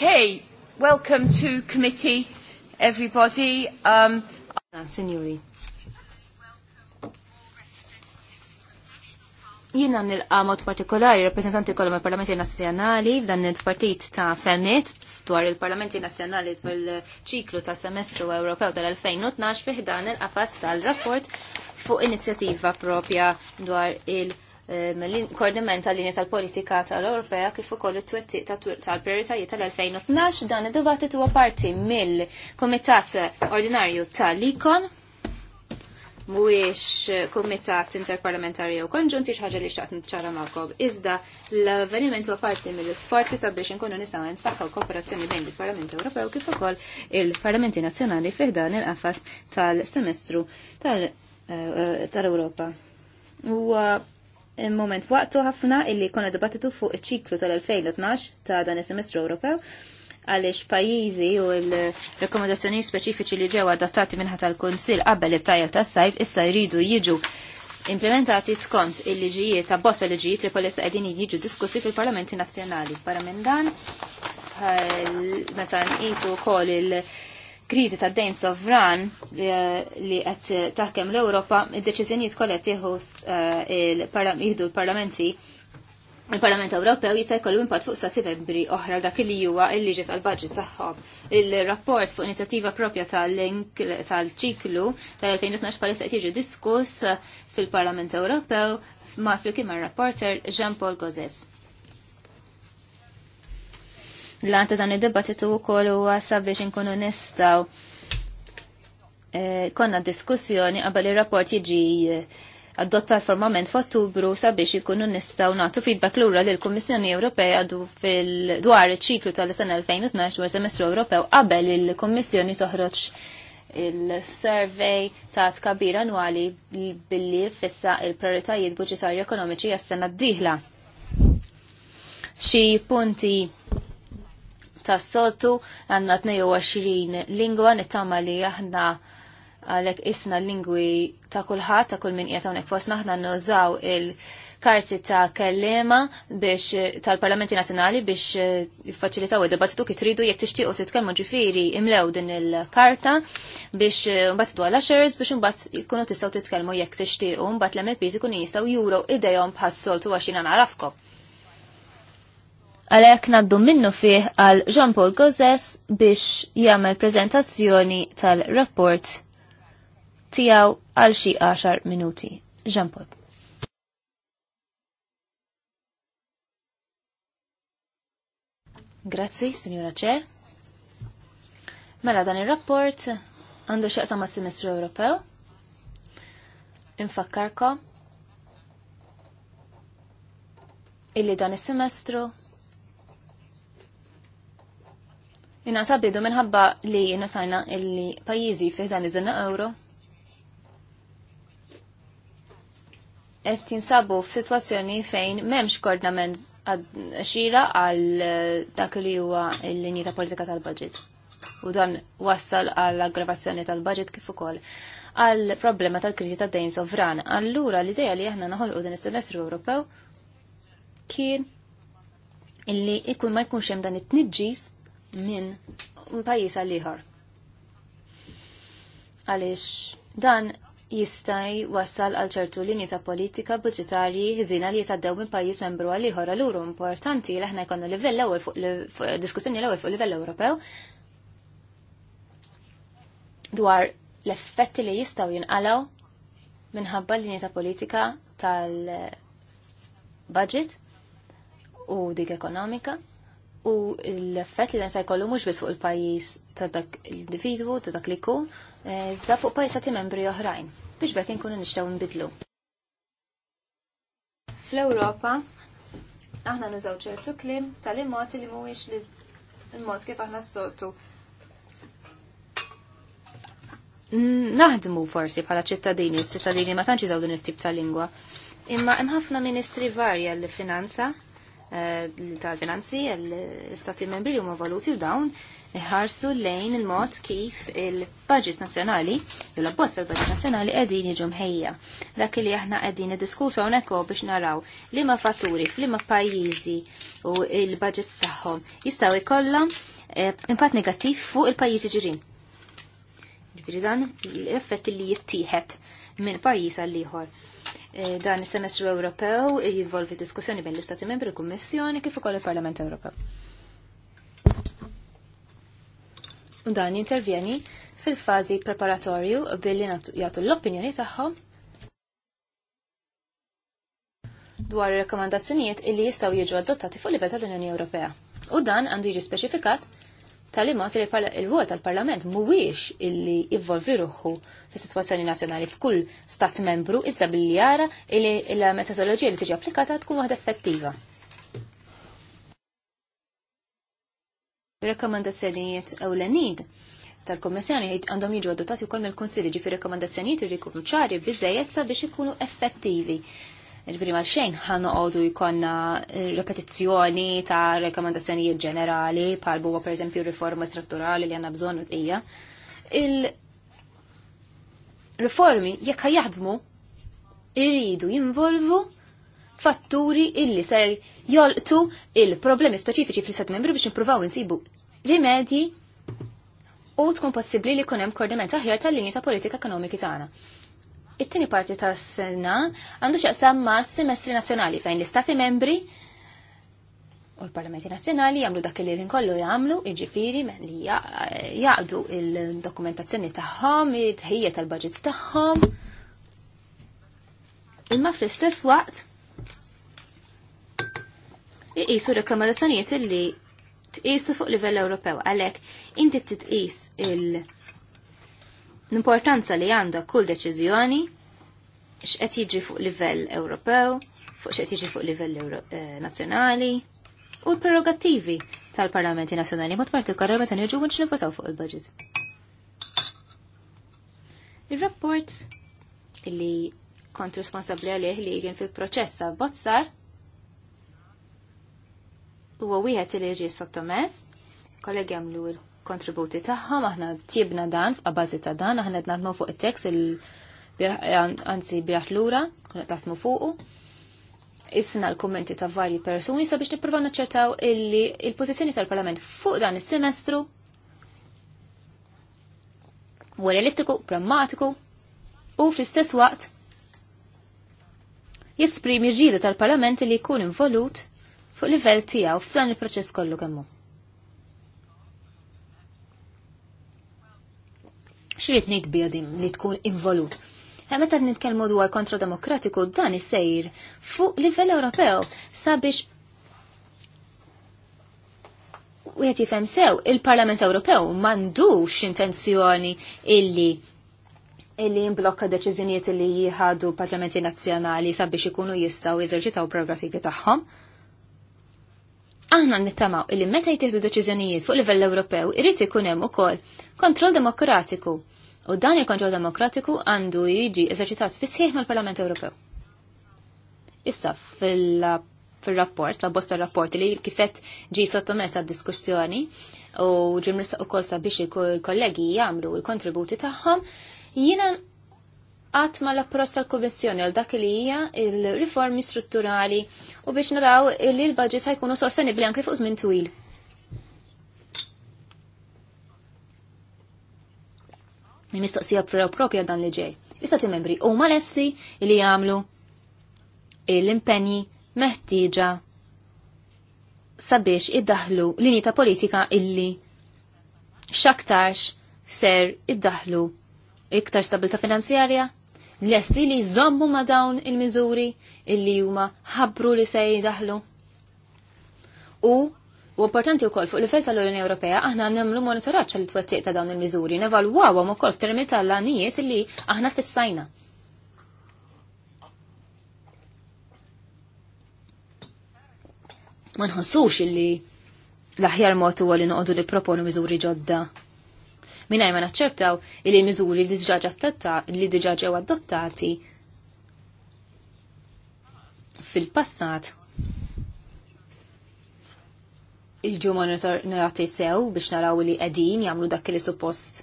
Okay, welcome to committee, everybody. Um, ah, Signori. Jina nilqa mod partikolari rappresentanti kollha mal-Parlamenti Nazzjonali f'dan il-Partit ta' Femit dwar il-Parlamenti Nazzjonali il ċiklu ta' semestru Ewropew tal-2012 fih dan il-qafas tal-rapport fuq inizjattiva propja dwar il- parlamenti Eh, koordinament tal-linja tal-politika tal-Ewropea kif ukoll it-twettiq tal-prijoritajiet tal-2012 dan id-dibattit huwa parti mill-Kumitat Ordinarju tal-Ikon mhuwiex kumitat interparlamentari jew konġunti xi li xtaqt niċċara magħkom. Iżda l-avveniment huwa parti mill-isforzi sabiex inkunu nistgħu nsaħħu kooperazzjoni bejn il-Parlament Ewropew kif ukoll il-Parlamenti Nazzjonali fih dan il-qafas tal-semestru eh, eh, tal-Ewropa. Huwa moment waqtu ħafna illi konna dibattitu fuq iċ-ċiklu tal-2012 ta' dan is-semestru Ewropew għaliex pajjiżi u l-rekomendazzjoni speċifiċi li ġew adattati minħa tal-Kunsill qabel it-tajjel tas-sajf issa jridu jiġu implementati skont il-liġijiet ta' bossa liġijiet li polissa qegħdin jiġu diskussi fil-Parlamenti Nazzjonali. Para minn dan meta nqisu wkoll il- kriżi ta' dejn sovran li qed taħkem l-Ewropa, id-deċiżjonijiet kollha jieħu eh, jieħdu l-parlamenti Il-Parlament Ewropew jista' jkollu impatt fuq stati membri oħra dak li huwa l-liġi tal-budget tagħhom. Il-rapport fuq inizjattiva propja tal-ċiklu tal-2012 palissa qed jiġi diskuss fil-Parlament Ewropew ma' fl-kien rapporter Jean-Paul Gozes l-għanta dan id-dibattitu u kol u sabiex nkunu nistaw eh, konna diskussjoni qabel li rapport jiġi eh, adottat formament f'Ottubru sabiex ikunu nistaw nagħtu feedback lura lil kummissjoni Ewropea dwar iċ-ċiklu tal-sena 2012 dwar semestru Ewropew qabel il-Kummissjoni toħroġ il-survey ta' tkabir annwali billi fissa il-prioritajiet budġetarji ekonomiċi għas-sena d-dieħla. Xi punti tas sotu għanna 22 lingwa nittama li aħna għalek isna lingwi ta' kullħat ta' kull min qiegħed hawnhekk fosna, aħna nużaw il-karti ta' kellima biex tal-Parlamenti Nazzjonali biex eh, jiffaċilitaw id debattitu kif tridu jekk tixtiequ titkellmu ġifieri imlew din il-karta biex eh, mbagħad tidwa l biex imbagħad tkunu tistgħu titkellmu jekk tixtiequ mbagħad l-MPs ikunu jistgħu juru idejhom bħas-soltu għax jiena narafkom għalhekk naddu minnu fih għal Jean Paul Gozes biex jagħmel prezentazzjoni tal-rapport tiegħu għal xi 10 minuti. Jean Paul. Grazzi, Signora Cer. Mela dan ir-rapport għandu xaqsa ma' semestru Ewropew. Infakkarkom illi dan is-semestru Jina sabidu minħabba li notajna illi pajizi fih dan iż-żena euro qed jinsabu f'sitwazzjoni fejn m'hemmx koordinament xira għal eh, dak li huwa l-linji ta' politika tal-budget. U dan wassal għall aggravazzjoni tal-budget kif ukoll għal problema tal-kriżi ta' dejn sovran. Allura l-idea li aħna naħolqu din is-semestru Ewropew kien illi ikun ma jkunx hemm dan it-tniġġis minn pajjiż għal liħor Għaliex dan jistaj wassal għal ċertu linji ta' politika budġetarji ħiżina li jitaddew minn pajjiż membru għal liħor għal uru importanti li aħna jkollna livell l fuq diskussjoni l-ewwel fuq livell Ewropew dwar l-effetti li jistaw jinqalaw minħabba l-linja ta' politika tal-budget u dik ekonomika u l-effett li dan se jkollu mhux biss fuq il-pajjiż ta' dak l-individwu ta' dak li jkun, eh, iżda fuq pajjiżati membri oħrajn biex bekk inkunu nixtgħu nbidlu. Fl-Ewropa aħna nużaw ċertu klim tal immoti li mhuwiex il-mod kif aħna s-soltu naħdmu forsi bħala ċittadini, ċittadini ma tantx din it-tip ta' lingwa. Imma hemm ħafna ministri varja lill finanza Eh, tal-finanzi l-istati membri huma valuti u dawn iħarsu lejn il-mod kif il-budget nazzjonali, jew l-abbozz tal-budget nazzjonali qegħdin jiġu mħejja. Dak li aħna qegħdin niddiskutu hawnhekk biex naraw liema fatturi f'liema pajjiżi u l-budgets tagħhom jistgħu jkollhom eh, impatt negattiv fuq il-pajjiżi ġirin. Ġifieri dan l-effett li jittieħed minn pajjiż għall ieħor. Eh, dan is-semestru Ewropew jivolvi diskussjoni bejn l-Istati Membri, l-Kummissjoni kif ukoll il-Parlament Ewropew. U dan jintervjeni fil-fażi preparatorju billi jagħtu l-opinjoni tagħhom dwar rekomandazzjonijiet illi jistgħu jiġu adottati fuq livell tal-Unjoni Ewropea. U dan għandu jiġi speċifikat tal-imma li il vot tal-Parlament mhuwiex illi jivvolvi ruħu fis-sitwazzjoni nazzjonali f'kull stat membru iżda billi jara illi l-metodoloġija li tiġi applikata tkun waħda effettiva. Rekomendazzjonijiet ewlenin tal-Kommissjoni għandhom jiġu adottati wkoll mill-Kunsilli ġifi rekomendazzjonijiet irrikum ċari biżejjed sabiex ikunu effettivi Ġifiri għal xejn ħan noqogħdu jkollna eh, repetizzjoni ta' rekomendazzjonijiet ġenerali bħal per esempio riforma strutturali li għandna bżonn hija. Il-riformi jekk jaħdmu irridu jinvolvu fatturi illi ser jolqtu il-problemi speċifiċi fl-istat membri biex nipruvaw insibu rimedji u tkun possibbli li kunem koordinament aħjar tal-linji ta' politika ekonomiki tagħna it-tieni parti tas-sena għandu x'aqsam ma' semestri nazzjonali fejn l-istati membri u l-Parlamenti Nazzjonali jagħmlu dak li l-inkollu jagħmlu, jiġifieri li jaqdu il-dokumentazzjoni tagħhom, it-tħejja tal-budgets tagħhom. Imma fl-istess waqt iqisu rekomendazzjonijiet li tqisu fuq livell Ewropew għalhekk inti titqis il- l-importanza li għandha kull deċiżjoni x'qed jiġi fuq livell Ewropew, fuq x'qed jiġi fuq livell eh, nazzjonali u l-prerogattivi tal-Parlamenti Nazzjonali mod partikolar meta niġu biex nivotaw fuq il-budget. Il-rapport li kont responsabbli għalih li kien fil-proċess ta' bozzar huwa wieħed li jiġi sottomess, kollegi għamlu kontributi taħħa, aħna tjibna dan f'qabażi ta' dan, aħna t naħdmu fuq it teks il eh, anzi biraħ lura, kuna taħdmu fuqu. Issna l-kummenti ta' varji persuni sabiex nippruvaw naċċertaw illi il-pożizzjoni tal-Parlament fuq dan is-semestru u realistiku, prammatiku u fl-istess waqt jesprimi rrida tal-Parlament li jkun involut fuq livell tiegħu f'dan il-proċess kollu kemmu. xirrit nejt bjadim li tkun involut. Meta nitkellmu dwar kontra demokratiku dan isejr fuq livell Ewropew sabiex u jgħet jifem sew, il-Parlament Ewropew m'għandux intenzjoni illi illi jimblokka deċiżjonijiet li jieħadu parlamenti nazzjonali sabiex ikunu jistaw jeżerċitaw progressivi tagħhom. Aħna nittamaw illi meta jtieħdu deċiżjonijiet fuq livell Ewropew irid ikun hemm ukoll kontroll demokratiku u dan il-kontroll demokratiku għandu jiġi eżerċitat fis-sieħ mal-Parlament Ewropew. Issa fil-rapport, la bosta rapport li kifet ġi sottomess għad diskussjoni u ġimrissa u kolsa biex il-kollegi jagħmlu l kontributi tagħhom, jiena għat ma l-approċ tal-Kommissjoni għal dak li hija il-riformi strutturali u biex naraw li l-budget ħajkunu sostenibli anke fuq żmien twil. Mistoqsija propja dan li ġej. istati membri u ma lessi li jagħmlu l-impenji meħtieġa sabiex iddaħlu l ta' politika illi xaktarx ser iddaħlu iktar stabilta finanzjarja, lesti li jżommu ma dawn il-miżuri illi huma ħabbru li se daħlu. U U importanti wkoll fuq l-ifel tal-Unjoni Ewropea aħna nagħmlu li t twettiq ta' dawn il-miżuri, nevalwawhom ukoll f'termi tal-għanijiet li aħna fissajna. Ma nħossux illi l-aħjar mod huwa li noqogħdu li proponu miżuri ġodda mingħajr ma naċċertaw li miżuri li diġà li diġà ġew adottati fil-passat il-ġu monitorati sew biex naraw li qegħdin jagħmlu dak li suppost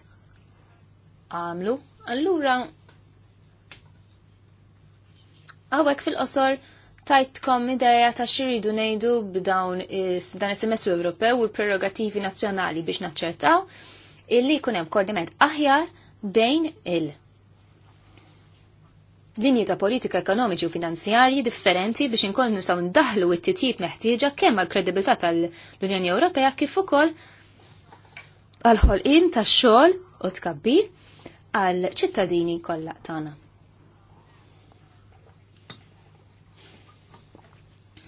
għamlu. Allura għawek fil-qosor tajtkom ideja ta' xiridu nejdu b'dawn dan is-semestru Ewropew u l-prerogativi nazzjonali biex naċċertaw illi jkun hemm aħjar bejn il- linji ta' politika ekonomiċi u finanzjarji differenti biex inkun nisaw ndaħlu it-titjib meħtieġa kemm għal kredibilità tal-Unjoni Ewropea kif ukoll għal ħolqien tax-xogħol u tkabbir għal ċittadini kollha tagħna.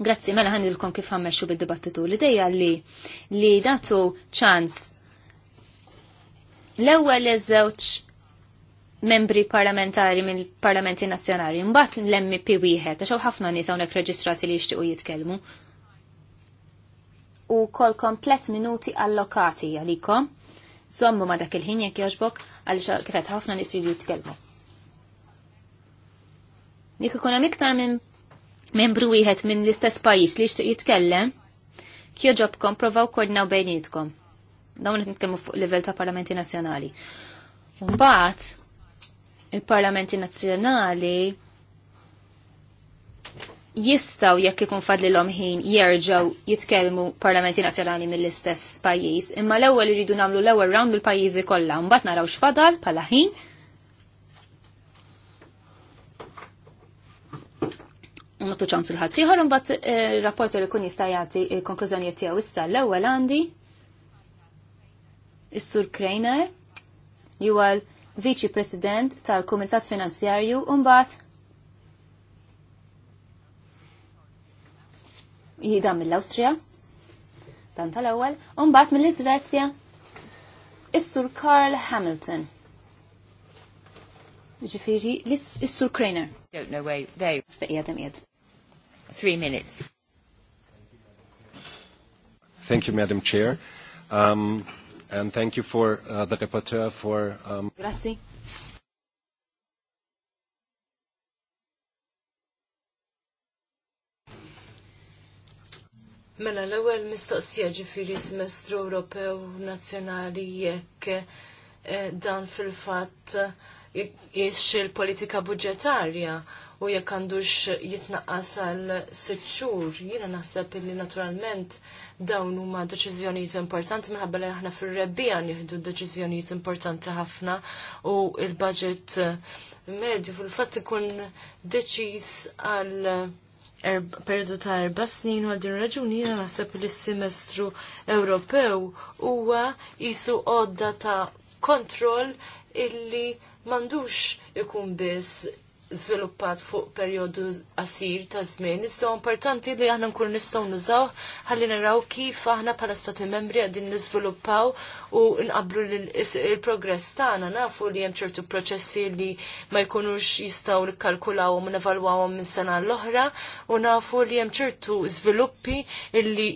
Grazzi, mela ħanilkom kif ħammexxu bid-dibattitu li dejja li li datu ċans L-ewwel iż-żewġ membri parlamentari mill parlamenti nazzjonali, mbagħad l-MP wieħed, għax ħafna nies hawnhekk reġistrati li jixtiequ jitkellmu. U kolkom tliet minuti allokati għalikom. Zommu ma dak il-ħin jekk jogħġbok għaliex qed ħafna nies jridu jitkellmu. Jekk ikun hemm iktar minn membru wieħed minn l-istess pajjiż li jixtieq jitkellem, kjoġobkom provaw koordinaw bejnietkom dawn qed nitkellmu fuq livell ta' parlamenti nazzjonali. Mbagħad il-parlamenti nazzjonali jistaw jekk ikun fadlilhom ħin jerġgħu jitkellmu parlamenti nazzjonali mill-istess pajjiż, imma l-ewwel iridu nagħmlu l-ewwel round bil-pajjiżi kollha, mbagħad naraw x'fadal bħala ħin. Nottu ċans il-ħadd ieħor imbagħad ir-rapporter eh, ikun jista' jagħti eh, konklużjonijiet tiegħu issa l-ewwel għandi is-Sur Krejner li huwa l-Viċi President tal-Kumitat Finanzjarju u mbagħad jida mill-Awstrija dan tal-ewwel u mbagħad mill-Iżvezja is-Sur Carl Hamilton. Ġifieri is-Sur Kreiner. Don't know where they. Fejja dem Three minutes. Thank you, Madam Chair. Um, and thank you for uh, the rapporteur for... Um, Grazie. Mela, l-ewwel mistoqsija ġifieri semestru Ewropew nazzjonali jekk eh, dan fil-fatt jiex il-politika budġetarja u jekk għandux jitnaqqas għal sitt xhur, jiena naħseb illi naturalment dawn huma deċiżjonijiet importanti minħabba li aħna fir-rebbija nieħdu deċiżjonijiet importanti ħafna u l-budget eh, medju fil-fatt ikun deċiż għal periodu ta' erba snin u għal din raġuni jiena naħseb li s-semestru Ewropew huwa jisu għodda ta' kontroll illi mandux ikun biss żviluppat fuq perjodu qasir ta' żmien, iżda importanti li aħna nkunu nistgħu nużaw ħalli naraw kif aħna bħala stati membri qegħdin niżviluppaw u nqablu l-progress tagħna nafu li hemm ċertu proċessi li ma jkunux jistgħu nikkalkulawhom u nevalwawhom minn sena l-oħra u nafu li hemm ċertu żviluppi li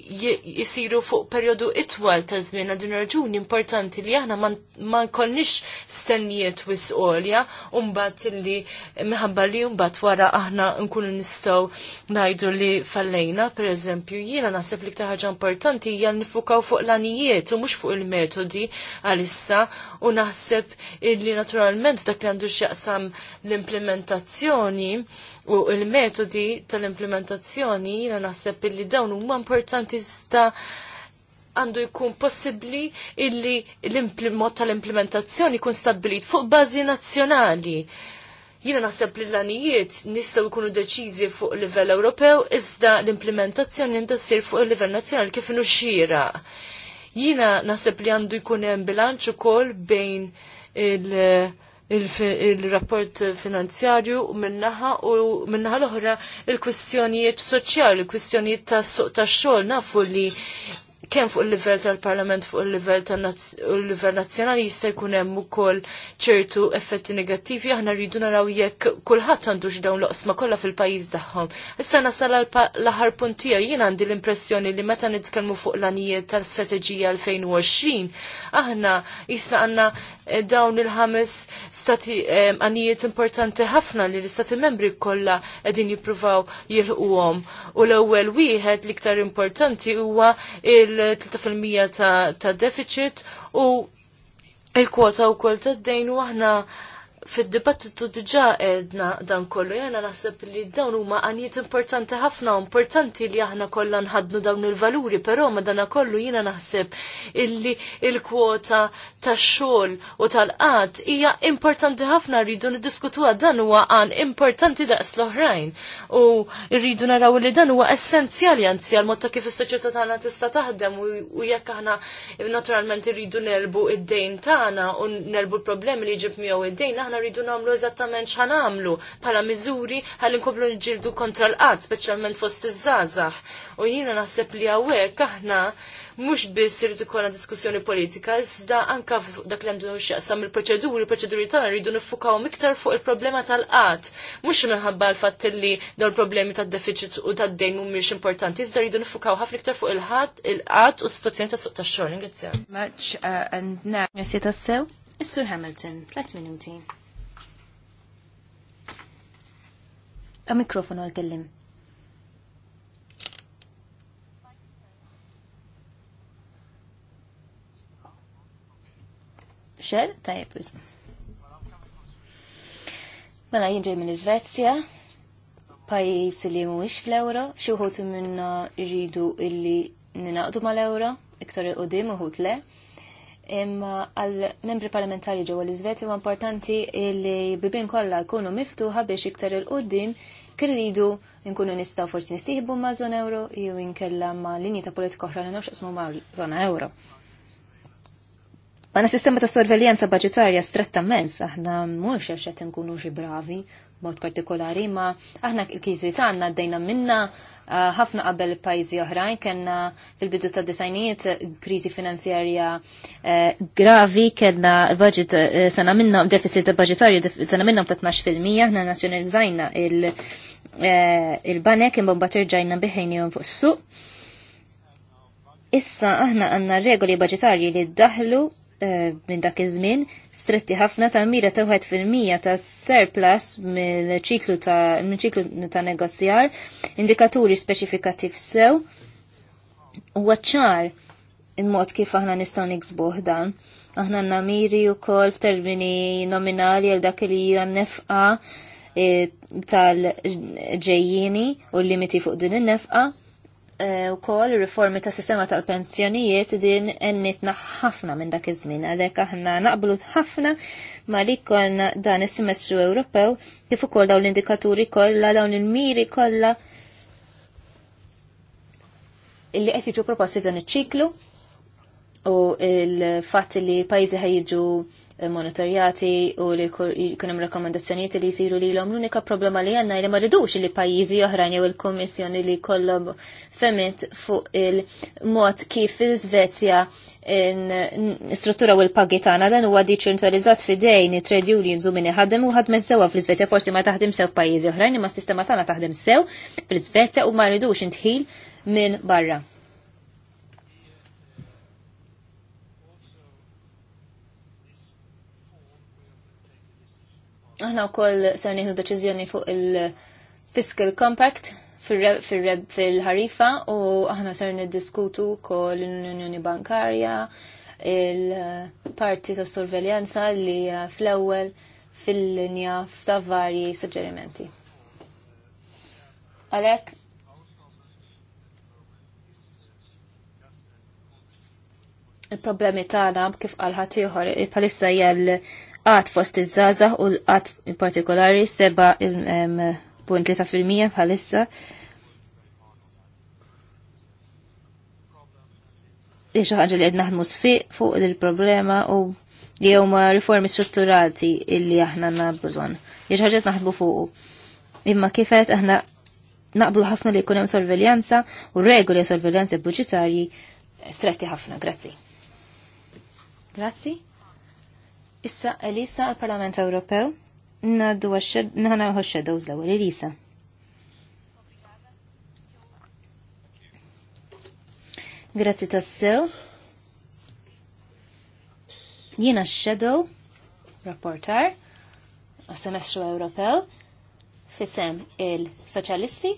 jisiru fuq perjodu itwal ta' żmien għal din raġuni importanti li aħna ma nkollniex stennijiet wisqolja u mbagħad illi minħabba li jumbat wara aħna nkunu nistgħu ngħidu li fallejna, pereżempju, jiena naħseb li ħaġa importanti hija nifukaw fuq l-anijiet u mhux fuq il-metodi għalissa u naħseb illi naturalment dak li għandu x'jaqsam l-implementazzjoni u il-metodi tal-implementazzjoni jiena naħseb illi dawn huma importanti sta' għandu jkun possibli illi l-mod tal-implementazzjoni jkun stabbilit fuq bażi nazzjonali. Jiena naħseb li l anijiet nistgħu jkunu deċiżi fuq livell Ewropew iżda l-implementazzjoni jinta fuq il-livell nazjonal kif inhu Jina Jiena naħseb li għandu jkun hemm bilanċ ukoll bejn il- il-rapport finanzjarju u minnaħa u minnaħa l-oħra il-kwistjonijiet soċjali, il-kwistjonijiet ta' suq ta' xogħol nafu li kemm fuq il-livell tal-Parlament fuq il-livell tal-livell nazzjonali jista' jkun hemm ukoll ċertu effetti negattivi aħna rridu naraw jekk kulħadd għandux dawn l-oqsma kollha fil-pajjiż tagħhom. Issa nasal l-aħħar punt tiegħi jien għandi l-impressjoni li meta nitkellmu fuq l-anijiet tal-strateġija 2020 aħna jisna għandna eh, dawn il-ħames stati għanijiet eh, importanti ħafna li l-istati membri kollha qegħdin jippruvaw jilħquhom u l-ewwel wieħed l-iktar importanti huwa il-3% ta' deficit u il-kwota wkoll tad-dejn u aħna fid-dibattitu diġa edna dan kollu jana naħseb li dawn huma għaniet importanti ħafna u importanti li aħna kollha nħadnu dawn il-valuri, però dan kollu jena naħseb illi il-kwota tax-xogħol u tal qat hija importanti ħafna rridu niddiskutuha dan huwa għan importanti daqs l-oħrajn. U rridu naraw li dan huwa essenzjali anzi għal ta' kif is-soċjetà tagħna tista' taħdem u jekk aħna naturalment irridu nerbu id-dejn tagħna u nerbu l-problemi li ġib miegħu id-dejn aħna rridu nagħmlu eżattament x'ħan għamlu bħala miżuri ħalli nkomplu nġildu kontra l-qatt, speċjalment fost iż-żgħażagħ. U jiena naħseb li hawnhekk aħna mhux biss irid ikollna diskussjoni politika, iżda anke dak li għandu x'jaqsam il-proċeduri, il-proċeduri tagħna rridu niffukaw iktar fuq il-problema tal-qatt. Mhux minħabba l-fatt li dawn il-problemi tad-deficit u tad-dejn mhumiex importanti, iżda rridu nifukaw ħafna iktar fuq il-ħadd il-qatt u s-situazzjoni tas-suq tax-xogħol. Grazie. Much uh, and now. Jassi tassew? Is-Sur Hamilton, 3 minuti. A mikrofonu għal-kellim. Xed? Tajib, Mela jinġej minn Svezja, pajis li mhuwiex fl euro xi minna rridu illi ninaqdu mal euro iktar il qodim uħut le imma għal membri parlamentari ġewwa l-Iżvezja huwa importanti li bibin kollha jkunu miftuħa biex iktar il qudiem kien nkunu nistgħu forsi nistieħbu ma' żona euro jew inkella ma' linji ta' politika oħra li nafx ma' żona euro. Ma' sistema ta' sorveljanza budgetarja mens, aħna mhux għax qed nkunu xi bravi, mod partikolari, ma aħna l-kiżi tagħna għaddejna minna Eh, ħafna qabel pajjiżi oħrajn kellna fil-bidu ta' disajnijiet eh, kriżi finanzjarja eh, gravi kellna budget sena minnhom deficit budgetarju sena minnhom ta' 12% aħna nazzjonalizzajna il-banek imma terġajna irġajna biħejnihom fuq s suq Issa aħna għandna regoli budgetarju li ddaħlu Eh, minn dak iż-żmien stretti ħafna ta' mira ta' 1% ta' surplus mill-ċiklu ta' mill-ċiklu ta' negozjar, indikaturi speċifikattiv sew u ċar il-mod kif aħna nistgħu niksbuh dan. Aħna għandna miri wkoll f'termini nominali għal dak li hija nefqa eh, tal-ġejjini u l-limiti fuq din in-nefqa Eh, u kol riformi ta' sistema tal-pensjonijiet din ennitna ħafna minn dak iż-żmien għalhekk aħna naqblu ħafna ma li konna dan is-semestru Ewropew kif ukoll dawn l-indikaturi kollha dawn il-miri kollha illi qed jiġu proposti dan iċ-ċiklu u l-fatt li pajjiżi ħajġu monitorjati u li kunem rekomendazzjoniet li jisiru li l-om l-unika problema li għanna li marridux li pajizi oħrajn jew il-Kommissjoni li kollom femit fuq il-mod kif il-Svezja struttura u l-pagi tagħna dan huwa diċentralizzat fidejn trade unions u min ħadem u ħadmen sewwa fl svezja forsi ma taħdem sew f'pajjiżi oħrajn imma s-sistema tagħna taħdem sew fl svezja u ma rridux intħil minn barra. Aħna wkoll ser nieħdu deċiżjoni fuq il-Fiscal Compact fil ħarifa u aħna ser niddiskutu kol l-Unjoni Bankarja, il-parti ta' sorveljanza li fl-ewwel fil-linja ta' varji suġġerimenti. Alek, il-problemi tagħna kif qal ħadd ieħor palissa hija għat fost iż-żaza u l-għat in partikolari seba punt li ta' filmija bħalissa. Li xaħġa li għedna ħdmu sfiq fuq il-problema u li huma riformi strutturati illi aħna għandna bżonn. Li xaħġa naħdmu fuq. Imma kifet aħna naqblu ħafna li jkun hemm sorveljanza u regoli sorveljanza budġetarji stretti ħafna. Grazzi. Grazzi. Issa Elisa għal-Parlament Ewropew, naddu għaxed għaxħedows l-ewel Elisa. Grazzi tassew. Jiena xedow, rapportar, għas-semestru Ewropew, fisem il-Soċjalisti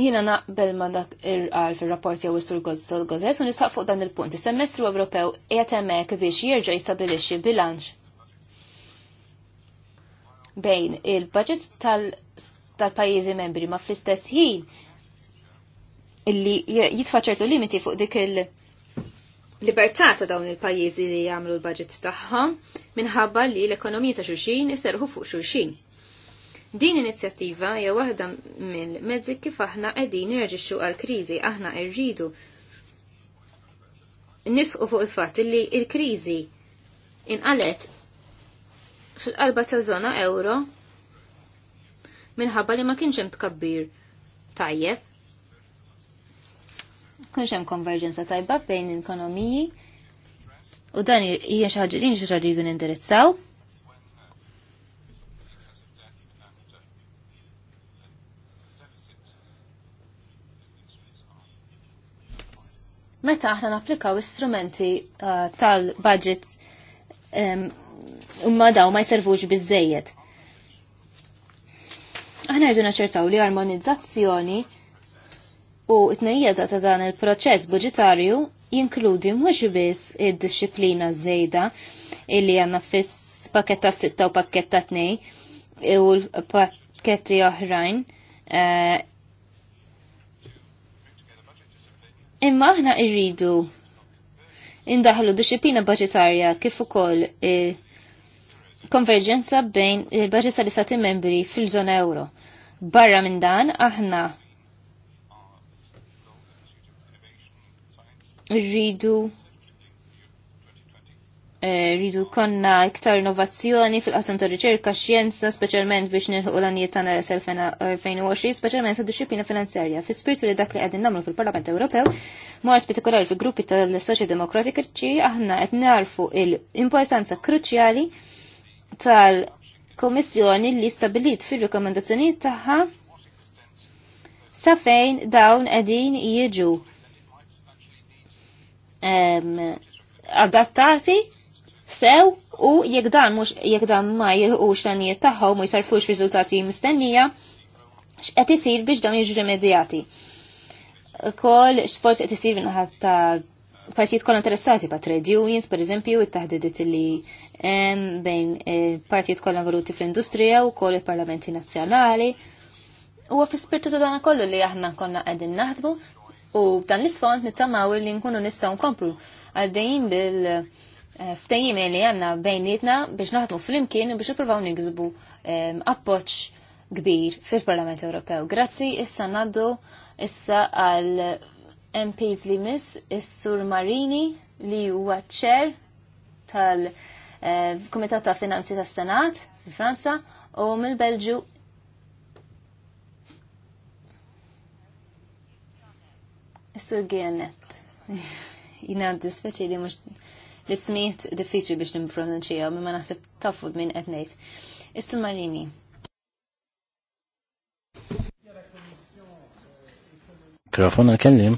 Jina naqbel ma dak ir-għal fil-rapport jew istur Gozzol Gozzes u nistaq fuq dan il-punt. Is-semestru Ewropew qiegħed hemmhekk biex jerġa' jistabilixxi bilanċ bejn il-budget tal-pajjiżi membri ma fl-istess ħin illi jitfa' ċertu limiti fuq dik il- libertà ta' dawn il-pajjiżi li jagħmlu l-budget tagħhom minħabba li l-ekonomija ta' xulxin iserħu fuq xulxin. Din inizjattiva hija waħda mill-mezzi kif aħna qegħdin nirreġixxu għall-kriżi aħna rridu nisqu fuq il-fatt li l-kriżi inqalet fil-qalba ta' żona euro minħabba li ma kienx hemm tkabbir tajjeb. Kienx hemm konverġenza tajba bejn l-ekonomiji u dan hija xi ħaġa din xi rridu nindirizzaw. meta aħna napplikaw istrumenti uh, tal-budget um, umma daw ma jservux bizzejiet. Aħna rridu naċertaw li armonizzazzjoni u t-nejja ta' dan il-proċess budgetarju jinkludi mhux biss id-disciplina żejda illi għandna fiss pakketta sitta u pakketta tnej u l paketti oħrajn eh, Imma aħna irridu indaħlu disciplina budgetarja kif ukoll e, konverġenza bejn il-budget tal-istati membri fil-żona euro. Barra minn dan aħna rridu Eh, rridu konna iktar innovazzjoni fil-qasam ta' riċerka xjenza, speċjalment biex nilħu l tana tagħna 2020, speċjalment ta' disciplina finanzjarja. Fi spirtu li dak li qegħdin nagħmlu fil-Parlament Ewropew, mod partikolari fil-gruppi tal-Soċi Demokratiċi aħna qed narfu l-importanza kruċjali tal-Komissjoni li stabilit fir rekomendazzjoni tagħha sa fejn dawn qegħdin jiġu ehm, adattati sew u jekk dan mhux jekk dan ma jilħux tanijiet tagħhom u jsarfux riżultati mistennija x'qed isir biex dawn jiġu rimedjati. Kol x'forsi qed isir minħat ta' partijiet kollha interessati pa' trade unions, per eżempju, it-taħdidiet li bejn eh, partijiet kollha involuti fl-industrija u kol il-parlamenti nazzjonali. U fi spirtu ta' dan kollu li aħna konna qegħdin naħdmu u dan l-isfond nittamaw li nkunu nistgħu nkomplu għaddejjin bil- Eh, ftajim li għanna bejnietna biex naħdmu fl-imkien biex nipruvaw nigżbu eh, appoċ kbir fil-Parlament Ewropew. Grazzi, issa naddu issa għal MPs li miss, is-Sur Marini li huwa ċer tal-Kumitat eh, ta' Finanzi tas senat fi Franza u mill-Belġu is-Sur Gionet. Jina dispeċi li mux l-ismiet diffiċli biex nimpronunċija, minn ma nasib tafu minn etnejt. Issu Marini. Mikrofon għal-kellim.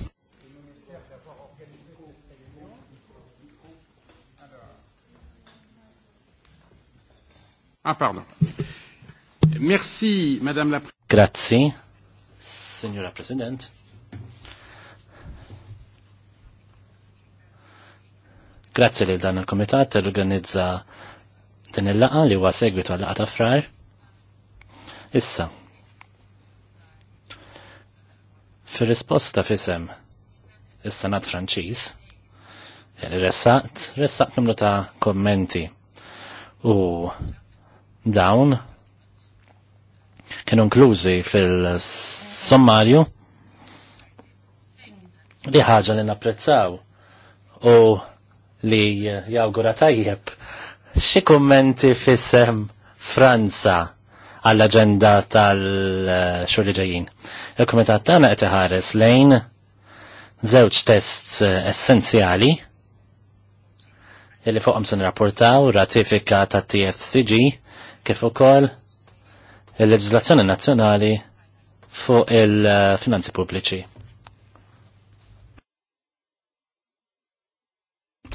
Ah, pardon. Merci, Madame la Grazie, Signora Presidente. Grazzi li dan il-komitat organizza din il-laqa li huwa segwitu għal laqa ta' frar. Issa. Fir-risposta fisem is-Senat Franċiż, ressaqt, ressaqt numru ta' kommenti u dawn kienu inklużi fil-sommarju li ħaġa li napprezzaw u li jawgura tajjeb. Xi kummenti fissem Franza għall-aġenda tal-xhur li ġejjin. Il-kumitat tagħna qed iħares lejn żewġ tests essenzjali illi fuqhom se nirrapportaw ratifika tat TFCG kif ukoll il-leġiżlazzjoni nazzjonali fuq il-finanzi pubbliċi.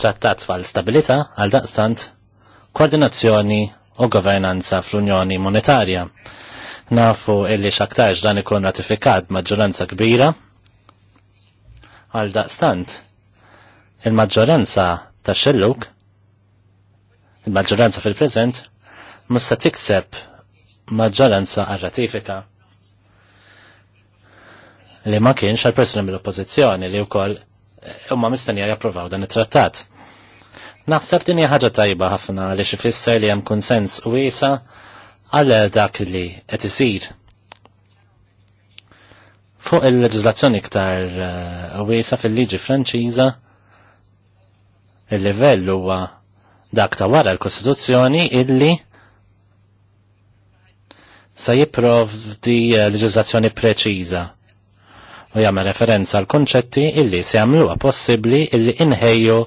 trattat għal stabilita għal daqstant koordinazzjoni u governanza fl-Unjoni Monetarja. Nafu illi xaktarx dan ikun ratifikat maġġoranza kbira għal daqstant il-maġġoranza ta' xelluk il-maġġoranza fil-prezent musta tikseb maġġoranza għal-ratifika li ma kienx għal-persuna mill-oppozizjoni li wkoll umma mistennija japprovaw dan it-trattat. Naħseb din hija ħaġa tajba ħafna li xifisser li hemm kunsens wiesa għal dak li qed isir. Fuq il-leġiżlazzjoni iktar eh, wiesa fil-liġi Franċiża, il-livell huwa dak ta' wara l-Kostituzzjoni illi sa jipprovdi eh, leġislazzjoni preċiża u jagħmel referenza għal konċetti illi se jagħmluha possibbli illi inħejju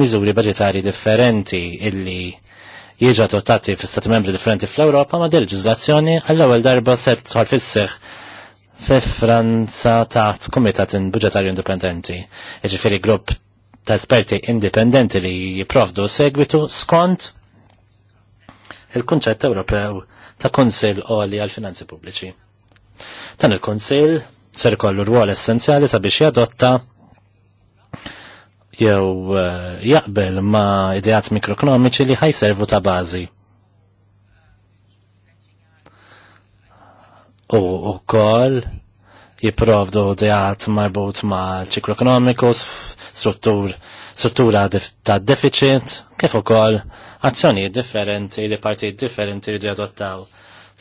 miżuri budgetari differenti illi jiġu adottati fi stati membri differenti fl-Ewropa ma' deleġizlazzjoni għall-ewwel darba se tħol fissieħ fi Franza taħt Kumitat Budgetarju Indipendenti. Jiġifieri grupp ta' esperti indipendenti li jipprovdu segwitu skont il-kunċett Ewropew ta' Konsil Oli għal Finanzi Pubbliċi. Tan il-Konsil ser kollu rwol essenzjali sabiex jadotta jew eh, jaqbel ma' ideat mikroekonomiċi li ħajservu ta' bażi. U wkoll jipprovdu ideat marbut ma' ċiklu ekonomiku, struttur, struttura ta' deficit, kif ukoll azzjonijiet differenti li partijiet differenti li jadottaw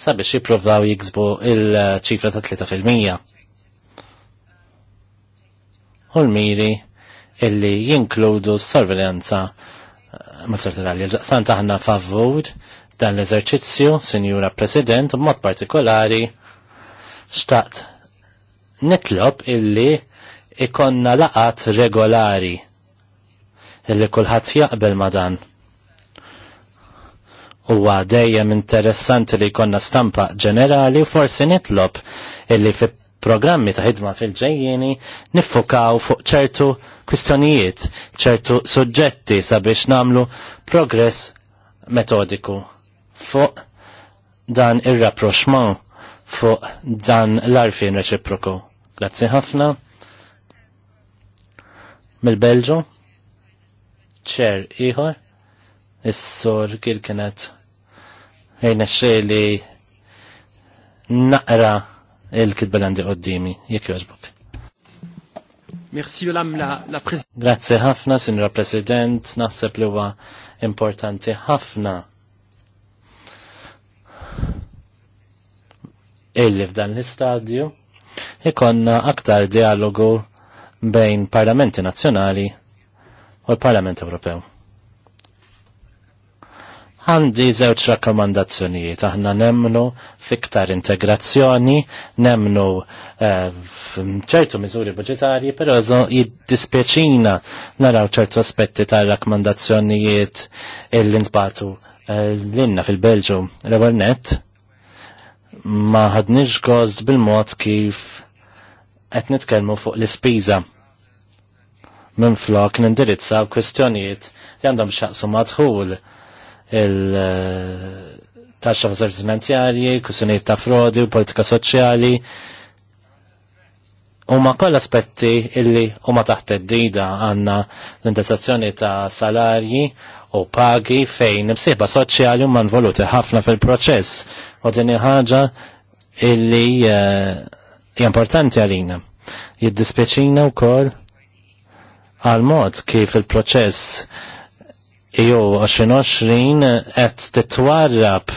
sabiex jipprovdaw jiksbu il-ċifra ta' 3% u l-miri illi jinkludu s-sorveljanza mal-sortirali. Ġaqsan taħna favur dan l-eżerċizzju, Sinjura President, u mod partikolari xtaqt nitlob illi ikonna laqat regolari illi kullħat jaqbel ma dan. Huwa dejjem interessanti li jkollna stampa ġenerali u forsi nitlob illi fit programmi ta' ħidma fil-ġejjeni niffokaw fuq ċertu kwistjonijiet, ċertu suġġetti sabiex namlu progress metodiku fuq dan ir-rapproċman fuq dan l-arfin reċiproku. Grazzi ħafna. Mill-Belġu. ċer iħor. Is-sur kienet ejna li naqra il-kitba l-għandi għoddimi, jek joġbok. Merci, la, la Grazie ħafna, Sinra President, naħseb li huwa importanti ħafna. Illi f'dan l-istadju ikonna aktar dialogu bejn parlamenti nazzjonali u l-Parlament Ewropew. Għandi żewġ rakkomandazzjonijiet, aħna nemnu fiktar integrazzjoni, nemnu eh, ċertu miżuri budgetarji, però jiddispjaċina naraw ċertu aspetti ta' rakkomandazzjonijiet il-intbatu eh, l-inna fil-Belġu l-ewwel net ma ħadniġ gost bil-mod kif qed nitkellmu fuq l-ispiża minn flok nindirizzaw kwestjonijiet li għandhom xaqsu madħul il-taxxa fuq servizzi finanzjarji, kwistjonijiet ta' frodi u politika soċjali. Huma koll aspetti illi huma taħt id-dida għandna l-indessazzjoni ta' salarji u pagi fejn imsieba soċjali huma involuti ħafna fil-proċess u din ħaġa illi eh, hija importanti għalina. Jiddispjaċina wkoll għal mod kif il-proċess EU 2020 qed titwarrab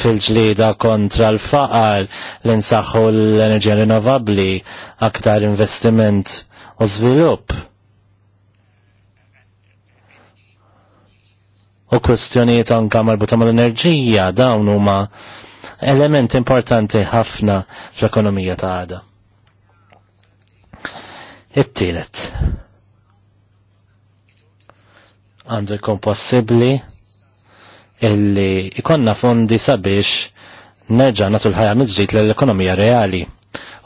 fil-ġlida kontra l-faqar li nsaħħu l-enerġija rinnovabbli aktar investiment u żvilupp. U kwestjonijiet anka marbuta mal-enerġija dawn huma element importanti ħafna fl-ekonomija ta' għada. It-tielet għandu jkun possibbli illi ikonna fondi sabiex nerġa' nagħtu l-ħajja mill-ġdid l-ekonomija reali.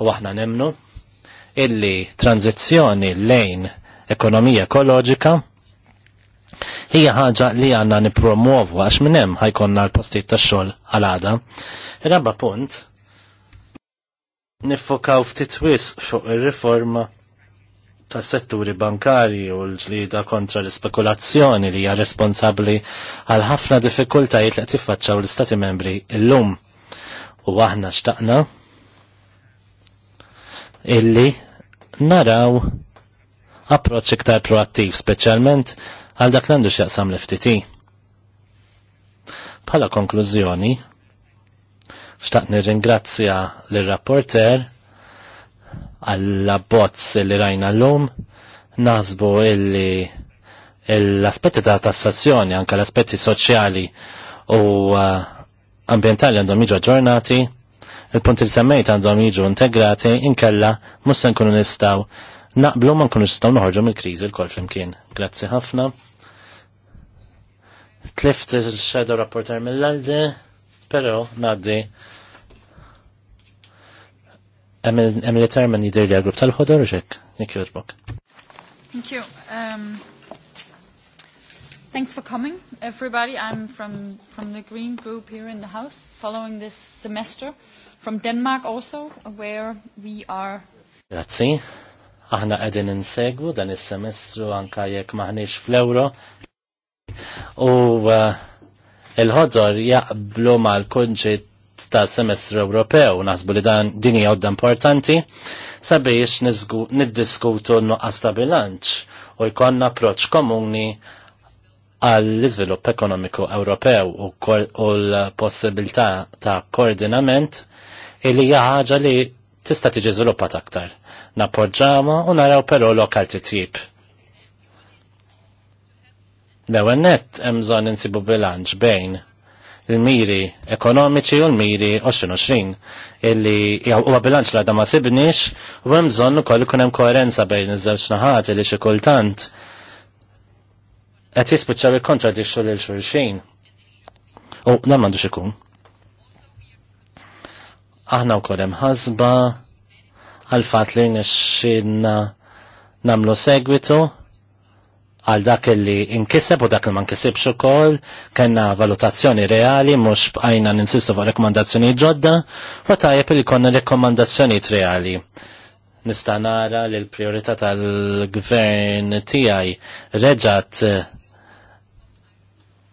U aħna nemnu illi tranzizzjoni lejn ekonomija ekoloġika hija ħaġa li għanna nipromuovu għax minnem hemm ħajkonna l-postijiet tax-xogħol għal għada. Rabba punt nifokaw ftit wis fuq ir-riforma tas setturi bankari u l-ġlida kontra l-spekulazzjoni li hija responsabbli għal ħafna diffikultajiet li qed l-Istati membri llum. U aħna xtaqna illi naraw approċċ iktar proattiv, speċjalment għal dak l-għandu x'jaqsam l-FTT. Bħala konklużjoni, xtaqt nirringrazzja l-rapporter għall-abbozz li rajna l-lum, nasbu illi l-aspetti ta' tassazzjoni, anka l-aspetti soċjali u uh, ambientali għandhom jiġu ġornati, il-punti li semmejt għandhom jiġu integrati, inkella mussa nkunu nistaw naqblu ma nkunu nistaw noħorġu mill-kriżi l-kol flimkien. Grazzi ħafna. Tlift il-shadow rapporter mill-għaldi, pero naddi Emily Terman jidir li għal-grupp tal-ħodor u xek, jek jodbok. Thank you. Um, thanks for coming, everybody. I'm from, from the Green Group here in the House, following this semester from Denmark also, where we are. Grazie. Aħna għedin insegwu dan is-semestru anka jekk maħniex fl-euro. U uh, il-ħodor jaqblu mal-kunġit ta' semestru Ewropew, nasbu li dan dini għod importanti, sabiex niddiskutu nuqqas ta' bilanċ u jkonna approċ komuni għall-izvilupp ekonomiku Ewropew u, u l-possibilità ta' koordinament illi ħaġa li tista' tiġi żviluppat aktar. Nappoġġawha u naraw però lokal titjib. L-ewwel nett hemm bżonn insibu bilanċ bejn l-miri ekonomiċi u l-miri 2020 illi huwa bilanċ l ma sibniex u hemm bżonn ukoll ikun hemm koerenza bejn iż-żewġ naħat li xi kultant qed jispiċċaw ikkontradixxu lil xulxin. U dan m'għandux ikun. Aħna wkoll hemm ħasba għal fatt li nxinna namlu segwitu għal dak li inkiseb u dak li ma nkisibx ukoll, kellna valutazzjoni reali mhux bqajna ninsistu fuq rekomandazzjoni ġodda u tajjeb li konna rekomandazzjoni reali. Nista' nara li l priorita tal-gvern tiegħi reġat eh,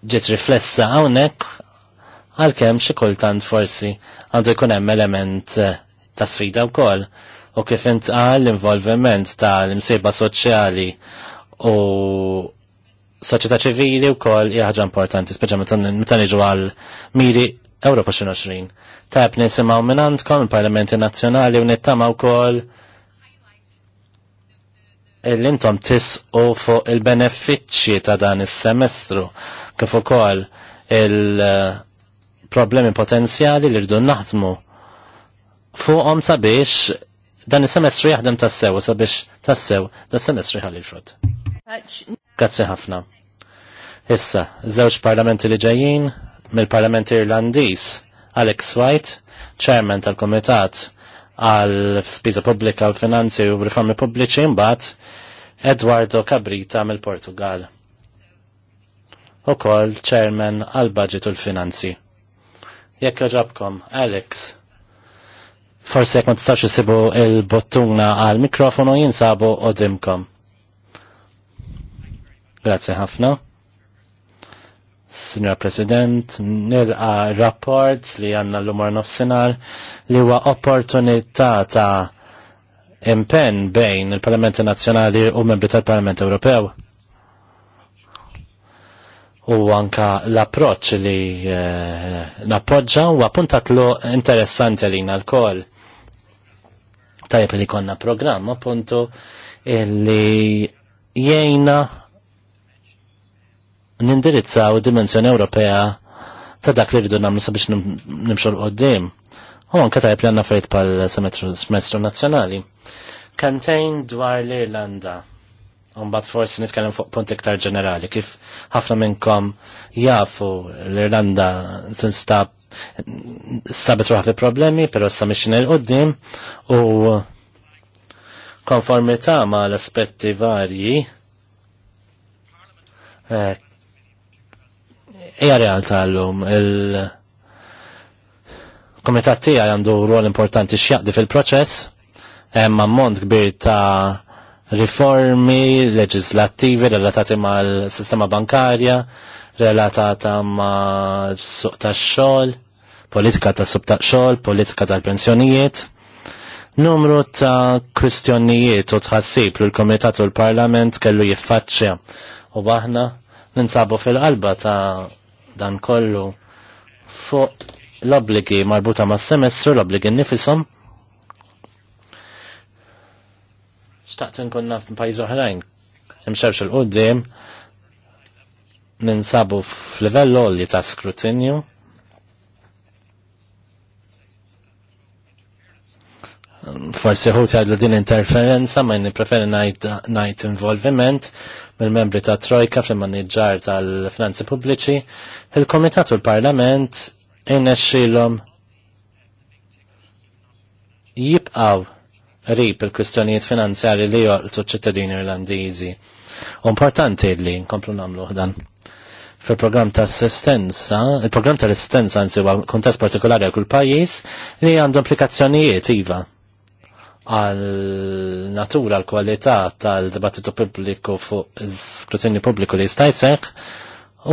ġiet riflessa hawnhekk għalkemm xi kultant forsi għandu jkun hemm element eh, ta' sfida wkoll u kif intqal l-involviment tal-imsiba soċjali u soċjetà ċivili wkoll kol jħagġa importanti, speċa meta iġu għal miri Ewropa 2020. Tajb nisimgħu minn għandkom il-Parlamenti Nazzjonali u nittama' wkoll l-intom tisqu fuq il-benefiċċji ta' dan is-semestru kif ukoll il-problemi potenzjali li rridu naħdmu fuqhom sabiex dan is-semestru jaħdem tassew sabiex tassew dan is-semestru jħalli frott. Grazzi ħafna. Issa, żewġ parlamenti li ġejjin mill-Parlament Irlandiż Alex White, Chairman tal-Komitat għal spiża pubblika u finanzi u riformi pubbliċi mbagħad Eduardo Cabrita mill-Portugal. Ukoll Chairman għal budget u l-finanzi. Jekk ġabkom, Alex. Forse jekk ma tistax isibu il-bottuna għal mikrofonu jinsabu u Grazie ħafna. Signor President, nilqa rapport li għanna l-umar nofsinar li huwa opportunità ta' impenn bejn il-Parlamenti Nazzjonali u membri tal-Parlament Ewropew. U anka l-approċ li eh, nappoġġa u appuntatlu interessanti għalina l-kol. Tajb li konna programm appuntu illi jgħina nindirizzaw dimensjoni Ewropea ta' dak li rridu nagħmlu sabiex nimxu l-qoddim. U anke tajb li għandna fejt pal semestru nazzjonali. Kantejn dwar l-Irlanda. Umbat forsi nitkellem fuq punt iktar ġenerali, kif ħafna minnkom jafu l-Irlanda tinstab sabet ruħa fi problemi, pero sa mixin il-qoddim u konformità ma l-aspetti varji eh, Eja realtà llum il- Komitat tiegħi għandu rol importanti x'jaqdi fil-proċess, hemm ammont kbir ta' riformi leġislattivi relatati mal-sistema bankarja, relatata ma' suq tax-xogħol, politika ta' suq ta' xogħol politika tal-pensjonijiet. Numru ta' kwistjonijiet u tħassib l komitat u l-Parlament kellu jiffaċċja u baħna ninsabu fil-qalba ta' dan kollu fuq l-obligi marbuta ma' semestru, l-obligi nifisom. Xtaqt nkun naf pajjiż oħrajn, imxerx il-qoddim, ninsabu f'livell li ta' skrutinju forsi ħut għadlu din interferenza ma jni preferi najt involviment mill-membri ta' Trojka fl maniġġar tal-finanzi pubbliċi, il-Komitat u l-Parlament innexxilhom jibqaw rib il-kwistjonijiet finanzjari li joqtu ċittadini Irlandiżi. Importanti li nkomplu namlu dan fil program ta' assistenza, il-program ta' assistenza għansi għal kontest partikolari għal kull pajis li għandu implikazzjonijiet iva għal natura għal kwalità tal-dibattitu pubbliku fuq skrutinju pubbliku li jista'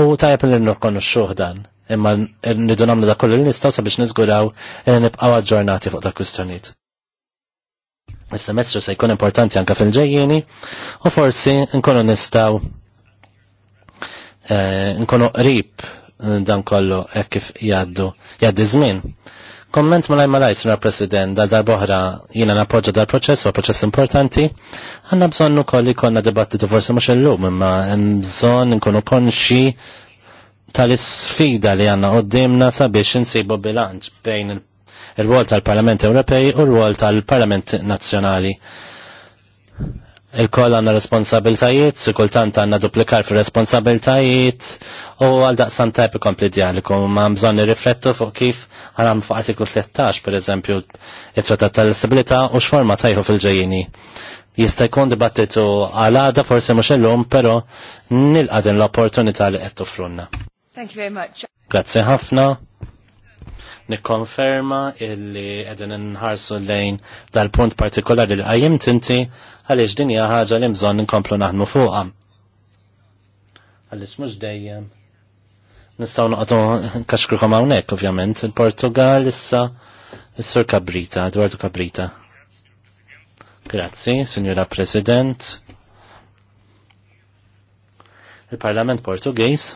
u tajjeb li nukonu dan. Imma rridu nagħmlu da kollu li nistgħu sabiex niżguraw li nibqgħu aġġornati fuq da kwistjonijiet. Is-semestru se jkun importanti anke fil-ġejjieni u forsi nkunu nistgħu eh, nkunu qrib dan kollu hekk kif jgħaddu jgħaddi żmien. Komment malaj malaj, Sra. President, dal darboħra jina napoġġa dal proċess, u proċess importanti, għanna bżonnu kolli konna dibattitu forse mux l-lum, imma bżon nkunu konxi tal-isfida li għanna għoddimna sabiex nsibu bilanċ bejn il-rwol tal-Parlament Ewropej u l-rwol tal-Parlament Nazzjonali il-koll għanna responsabiltajiet, kultant għanna duplikar fi responsabiltajiet u għal daqsan tajp ikompli dialikum, ma mżon nirriflettu fuq kif għanna fuq artiklu 13, per eżempju, it-trattat tal-istabilita u xforma tajħu fil-ġejjini. Jista' jkun dibattitu għal-għada forse mhux illum, pero nil-għadin l-opportunità li qed frunna. Thank you very much. Grazzi ħafna nikkonferma illi qegħdin inħarsu lejn dal-punt partikolari li qajjim tinti għaliex din hija ħaġa li bżonn nkomplu naħdmu fuqha. Għaliex mhux dejjem nistgħu noqgħdu nkaxkrukom hawnhekk ovvjament. Il-Portugal issa s sur Cabrita, Eduardo Cabrita. Grazzi, Signora President. Il-Parlament Portugiż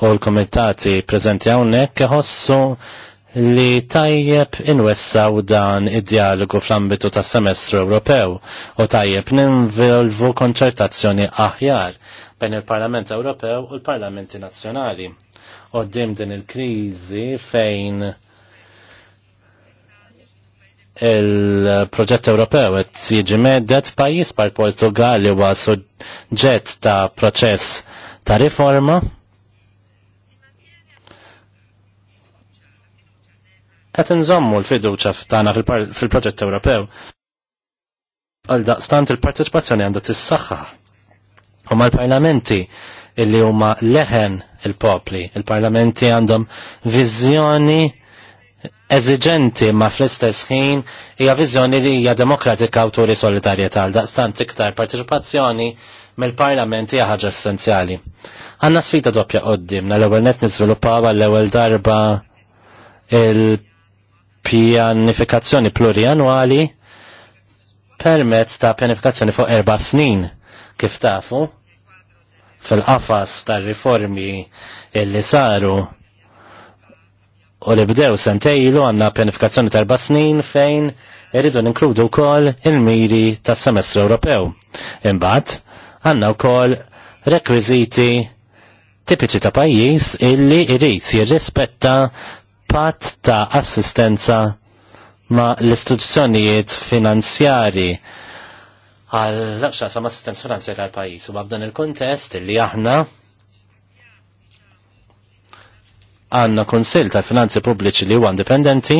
u l-komitati prezenti hawnhekk iħossu li tajjeb inwessaw dan id-dialogu fl-ambitu ta' semestru Ewropew u tajjeb ninvolvu konċertazzjoni aħjar bejn il-Parlament Ewropew u l-Parlamenti Nazzjonali. Qoddim din il-kriżi fejn il-proġett Ewropew qed jiġi meddet f'pajjiż bħal Portugal li huwa suġġett ta' proċess ta' riforma qed nżommu l-fiduċa tagħna fil-proġett Ewropew. Għal daqstant il-parteċipazzjoni għandha tissaħħa. U mal-parlamenti illi huma leħen il-popli, il-parlamenti għandhom viżjoni eżiġenti ma fl-istess ħin hija viżjoni li hija demokratika u turi solidarjetà għal daqstant iktar parteċipazzjoni mill-parlament hija ħaġa essenzjali. Għandna sfida doppja qoddimna l-ewwel net niżviluppaw għall-ewwel darba il- pjanifikazzjoni plurianwali permezz ta' pjanifikazzjoni fuq erba snin kif tafu fil-qafas tar-riformi illi saru u li bdew sentejlu għanna pjanifikazzjoni ta' erba' snin fejn irridu ninkludu wkoll il-miri tas semestru Ewropew. Imbagħad għandna wkoll rekwiżiti tipiċi ta' pajjiż illi jrid jirrispetta pat ta' assistenza ma' l-istituzzjonijiet finanzjari għal laqxa sa' assistenza finanzjari għal pajis. U għabdan il-kontest li aħna għanna konsil ta' finanzi pubbliċi li huwa indipendenti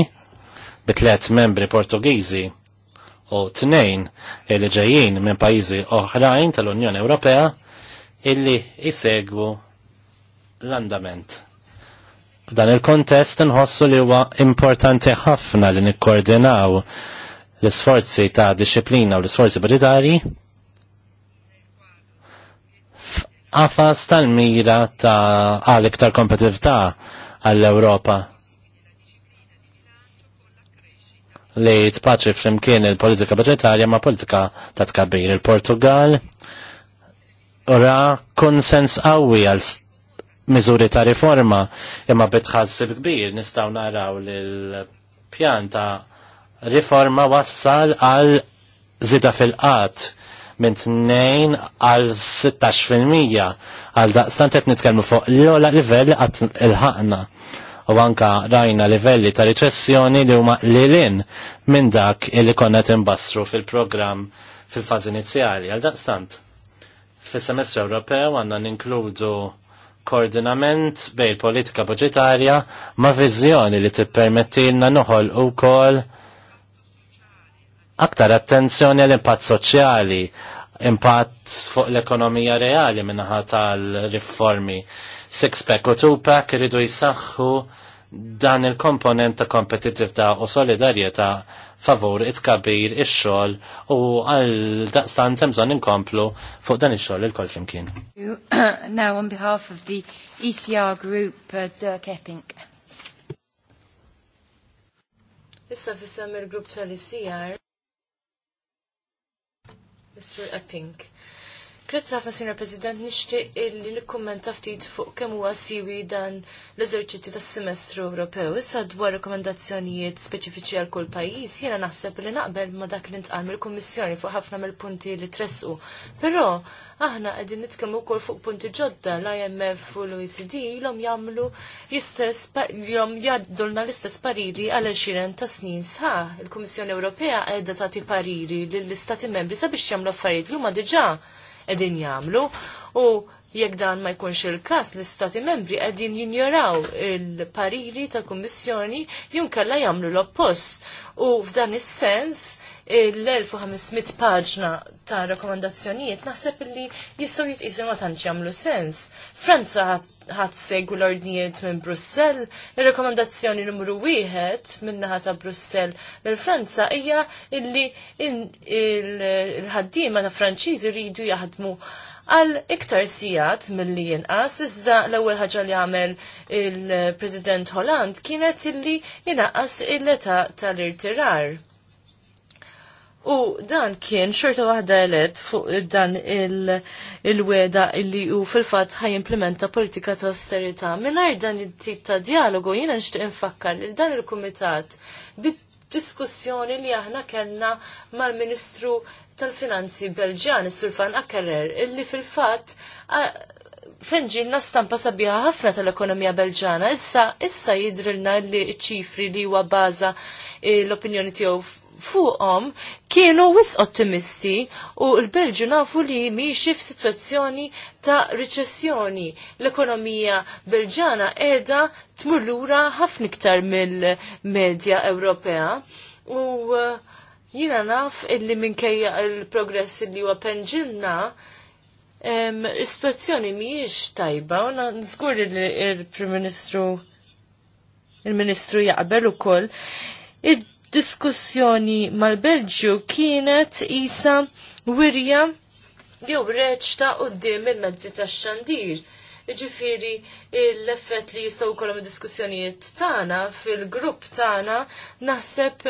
bitlet membri Portugiżi u tnejn li ġejjin minn pajjiżi oħrajn tal-Unjoni Ewropea illi jisegwu l-andament Dan il-kontest nħossu li huwa importanti ħafna li nikkoordinaw l-isforzi ta' disciplina u l-isforzi budgetari f'qafas tal-mira ta' għal iktar kompetitività għall-Ewropa li tpaċi flimkien il-politika budgetarja ma' politika ta' tkabbir il-Portugal ura konsens qawwi għal miżuri ta' riforma imma bitħassib kbir nistgħu naraw l-pjan ta' riforma wassal għal zida fil-qat minn 2 għal 16% għal daqstant qed nitkellmu fuq l-ola livell għat il-ħaqna u anka rajna livelli ta' riċessjoni li huma lilin minn dak li konna tinbastru fil-programm fil fazi inizjali għal daqstant. Fis-semestru Ewropew għandna ninkludu koordinament bej politika budgetarja ma' viżjoni li tippermettilna nuħol u kol aktar attenzjoni għall-impatt soċjali, impatt fuq l-ekonomija reali minnaħa tal-riformi. Six-pack u two-pack irridu jisaxħu dan il-komponent ta' kompetitività u solidarieta Favor, it-kabir, ix-xogħol u għal daqstan temżon inkomplu fuq dan ix-xogħol il-kol flimkien. Now on behalf of the ECR group, uh, Dirk Epping. Issa fissam il-grupp tal-ECR. Mr. Epping. Grazzi ħafna, Sr. President, nixtieq illi l-kummenta ftit fuq kemm huwa siwi dan l-eżerċizzju tas-semestru Ewropew. Issa dwar rekomendazzjonijiet speċifiċi għal kull pajjiż, jiena naħseb li naqbel ma dak li ntqal mill-Kummissjoni fuq ħafna mill-punti li tresqu. Però aħna qegħdin nitkellmu wkoll fuq punti ġodda l-IMF u l-OECD ilhom jagħmlu l-istess jom jgħaddulna l-istess pariri għal xiren ta' snin sa. Il-Kummissjoni Ewropea qiegħda tagħti pariri lill-Istati Membri sabiex jagħmlu affarijiet li huma diġà qegħdin jagħmlu u jekk dan ma jkunx il-każ l-istati membri qegħdin jinjoraw il-pariri ta' kummissjoni junkalla jagħmlu l-oppost. U f'dan is-sens l-1500 paġna ta' rekomendazzjonijiet naħseb li jistgħu jitqisu ma tantx jagħmlu sens. Franza ħat segu l-ordnijiet minn Brussell, il-rekomendazzjoni numru wieħed min-naħa ta' Brussell l-Franza hija illi il-ħaddiema ta' Franċiżi rridu jaħdmu għal iktar sijat mill-li jenqas, iżda l-ewwel ħaġa li għamel il-President Holland kienet illi jinqas il-leta tal-irtirar. U dan kien xorta waħda għalet fuq dan il-weda il illi u fil-fat ħaj implementa politika ta' austerita. Minar dan il-tip ta' dialogu jina nxtieq infakkar li dan il-kumitat bid-diskussjoni li aħna kellna mal-Ministru tal-Finanzi Belġjan, Sulfan surfan Akkerer, illi fil-fat Frenġilna stampa sabiħa ħafna tal-ekonomija belġana, issa issa jidrilna li ċifri li huwa baza eh, l-opinjoni tiegħu fuqhom kienu wis ottimisti u l-Belġu nafu li miexi f'sitwazzjoni ta' riċessjoni. L-ekonomija Belġana qiegħda tmur lura ħafna iktar mill-medja Ewropea. U uh, jina naf illi minkejja il-progress illi huwa penġilna Situazzjoni miex tajba, u nżgur il-Prim Ministru il-Ministru jaqbel ukoll diskussjoni mal-Belġju kienet isa wirja jew u ta' dim il-mezzi ta' xandir. Ġifiri, l-effett li jistaw kolom diskussjonijiet tana fil-grupp tana naħseb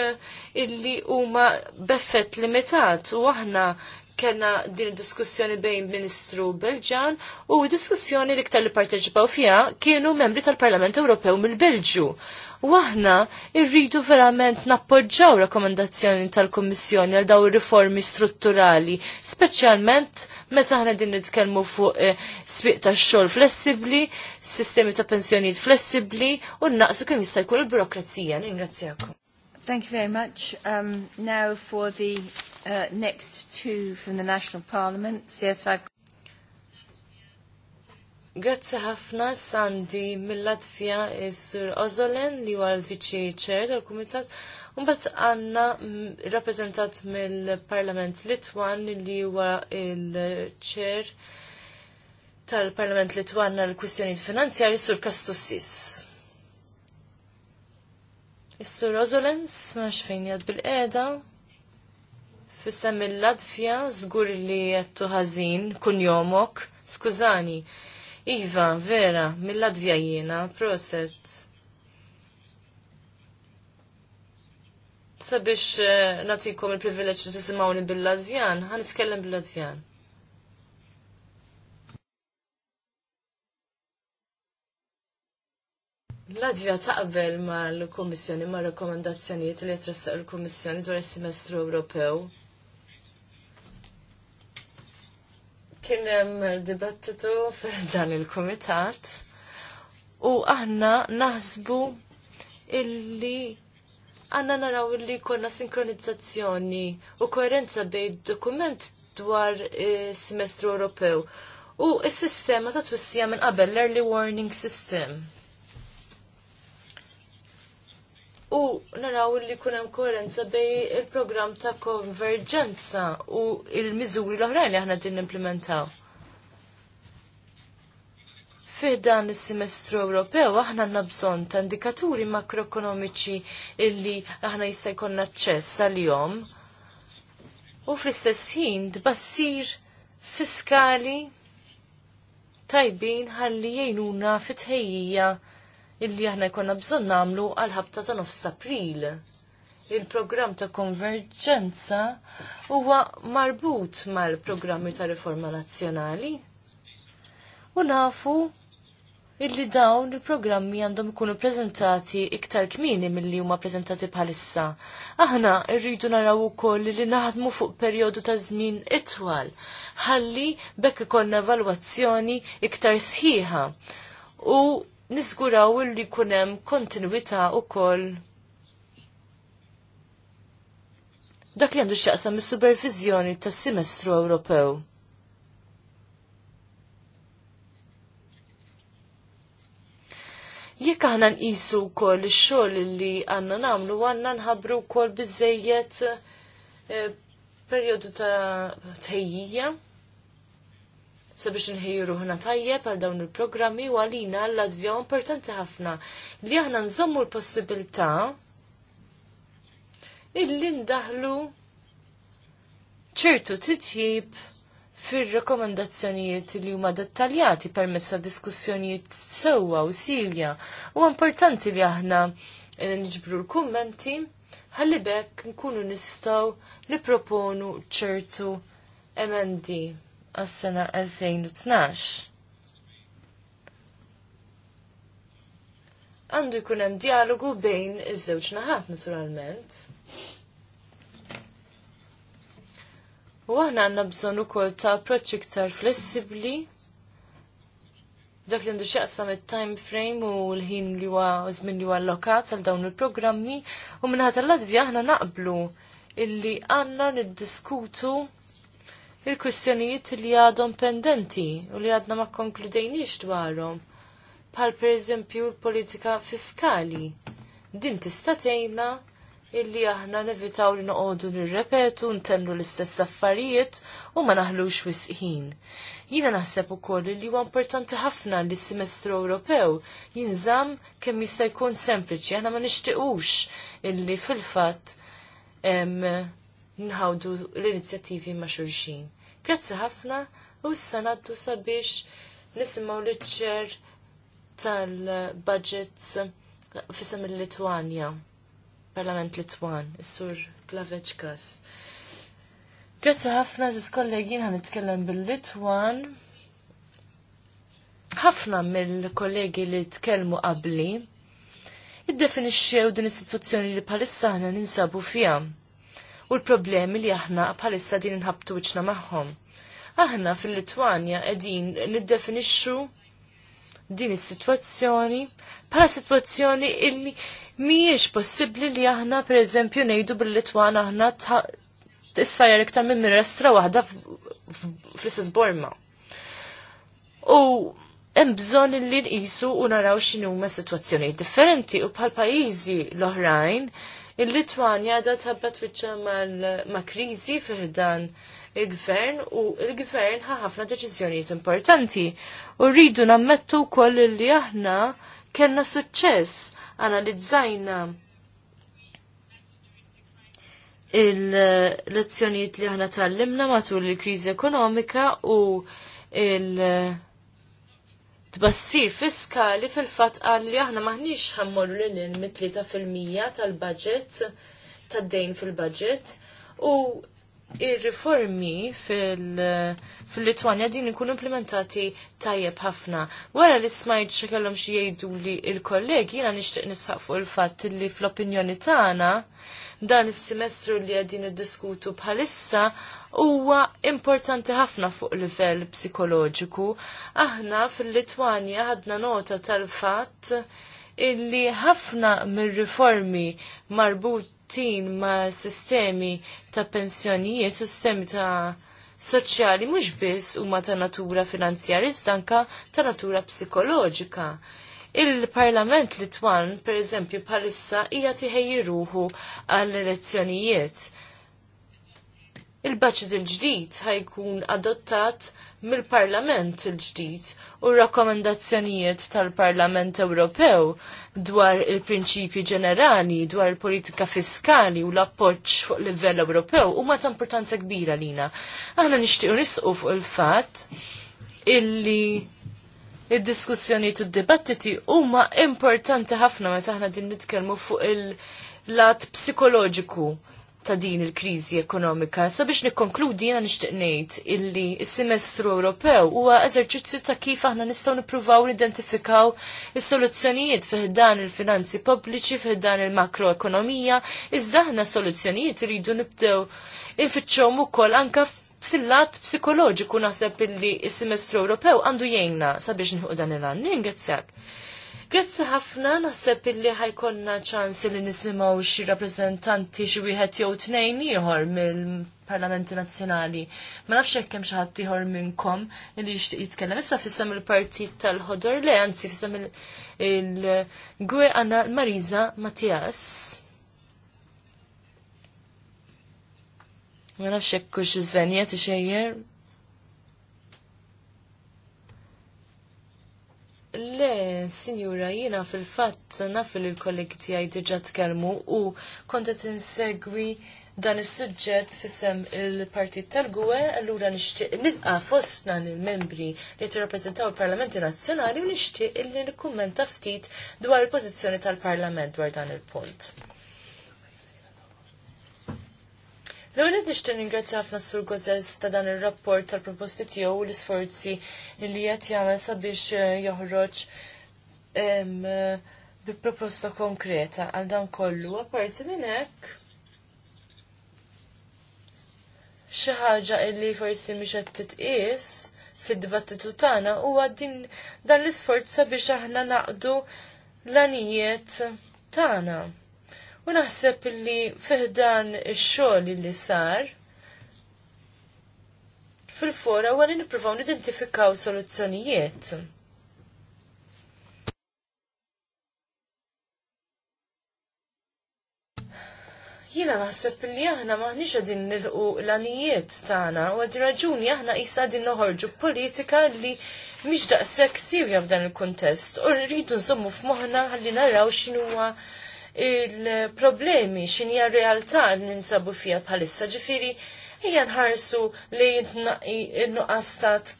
illi huma b'effett limitat u aħna kena din diskussjoni bejn Ministru Belġan u diskussjoni li ktar li parteġipaw fija kienu membri tal-Parlament Ewropew mill-Belġu. U aħna irridu verament nappoġġaw rakomendazzjoni tal-Kummissjoni għal daw riformi strutturali, speċjalment meta aħna din nitkellmu fuq eh, sbiq tax-xogħol flessibbli, sistemi ta' pensjonijiet flessibbli u naqsu kemm jista' jkun il-burokrazija. Ningrazzjakom. Thank you very much. Um, now for the uh, next two from the National Parliament. Yes, I've... Grazzi ħafna Sandi mill-Latvija is-Sur Ozolen li huwa l-Viċi Ċer tal-Kumitat Mbagħad għandna rappreżentat mill-Parlament Litwan li huwa l-Ċer tal-Parlament Litwan għall-kwistjonijiet finanzjarji sur Kastussis. Is-Sur Ozolen smax fejn jgħad bil-qiegħda. Fissem il-Latvja żgur li qed tuħażin kun jomok, skużani. Iva, vera, mill ladvija jiena, proset. Sabiex eh, natikom il privileċ li tisimgħuni bil-Latvjan, ħan nitkellem bil-Latvjan. Latvija taqbel mal-Kummissjoni ma' rekomendazzjonijiet li jtressaq il-Kummissjoni dwar is-Semestru Ewropew Kien hemm dibattitu f'dan il-kumitat u aħna naħsbu illi għanna naraw illi konna sinkronizzazzjoni u koerenza bejn dokument dwar semestru Ewropew u s-sistema ta' twissija minn qabel l-early warning system. u naraw li kun hemm koerenza bej il-programm ta' konverġenza u il-miżuri l-oħrajn li aħna din implementaw. Fih dan is-semestru Ewropew aħna għandna bżonn ta' indikaturi makroekonomiċi illi aħna jista' jkollna aċċess għalihom. U fl-istess ħin tbassir fiskali tajbin ħalli jgħinuna fit-tħejjija illi aħna jkollna bżonn nagħmlu għal ħabta ta' nofs April. Il-programm ta' konverġenza huwa marbut mal-programmi ta' riforma nazzjonali. U nafu illi dawn il-programmi għandhom ikunu prezentati iktar kmini mill-li huma prezentati bħalissa. Aħna rridu naraw ukoll li naħdmu fuq perjodu ta' żmien itwal, ħalli bekk ikollna evalwazzjoni iktar sħiħa. U Nisguraw li kunem kontinuità koll. dak li għandu xaqsa mis supervizjoni tas semestru Ewropew. Jekk aħna nqisu wkoll ix-xogħol li għandna nagħmlu għandna nħabbru wkoll biżejjed eh, perjodu ta' tejjija sabiex nħejju ruħna tajjeb għal dawn il-programmi u għalina l latvja importanti ħafna li aħna nżommu l-possibilità illi ndaħlu ċertu titjib fir-rekomendazzjonijiet li huma dettaljati permezz ta' diskussjonijiet sewwa u silja. U importanti li aħna eh, niġbru l-kummenti ħalli bekk nkunu nistgħu li proponu ċertu emendi għas-sena 2012. għandu jkun hemm dialogu bejn iż-żewġ naħat naturalment. U aħna għandna bżonn ukoll ta' approċċ iktar flessibbli dak li għandu xieqsam il-time frame u l-ħin li huwa żmien li huwa allokat għal dawn il-programmi u minħat tal Ladvi aħna naqblu illi għandna niddiskutu il-kwistjonijiet li għadhom pendenti u li għadna ma konkludejniex dwarhom. Bħal pereżempju l-politika fiskali. Din tista' tgħinna illi aħna nevitaw li noqogħdu nirrepetu ntennu l-istess affarijiet u ma naħlux wisqin. Jiena naħseb ukoll li huwa importanti ħafna li s-semestru Ewropew jinżamm kemm jista' jkun sempliċi aħna ma nixtiequx illi fil-fatt nħawdu l-inizjattivi ma' xulxin. Grazzi ħafna u issa naddu sabiex nisimgħu liċċer tal-budget fisem il-Litwanja, Parlament Litwan, is-sur Glaveċkas. Grazzi ħafna ziz kollegin għan nitkellem bil-Litwan. ħafna mill-kollegi li tkellmu qabli id-definixxew din is-sitwazzjoni li bħalissa aħna ninsabu fiha u l-problemi li aħna bħalissa din nħabtu wiċna magħhom. Aħna fil-Litwanja qegħdin niddefinixxu din is-sitwazzjoni bħala sitwazzjoni illi mhijiex possibbli li aħna pereżempju ngħidu bil-Litwan aħna tissajjar iktar minn restra waħda fl-istess borma. U hemm bżonn li nqisu u naraw x'inhuma sitwazzjonijiet differenti u bħal pajjiżi l-oħrajn Il-Litwanja da tabbat wicċa ma' krizi fiħdan il-gvern u il-gvern ħa ħafna deċiżjonijiet importanti. U rridu nammettu koll li aħna kellna suċċess analizzajna il-lezzjonijiet li aħna tallimna matul il-kriżi ekonomika u il- tbassir fiskali fil-fatt qal li aħna maħniex ħammorru lil il-mitlita fil-mija tal-budget tad-dejn fil-budget u il riformi fil-Litwanja din ikunu implementati tajjeb ħafna. Wara li smajt xi kellhom xi li l-kollegi jiena nixtieq nisħaq fuq il-fatt li fl-opinjoni tagħna dan is-semestru li għadin iddiskutu bħalissa huwa importanti ħafna fuq livell psikoloġiku. Aħna fil-Litwanja ħadna nota tal-fatt illi ħafna mir-riformi marbutin ma' sistemi ta' pensjonijiet, sistemi ta' soċjali mhux biss huma ta' natura finanzjarja iżda anke ta' natura psikoloġika. Il-Parlament Litwan, per eżempju, bħalissa hija tiħejji ruħu għall-elezzjonijiet il baċet il-ġdid ħajkun adottat mill-Parlament il-ġdid u rakkomandazzjonijiet tal-Parlament Ewropew dwar il-prinċipji ġenerali, dwar il-politika fiskali u l-appoġġ fuq livell Ewropew huma ta' importanza kbira lina. Aħna nixtiequ nisqu fuq il-fatt illi il diskussjoni u d-dibattiti huma importanti ħafna meta aħna din nitkellmu fuq il- lat psikoloġiku ta' din il-kriżi ekonomika. Sabiex nikkonkludi jena nixtieq ngħid illi s-semestru Ewropew huwa eżerċizzju ta' kif aħna nistgħu nippruvaw nidentifikaw is-soluzzjonijiet fih dan il-finanzi pubbliċi, fih dan il-makroekonomija, iżda aħna soluzzjonijiet iridu nibdew infittxhom ukoll anke fil-lat psikoloġiku naħseb illi s-semestru Ewropew għandu jgħinna sabiex nħuq dan il-għan. Ningrazzjak. Grazzi ħafna naħseb illi ħajkonna ċans li nisimgħu xi rappreżentanti xi wieħed jew tnejn ieħor mill-Parlamenti Nazzjonali. Ma nafx hekk hemm xi ħadd ieħor minnkom li jixtieq jitkellem. Issa fisem il-partit tal-ħodor le anzi f'isem il-gwe Anna Mariza Mattias. Ma nafx hekk kux iżvenjet ixejjer Le, sinjura, jina fil-fatt naf li l-kollegi tiegħi diġà tkellmu u konta qed insegwi dan is-suġġett fisem il-Partit tal-Gwe, allura nixtieq nilqa fostna lill-membri li tirrappreżentaw il-Parlamenti Nazzjonali u nixtieq illi nikkummenta ftit dwar il-pożizzjoni tal-Parlament dwar dan il-punt. L-għonet nishtin ringrazzja s sur Gozes ta' dan il-rapport tal-proposti tiegħu u l-isforzi li qed jagħmel sabiex eh, joħroġ eh, bi proposta konkreta għal dan kollu. Apparti minn hekk xi ħaġa li forsi mhix qed titqies fid-dibattitu tagħna huwa għaddin dan l-isforz sabiex aħna naqdu l-anijiet tagħna. U naħseb li fiħdan ix-xogħol li sar fil-fora u għalli niprofaw nidentifikaw soluzzjonijiet. Jina naħseb li aħna maħniċ għadin nilqu l-anijiet tagħna u għad raġuni aħna jisa għadin noħorġu politika li miex daqsek sirja f'dan il-kontest u rridu nżommu f'moħna għalli naraw xinuwa il-problemi x'inja realtà li ninsabu fija bħalissa ġifiri hija nħarsu li n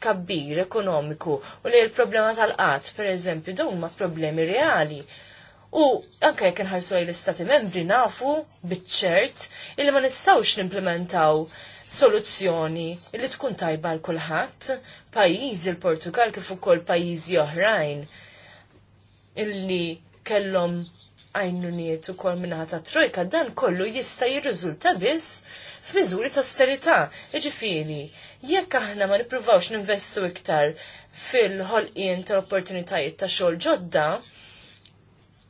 kabbir ekonomiku u li l-problema tal-qat, per eżempju, dawn ma problemi reali. U anke jekk nħarsu li l-istati membri nafu biċċert illi ma nistawx nimplementaw soluzzjoni li tkun tajba l kulħadd pajjiżi il portugal kif ukoll pajjiżi oħrajn illi kellhom għajnuniet u kol minnaħa ta' trojka, dan kollu jista' jirriżulta biss f'miżuri ta' austerità. Iġifieri, jekk aħna ma nippruvawx ninvestu iktar fil-ħolqien ta' opportunitajiet ta' xogħol ġodda,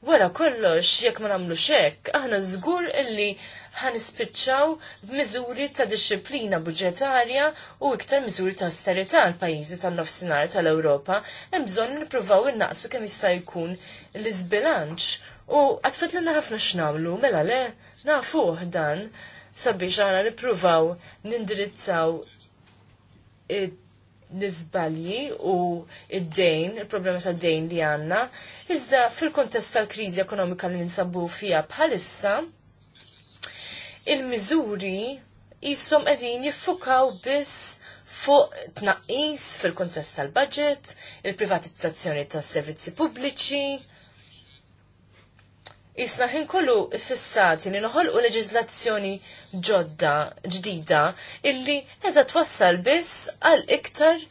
wara kollox jekk ma nagħmlux hekk, aħna żgur illi ħan ħanispiċċaw b'miżuri ta' disċiplina budġetarja u iktar miżuri ta' austerità għal pajjiżi tan-nofsinhar tal-Ewropa hemm bżonn nippruvaw innaqsu kemm jista' jkun l-iżbilanċ U għatfetlina ħafna x'namlu, mela le, nafu dan sabiex għana nipruvaw nindirizzaw nizbalji u id-dejn, il-problema ta' dejn li għanna, iżda fil-kontest tal-krizi ekonomika li ninsabu fija bħalissa, il-mizuri jisom edin jiffukaw biss fuq tnaqis fil-kontest tal-budget, il-privatizzazzjoni tas servizzi pubbliċi, Isna ħin kollu fissati li noħolqu leġizlazzjoni ġodda, ġdida, illi edha twassal biss għal iktar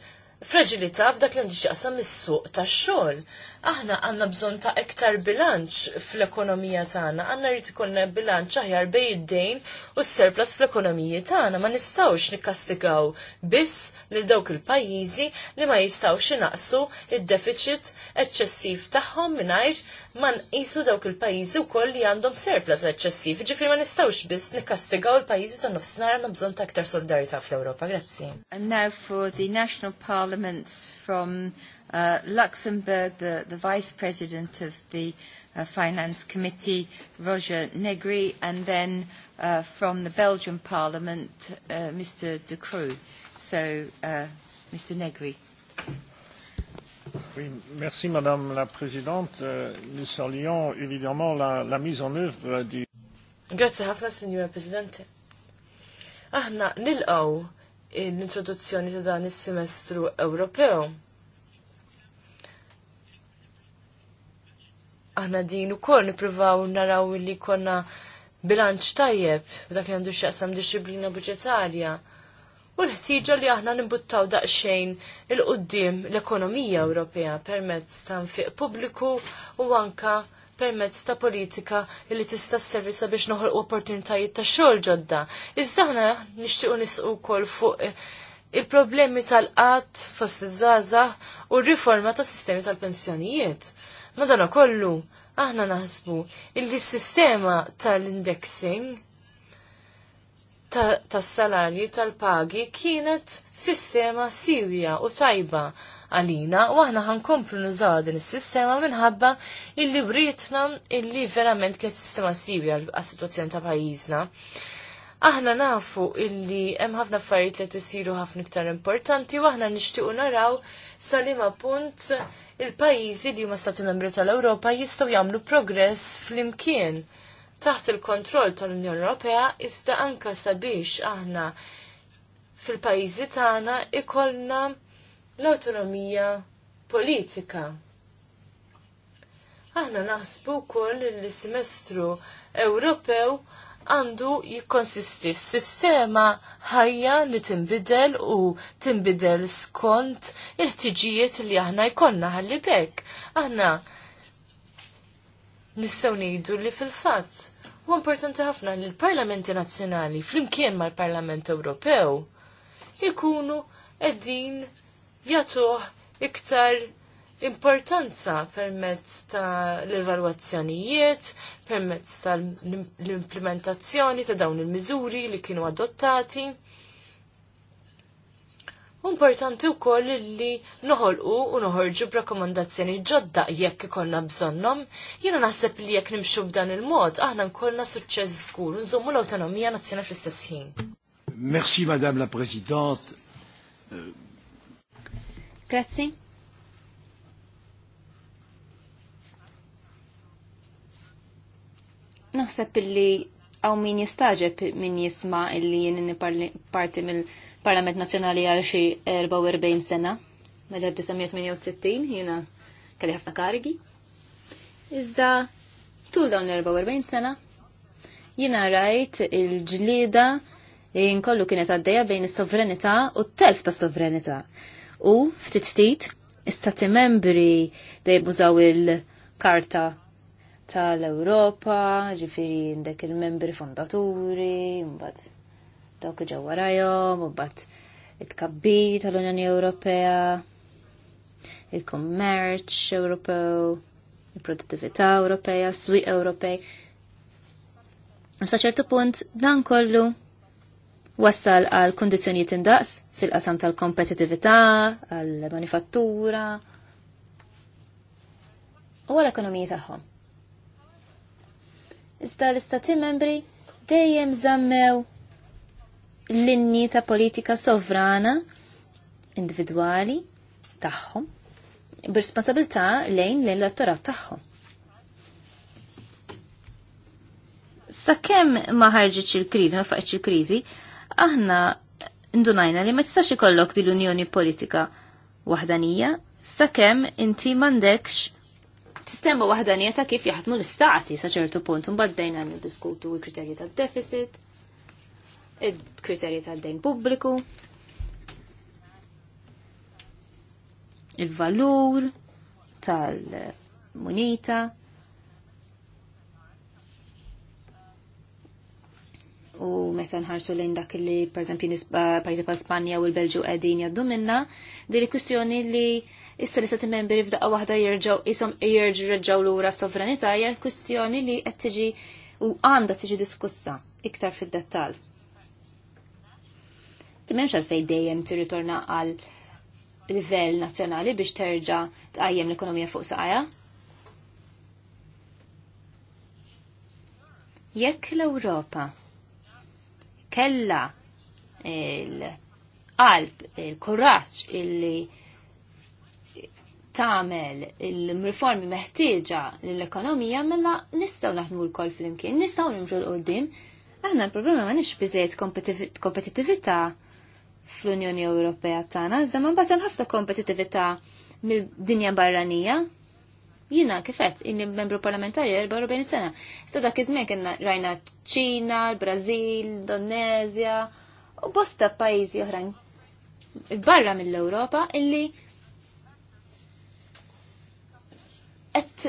fragilita f'dak li għandix jaqsam s suq tax-xogħol aħna għanna bżon ta' iktar bilanċ fl-ekonomija tagħna, għanna rrid ikollna bilanċ aħjar bejn id-dejn u s-surplus fl-ekonomiji tagħna. Ma nistgħux nikkastigaw biss lil dawk il-pajjiżi li ma jistgħux inaqsu id-deficit eċċessiv tagħhom mingħajr ma nqisu dawk il-pajjiżi wkoll li għandhom surplus eċċessiv. Ġifri ma nistgħux biss nikkastigaw il-pajjiżi ta' nofsinhar għandhom bżonn ta' aktar solidarità fl-Ewropa. Grazzi. And now for the national parliaments from Uh, Luxembourg, the, the Vice President of the uh, Finance Committee, Roger Negri, and then uh, from the Belgian Parliament, uh, Mr. De Croo. So, uh, Mr. Negri. Oui, merci Madame la Présidente. Euh, nous saluons évidemment la, la mise en œuvre du... Grazie ħafna, Signor Presidente. Aħna nilqaw l-introduzzjoni ta' dan is-semestru Ewropew aħna din ukoll nippruvaw naraw li konna bilanċ tajjeb dak li għandu xaqsam disciplina budgetarja. U l-ħtieġa li aħna nimbuttaw daqsxejn il qoddim l-ekonomija Ewropea permezz ta' nfiq pubbliku u anka permezz ta' politika li tista' servisa biex noħolqu opportunitajiet ta' xogħol ġodda. Iżda aħna nixtiequ nisqu wkoll fuq il-problemi tal-qatt fost iż-żgħażagħ u r-riforma tas sistemi tal-pensjonijiet. Madana kollu, aħna naħsbu illi s-sistema tal-indexing tas-salarju ta tal-pagi kienet sistema siwja u tajba għalina u aħna ħankomplu nużaw din is-sistema minħabba illi britna illi verament kienet sistema siwja għas-sitwazzjoni ta' pajjiżna. Aħna nafu illi hemm ħafna affarijiet li tisiru ħafna iktar importanti u aħna nixtiequ naraw salima punt il-pajjiżi li huma stati membri tal-Ewropa jistgħu jagħmlu progress flimkien taħt il-kontroll tal-Unjoni Ewropea iżda anka sabiex aħna fil-pajjiżi tagħna ikollna l-awtonomija politika. Aħna naħsbu wkoll li semestru Ewropew għandu jikkonsisti f'sistema ħajja li timbidel u timbidel skont il-ħtiġijiet li aħna jkollna ħalli bekk. Aħna nistgħu ngħidu li fil-fatt u importanti ħafna li l-Parlamenti Nazzjonali flimkien mal-Parlament Ewropew ikunu qegħdin jatuħ iktar importanza permezz ta' l-evalwazzjonijiet, permezz ta' l-implementazzjoni ta' dawn il-miżuri li kienu adottati. Importanti u koll li noħolqu u noħorġu b'rakkomandazzjoni ġodda jekk ikollna bżonnom, jiena naħseb li jekk nimxu b'dan il-mod, aħna nkollna suċċess żgur u nżommu l-awtonomija nazzjonali fl-istess ħin. Merci, Madame la Presidente. Euh, Grazie. Naħseb illi għaw min jistaġeb min jisma illi jien parti mill-Parlament Nazzjonali għal xi 44 sena, meta 1968 jiena kelli ħafna karigi. Iżda tul dawn l-44 sena jiena rajt il-ġlieda kollu kienet għaddejja bejn is-sovranità u t-telf ta' sovranità. U ftit ftit istati membri dejbużaw il-karta tal-Ewropa, ġifiri ndek il-membri fondaturi, mbagħad dawk ġawarajom, rajhom, it-kabbi tal-Unjoni Ewropea, il-kummerċ Ewropew, il-produttività Ewropea, s-swieq Ewropej. Sa ċertu punt dan kollu wassal għal kondizjonijiet indaqs fil-qasam tal-kompetitività, għal manifattura u għal ekonomiji tagħhom iżda l-istati membri dejjem zammew l-linji ta' politika sovrana individwali tagħhom b'responsabilità lejn l elettorat tagħhom. Sakemm ma ħarġitx il-kriżi, ma faqgħetx il-kriżi, aħna ndunajna li ma tistax ikollok din l-Unjoni Politika waħdanija sakemm inti m'għandekx sistema wahda ta' kif jaħdmu l-istati sa' ċertu punt, un baddejna diskutu il-kriterji tad-deficit, il-kriterji tal-dejn pubbliku, il-valur tal-munita, u meta nħarsu lejn dak li pereżempju pajjiżi pa' Spanja u l-Belġu qegħdin jaddu minna, di li kwistjoni li issa li stati membri f'daqqa waħda isom ishom jerġgħu lura s-sovranità hija kwistjoni li qed tiġi u għandha tiġi diskussa iktar fid-dettall. għal għalfejn dejjem tirritorna għal livell nazzjonali biex terġa' tqajjem l-ekonomija fuq saqajja, jekk l-Ewropa kella il-qalb, il-kuraċ illi tamel il reformi meħtieġa l-ekonomija mela nistaw naħdmu l-kol fl-imkien, nistaw nimġu l-qoddim. Aħna l-problema ma nix biżejt kompetitivita fl-Unjoni Ewropea tagħna, iżda ma mbagħad hemm ħafna kompetitività mill-dinja barranija Jina kifet, inni membru parlamentari 44 sena. Sta dak iż-żmien kienna rajna ċina, l-Brażil, Indonezja u bosta pajjiżi oħrajn barra mill-Ewropa illi qed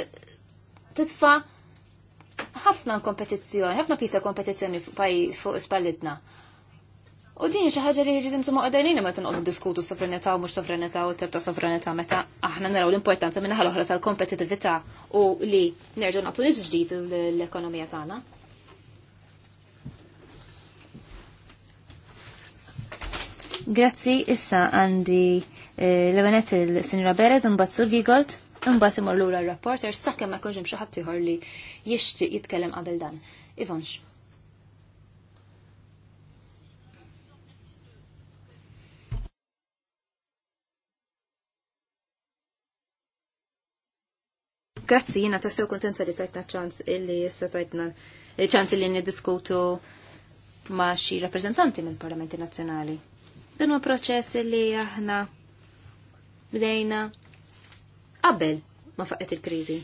titfa' ħafna kompetizzjoni, ħafna pista kompetizzjoni fuq spallitna. U din xi ħaġa li jiġi insomma qegħdin meta nqogħdu diskutu sovranità u mhux sovranità u tibda sovranità meta aħna naraw l-importanza minn l-oħra tal-kompetitività u li nerġgħu nagħtu nifs ġdid l-ekonomija tagħna. Grazzi, issa għandi eh, l-ewenet il-Sinjora Berez un Sur Gigold. un-bat imur lura r-rapporter sakemm ma jkunx hemm xi ħadd ieħor li jixtieq jitkellem qabel dan. Ivonx. Grazzi, jina tassew kontenta li tajtna ċans illi jessa tajtna eh, ċans illi niddiskutu ma xi rappresentanti mill parlamenti nazzjonali. Dan huwa proċess illi aħna bdejna qabel ma faqet il-kriżi.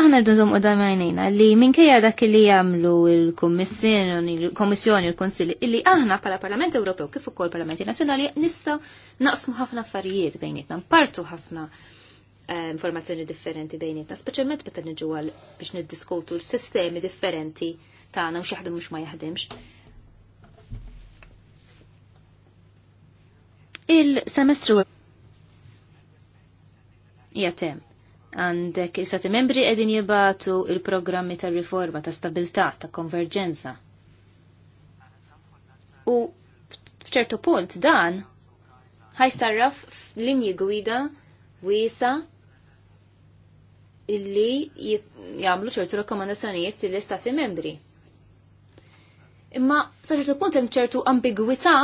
aħna rridu nżomm qudam għajnejna li minkejja dak li jagħmlu l-Kummissjoni, l-Kommissjoni, l-Kunsill, illi aħna bħala Parlament Ewropew kif ukoll Parlamenti Nazzjonali nistgħu naqsmu ħafna affarijiet bejnietna, npartu ħafna eh, informazzjoni differenti bejnietna, speċjalment meta niġu għal biex niddiskutu l-sistemi differenti tagħna u x'jaħdem mhux ma jaħdimx. Il-semestru jgħatem għandek sati membri edin jibatu il-programmi ta' riforma, ta' stabilta, ta' konverġenza. U fċertu punt dan ħajsarraf f'linji gwida wiesa illi jagħmlu ċertu rakkomandazzjonijiet l-istati membri. Imma sa ċertu punt hemm ċertu ambigwità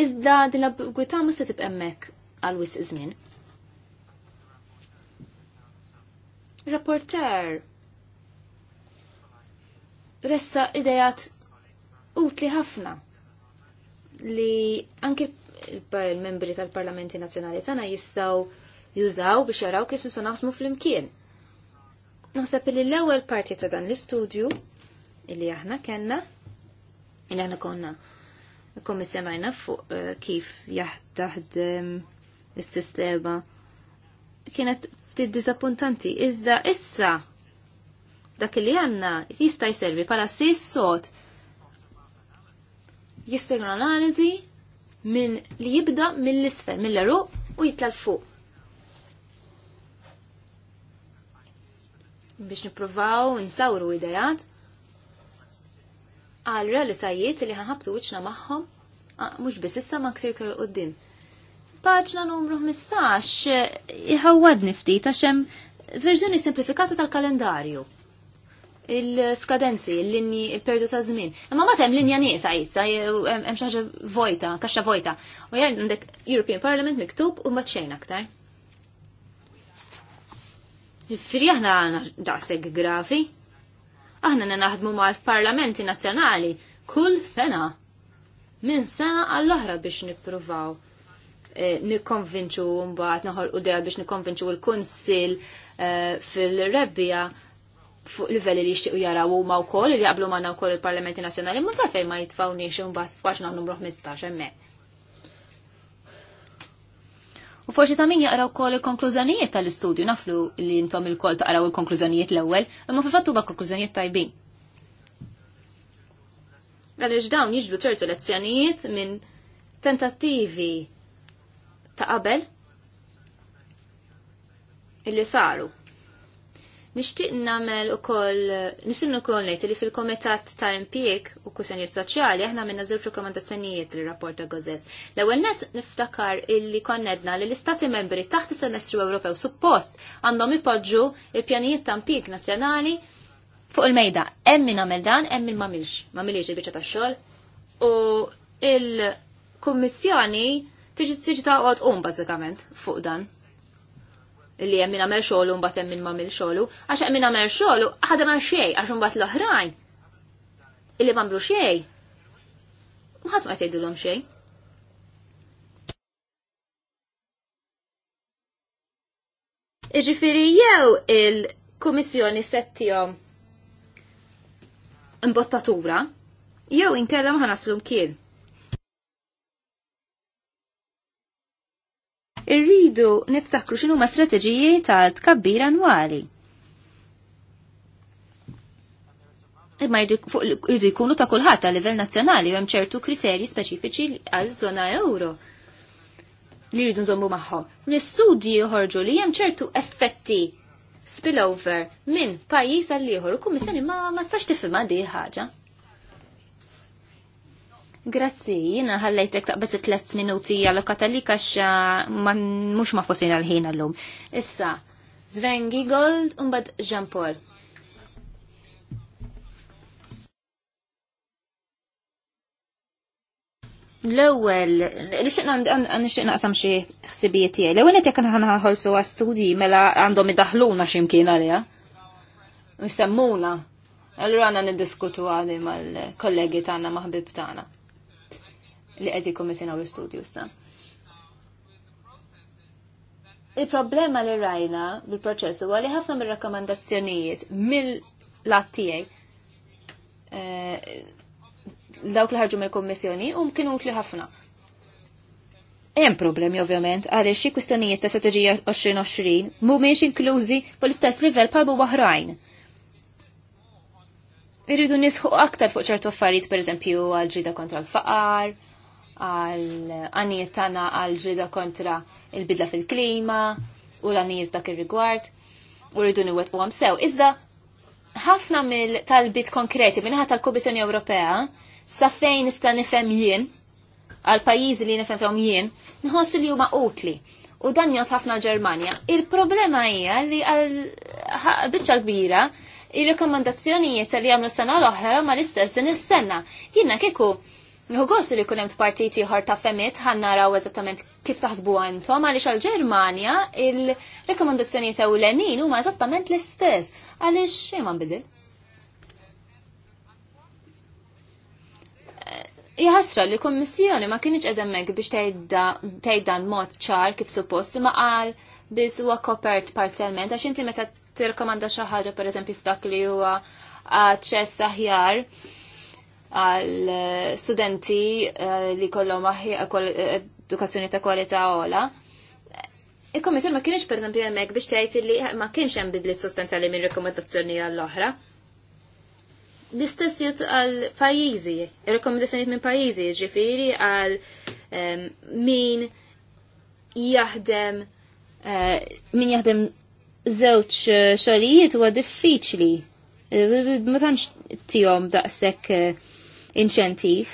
iżda din l-ambigwità ma se tibqa' hemmhekk għal wisq żmien. Rapporter. Ressa idejat utli ħafna li anke il-membri tal-parlamenti nazjonali tagħna jistgħu jużaw biex jaraw kif nisu naħsmu fl-imkien. Naħseb li l-ewwel parti ta' dan l-istudju illi aħna kellna illi aħna konna kommissjonajna fuq eh, kif jaħdaħdem l sistema kienet ftit disappuntanti, Iżda issa dak li għanna jista' jservi pala sis sot jista' jkun analiżi li jibda mill-isfel, mill-eruq u jitla l-fuq. biex nipruvaw insawru idejat għal realitajiet li ħanħabtu wiċna maħħom mux biss issa ma ktir kell qoddim. Paġna numru 15 eh, iħawadni ftit għax hemm verżjoni simplifikata tal-kalendarju il-skadenzi, il-linji, il-perdu ta' zmin. Imma ma tem linja nisa jissa, hemm xaġa vojta, kaxxa vojta. U jgħal għandek European Parliament miktub u maċċejn aktar. Firri aħna għana daqseg grafi. Aħna naħdmu mal-parlamenti nazzjonali kull sena. Minn sena għall-oħra biex nippruvaw Eh, nikkonvinċu mbagħad u del biex nikkonvinċu l-kunsill eh, fil-rebbija fuq livelli li jixtiequ jaraw huma wkoll li jaqblu magħna wkoll il-Parlamenti Nazzjonali ma ta' fejn ma jitfawniex imbagħad f'paġna numru 15 hemmhekk. U forsi ta' min jaqraw kol il-konklużjonijiet tal-istudju, naflu li intom il-kol taqraw il-konklużjonijiet l-ewwel, imma fil-fatt huwa konklużjonijiet tajbin. Għaliex dawn jiġbdu ċertu lezzjonijiet minn tentattivi ta' qabel illi saru. Nishtiq namel u koll, nisinnu koll nejt li fil-komitat ta' impijek u kusenjiet soċjali, aħna minna zewċ rekomendazzjonijiet li rapport ta' gozes. L-ewel net niftakar illi konnedna li l-istati membri taħt il-semestru Ewropew suppost għandhom ipoġġu il-pjanijiet ta' impijek nazjonali fuq il-mejda. Emmi namel dan, emmi mamilx, mamilx il-bicċa ta' xol. U il komissjoni tiġi taqgħod um bażikament fuq dan. Illi hemm min għamel xogħlu mbagħad hemm min m'għamel xogħlu, għax hemm min għamel xogħlu ħadem għal xejn għax mbagħad l-oħrajn illi m'għamlu xejn. Mħat ma l-om xejn. Iġifiri jew il-Kummissjoni settijom imbottatura, jew inkellem ħanaslu kien. irridu niftakru xinu ma' strateġiji ta' tkabbir annwali. Imma jridu jkunu ta' kulħadd a livell nazzjonali u hemm ċertu kriterji speċifiċi għal żona euro li jridu nżommu magħhom. Mistudji jħorġu li hemm ċertu effetti spillover minn pajjiż għal ieħor u kummissjoni ma ma stax tifhimha di ħaġa. Grazzi, jina ħallejtek taqbess tlet minuti għallokata li kax mux ma fosin għal-ħin għallum. Issa, Sven Gigold unbad Jean Paul. L-ewel, li xeqna għan xeqna għasam xie xsibijiet għaj, L-ewel għet jekan ħana għastudji mela għandhom id-daħluna ximkien għalja. Mux semmuna. allora għanna niddiskutu għalim mal-kollegi tagħna maħbib tagħna li qed jikkommissjonaw l-istudju sta. Il-problema li rajna bil-proċess huwa li ħafna mir-rakkomandazzjonijiet mill-lattijaj eh, dawk li ħarġu mill-kommissjoni u kienu utli ħafna. Hemm problemi ovvjament għaliex xi kwistjonijiet ta' strateġija 2020 mhumiex inklużi fl-istess livell bħal oħrajn. Irridu nisħu aktar fuq ċertu affarijiet pereżempju għal ġida kontra l-faqar, għal għanijiet tagħna għal ġrida kontra il-bidla fil-klima u l-għanijiet dak ir-rigward u rridu niwetqu u sew. Iżda ħafna mill-talbit konkreti minnaħat tal kubisjoni Ewropea sa fejn nista' nifhem jien għal pajjiżi li nifem fjom jien nħossi li huma utli. U dan jgħat ħafna Ġermanja. Il-problema hija li għal biċċa kbira il-rekomendazzjonijiet li għamlu sena l-oħra ma l-istess din is-sena. Jiena kieku Nħu għos li kunem t-partiti ħar ta' ħanna raw eżattament kif taħsbu għantom għalix għal ġermania il-rekomendazzjoni ta' u l-enin u ma' eżattament l-istess għalix jema bidil. Eh, jħasra li kommissjoni ma kienieċ edemmek biex tajdan mod ċar kif suppost ma għal biz huwa kopert parzialment għax inti meta t-rekomanda xi ħaġa eżempju f'dak li huwa aċċess aħjar għal eh, studenti eh, li kollhom eh, edukazzjoni ta' kwalità ola. Il-Komissar ma kienx per esempio hemmhekk biex tgħid li ma kienx hemm bidli sostanzjali minn rekomendazzjoni għall-oħra. L-istess jut għal pajjiżi, rekomendazzjoni minn pajjiżi, ġifieri għal ehm, min jaħdem min jaħdem żewġ xogħlijiet huwa diffiċli. Ma tantx tihom daqshekk inċentiv.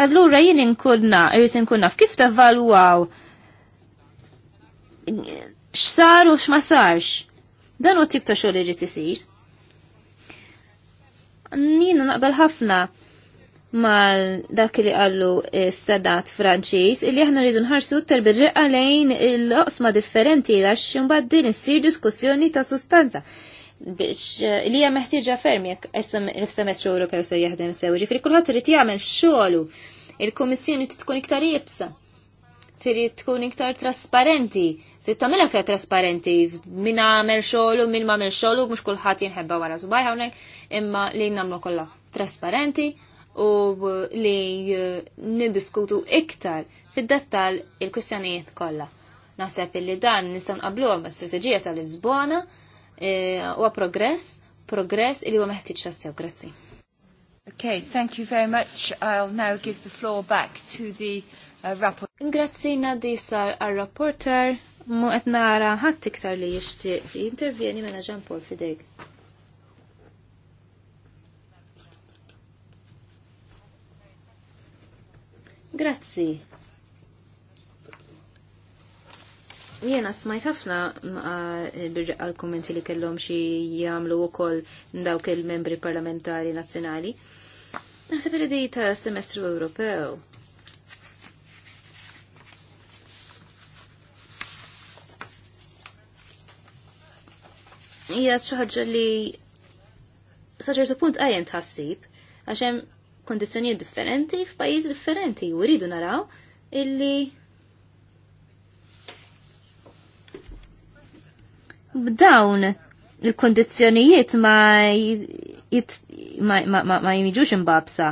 Allura jien inkunna, irrid inkunna f'kif tavalwaw x'sar u x'ma sarx. Dan u tip ta' xogħol irid isir. Nina naqbel ħafna mal dak li qallu s-sadat franċiż illi aħna rridu nħarsu ter bir-riqqa lejn l-oqsma differenti għax mbagħad din issir diskussjoni ta' sustanza biex eh, li hija meħtieġa ferm jekk qeshom il-semestru Ewropew se jaħdem sew. Ġifieri kulħadd irid jagħmel xogħlu. Il-Kummissjoni trid tkun iktar jibsa. Trid tkun iktar trasparenti. Trid tagħmel aktar trasparenti min għamel xogħlu, min ma għamel xogħlu, mhux kulħadd jinħebba wara subaj hawnhekk imma li nagħmlu kollha trasparenti u li eh, niddiskutu iktar fid dettall il kwistjonijiet kollha. Naħseb li dan nistgħu nqabluha mas-strateġija tal-Lisbona Eh, huwa progress, progress li huwa meħtieġ tassew. Grazzi. Okay, thank you very much. I'll now give the floor back to the uh, rapporteur. Ingrazzi nadi sar rapporteur mu qed nara ħadd iktar li jixtieq jintervjeni mela Jean Paul fidejk. Grazzi. Jena smajt ħafna għal-kommenti li kellhom xi jagħmlu wkoll dawk il-membri parlamentari nazzjonali. Naħseb li di ta' semestru Ewropew. Hija xaħġa li sa ċertu punt għajem tħassib għax hemm differenti f'pajiz differenti u rridu naraw illi b'dawn il-kondizjonijiet ma, ma, ma, ma, ma jimiġux imbabsa.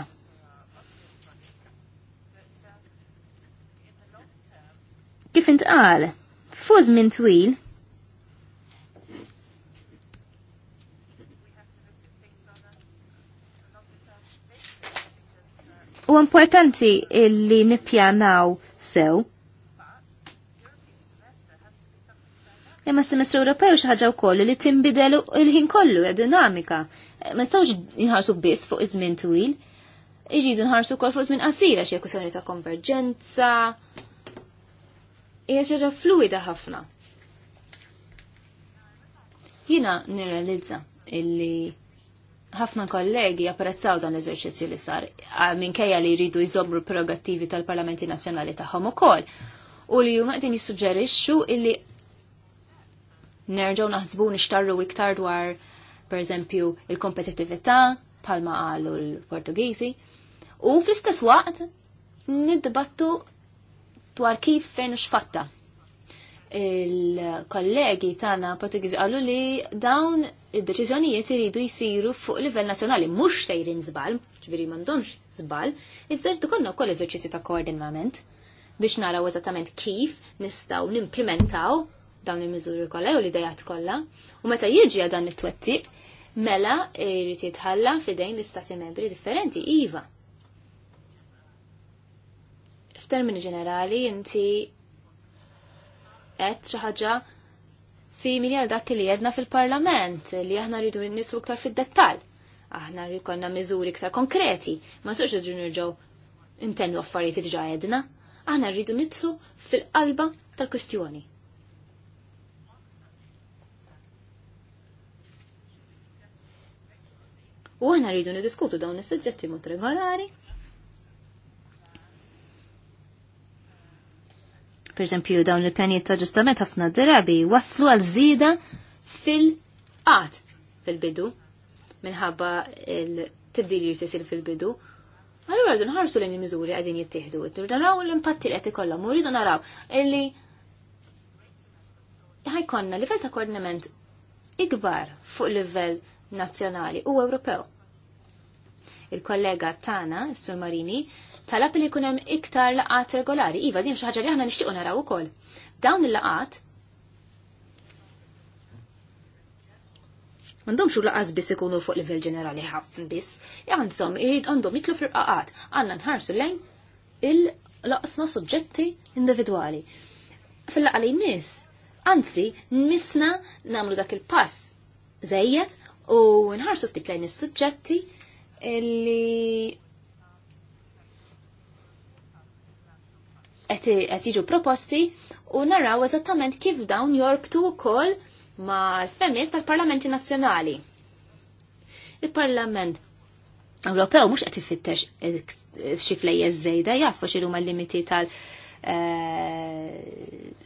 Kif intqal, fuż minn twil, u importanti illi nipjanaw sew. imma s-semestru Ewropew xi ħaġa wkoll li tinbidel il-ħin kollu ja dinamika. Eh, ma nistgħux nħarsu biss fuq iż-żmien twil, iġidu nħarsu wkoll fuq żmien qasira xie kusjoni ta' konverġenza. Ija xi ħaġa fluida ħafna. Jiena nirrealizza illi ħafna kollegi japprezzaw dan l-eżerċizzju li sar minkejja li jridu jżobru prerogattivi tal-Parlamenti Nazzjonali tagħhom ukoll u li huma qegħdin jissuġġerixxu illi nerġgħu naħsbu nixtarru iktar dwar pereżempju il-kompetittività bħalma qalu l-Portugiżi u fl-istess waqt niddibattu dwar kif fejn x'fatta. Il-kollegi tagħna Portugiżi qalu li dawn id-deċiżjonijiet iridu jsiru fuq livell nazzjonali mhux sejrin żball, ġviri m'għandhomx żball, iżda rid ikollna wkoll eżerċizji ta' koordinament biex naraw eżattament kif nistgħu nimplementaw dawn il-miżuri kollha jew l-idejat kollha. U meta jieġi dan it twetti mela jrid jitħalla f'idejn l-istati membri differenti iva. F'termini ġenerali inti qed xi ħaġa simili għal dak li jedna fil-parlament li aħna rridu nitlu iktar fid-dettall. Aħna rikonna miżuri iktar konkreti, ma sux ġu nirġgħu intennu affarijiet diġà għedna. Aħna rridu nitlu fil-qalba tal-kwistjoni. U għana rridu nidiskutu dawn is sujġetti mod regolari. Per eżempju, dawn il-pjanijiet ta' ġustament ħafna drabi waslu għal żieda fil-qat fil-bidu minħabba il-tibdil li jisir fil-bidu. Allura rridu nħarsu lejn il-miżuri għadin jittieħdu. Rridu naraw l-impatti li qed ikollhom u rridu naraw illi ħajkonna livell ta' koordinament ikbar fuq livell nazzjonali u Ewropew. Il-kollega tana, Sur Marini, talab li kunem iktar laqat regolari. Iva, din xaħġa li ħana nishtiqu naraw ukoll. Dawn il-laqat Mandomx xur laqas biss ikunu fuq livell ġenerali ħafna biss. Għandhom irrid għandhom jitlu fil-qaqat. Għandna nħarsu lejn il-laqsma suġġetti individwali. fil laqali li jmiss, anzi, misna namlu dak il-pass zejjed u nħarsu ftit lejn is-suġġetti li qed jiġu proposti u naraw eżattament kif dawn jorbtu wkoll mal-femiet tal-Parlamenti Nazzjonali. Il-Parlament Ewropew mhux qed ifittex xi flejjeż żejda jafu x'inhu l-limiti tal- eh,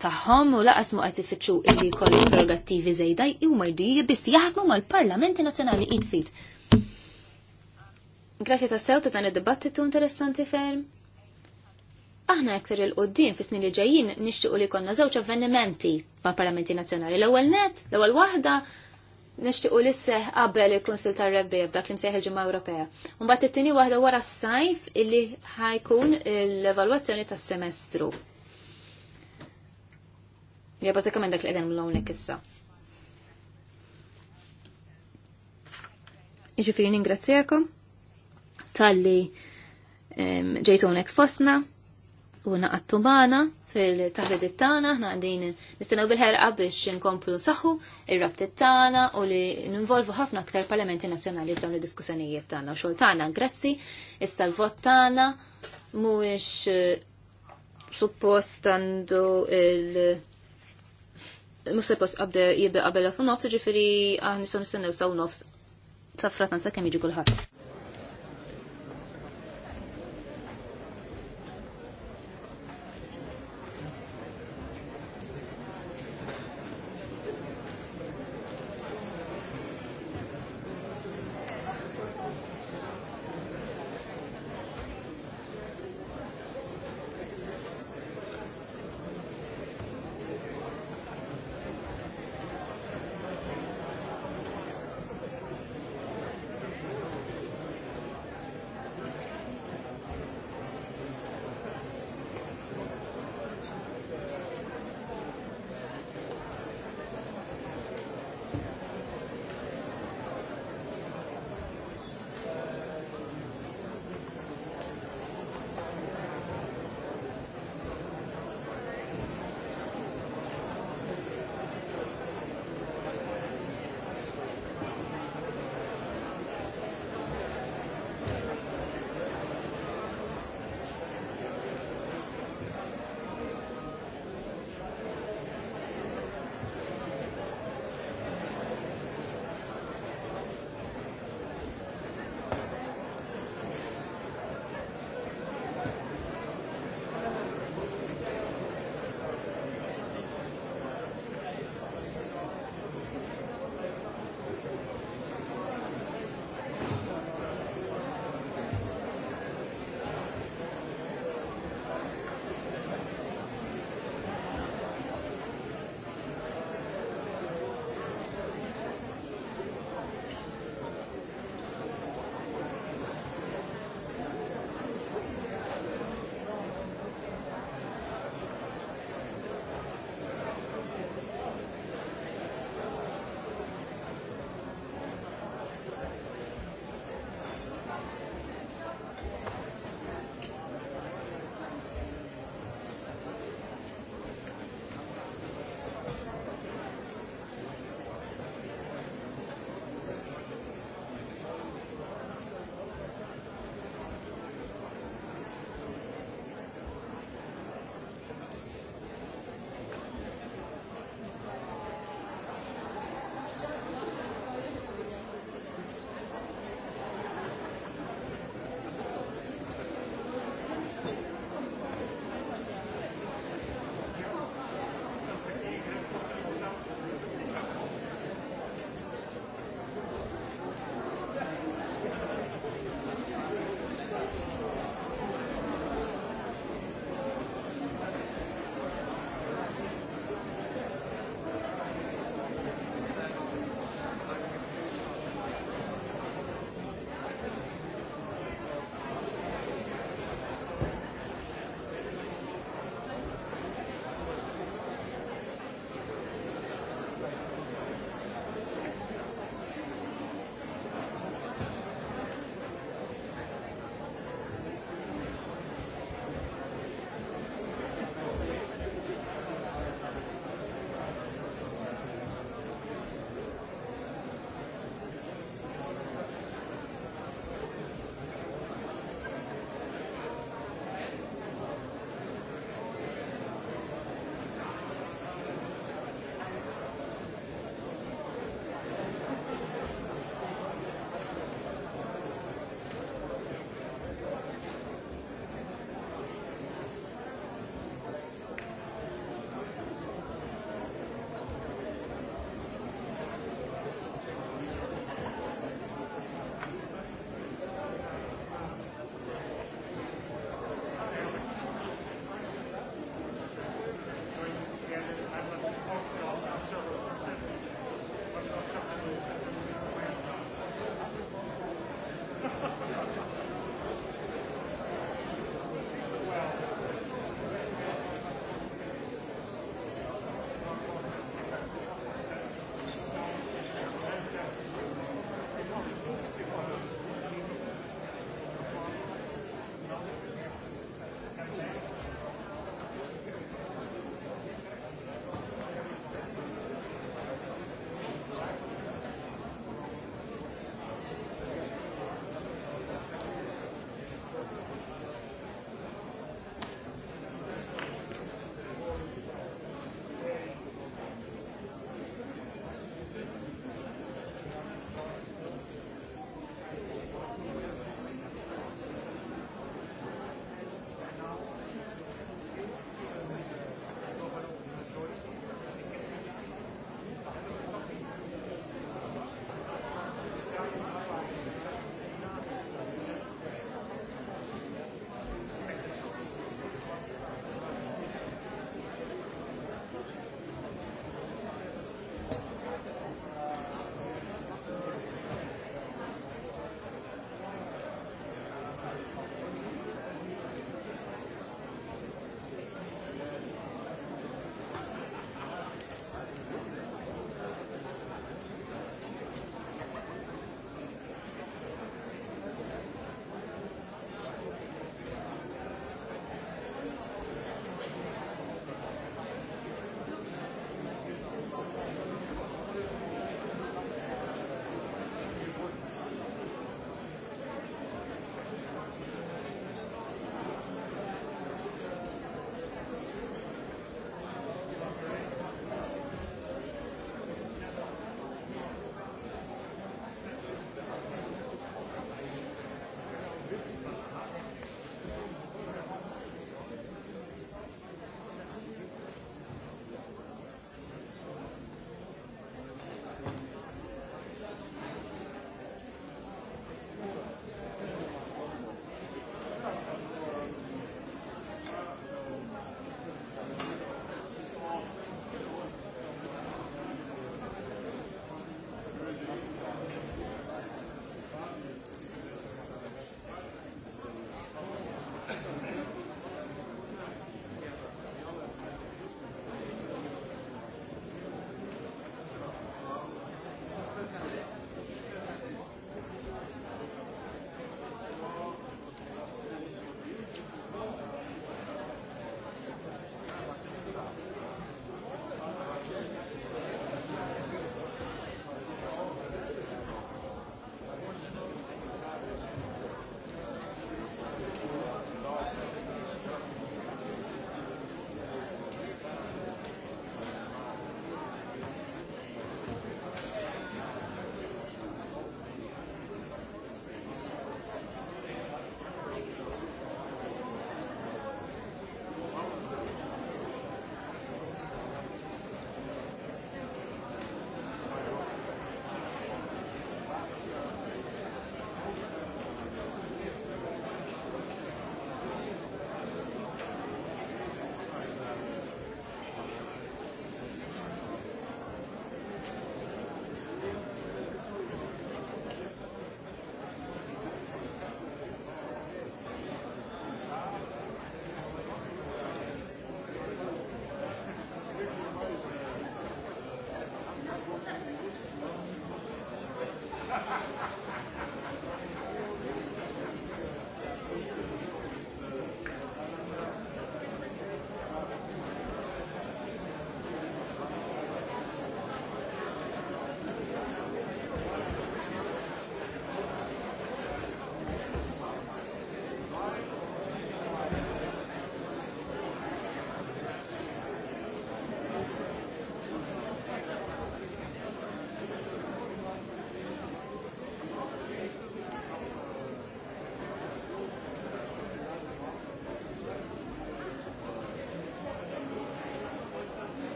taħħom u laqas mu qed ifittxu illi jkollhom prerogattivi żejda huma jdu biss jaħdmu mal-Parlamenti Nazzjonali id-fit. Graċi tas-sew ta' dan id-dibattitu interessanti ferm aħna aktar il-qoddim fis snin li ġejjin nixtiequ li konna żewġ avvenimenti ma' Parlamenti Nazzjonali. L-ewwel net, l-ewwel waħda nixtiequ li seħ qabel il-Kunsil tar-Rebbi f'dak li mseħ il-Ġimgħa Ewropea. Mbagħad it-tieni waħda wara s-sajf illi ħajkun l-evalwazzjoni tas-semestru. Ja, bazzikament dak li l- mlawnek issa. Iġifiri ningrazzjakom tal-li ġejtonek fosna u naqattu maħna fil-taħdid tagħna ħna għandin nistenaw bil-ħerqa biex nkomplu saħħu ir-rabtiet tana u li ninvolvu ħafna aktar parlamenti nazzjonali f'dawn id-diskussjonijiet tagħna u xogħol tagħna grazzi issa l-vot tagħna mhuwiex eh, suppost għandu il- musa jpost qabda jibda qabel fu nofs, ġifiri għan nistaw nistennew saw nofs. Safratan sa' kemm jiġi kulħadd.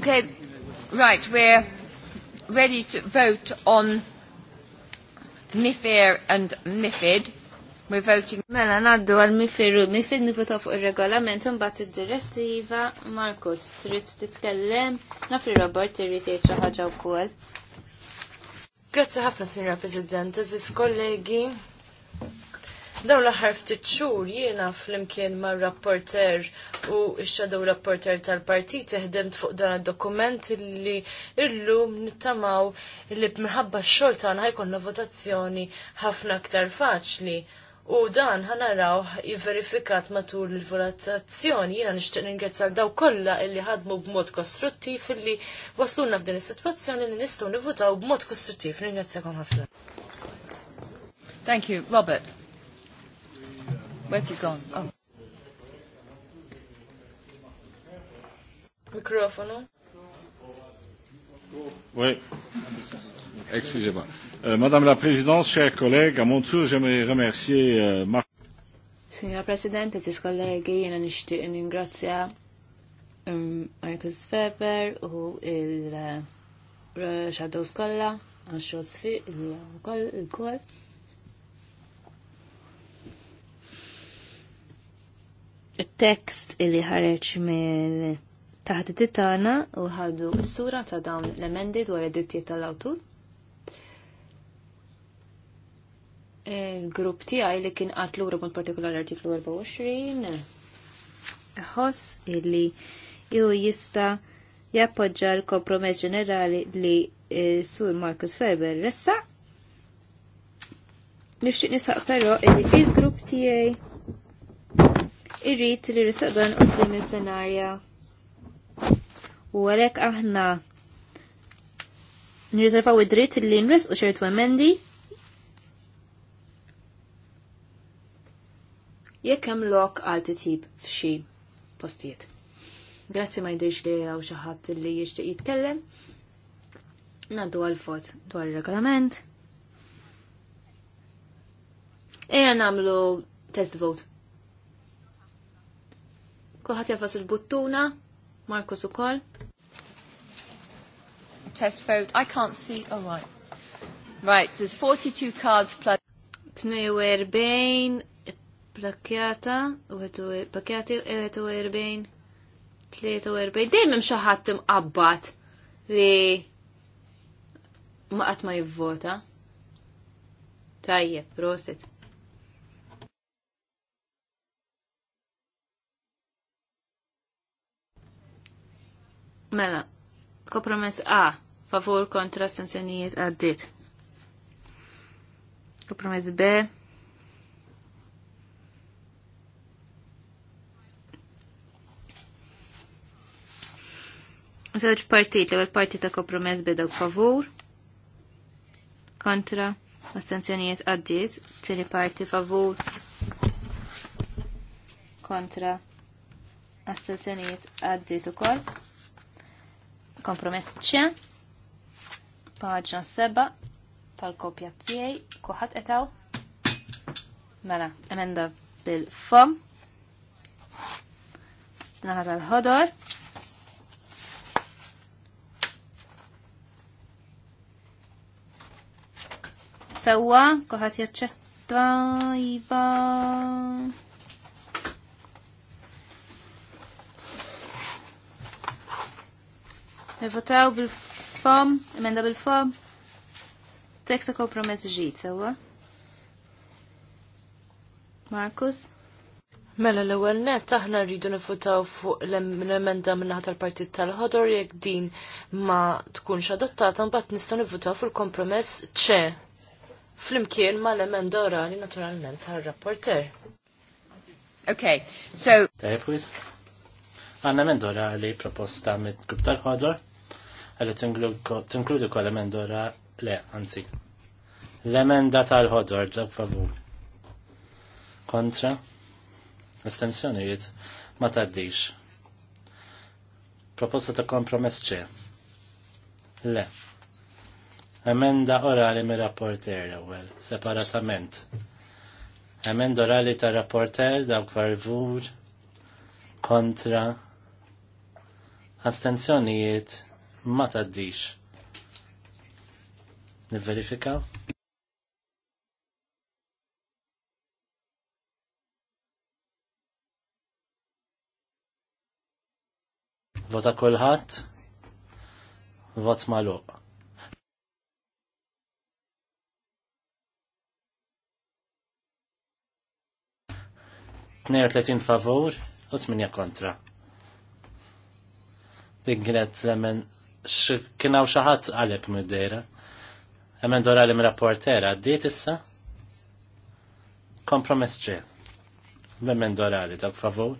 Okay, right, we're ready to vote on MIFIR and MIFID. We're voting. Mela, naddu għal MIFIR u MIFID nifuta fuq il-regolament un bat il-direttiva. Markus, trid titkellem, nafri Robert trid jgħid xi ħaġa wkoll. Grazzi ħafna, Sinjora President, eżis kollegi, Dawn l-aħħar ftit xhur jiena flimkien ma' rapporter u x-shadow rapporter tal-partit teħdemt fuq dan id-dokument li illum nittamaw li minħabba x-xogħol tagħna ħajkonna votazzjoni ħafna aktar faċli. U dan ħanaraw jivverifikat matul il-votazzjoni jiena nixtieq għal daw kollha illi ħadmu b'mod kostruttiv illi waslulna f'din is-sitwazzjoni li nistgħu nivutaw b'mod kostruttiv. Ningrazzjakom ħafna. Thank you, Robert. Where have you gone? Oh. Microfono. Oui. Excusez-moi. Euh, Madame la Présidente, chers collègues, à mon tour, j'aimerais remercier euh, Marc. Signor Presidente, tis kollegi, jena nishtiq ningrazzja um, Marcus Ferber u il-Shadows uh, kolla, għan xosfi il-koll. il-tekst illi ħareċ minn taħt titana u ħadu s-sura ta' dawn l-emendi dwar id-dittijiet tal-awtur. Il-grupp tiegħi li kien lura mod partikolari artiklu 24 ħoss illi ju jista' jappoġġa l-kompromess ġenerali li eh, sur Marcus Ferber ressa. Nixtieq nisaq però illi il-grupp tiegħi irrit li risaqdan qoddim il-plenarja. U għalek aħna nirriservaw id-dritt li nris u xertu emendi. Jekk hemm lok għal titjib f'xi postijiet. Grazzi ma jdirx li għaw xaħat li jishtiq jitkellem. Naddu għal-fot dwar il-regolament. Eja namlu test vote. Kulħadd jafas il-buttuna, Marko Sukol. Test vote. I can't see. Oh right. Right, there's 42 cards plus 42 plakjata, u għetu plakjati, u għetu 40, 43, dejjem xaħat imqabbat li ma qatt ma jivvota. Tajje, prosit. Mela, kompromess A, favur kontra astensjonijiet għaddit. Kompromess B, Zewġ partit, l-ewwel parti ta' kompromess bidew favur, kontra, astenzjonijiet għaddiet, tini parti favur, kontra, astenzjonijiet u ukoll. Kompromess ċe, paġna seba tal-kopja tijaj. kuħat etaw. Mela, emenda bil-fom. Naħat tal-ħodor. Sawa, kuħat jaċċetta Tajba. Iva. Nivotaw bil-fom, emenda bil-fom, teksta kompromess ġid, sewa. Markus? Mela l-ewwel net aħna rridu nifutaw fuq l-emenda minnaħat tal-Partit tal-Ħodor jekk din ma tkunx adottata mbagħad nistgħu nifutaw fuq il-kompromess ċe flimkien ma l-emenda orali naturalment tal-rapporter. Okay, so... Tajpwis, għanna emenda orali proposta mit grupp tal-ħodor għalli t-inkludu kol emendora le, anzi. L-emenda tal-ħodor, dak favur. Kontra? Estensjonijiet ma taddix. Proposta ta' kompromess ċe. Le. Emenda orali mir rapporter ewwel, separatament. Emenda orali ta' rapporter dak favur kontra astensjonijiet ma taddix. Nivverifika. Vota kolħat, vot maluq. Tletin favur u 8 kontra. Din kienet x'kienaw xi ħadd qalep mid-dejra. Hemm dorali rapportera għaddiet issa? Kompromess ġej. dora li, dak favor?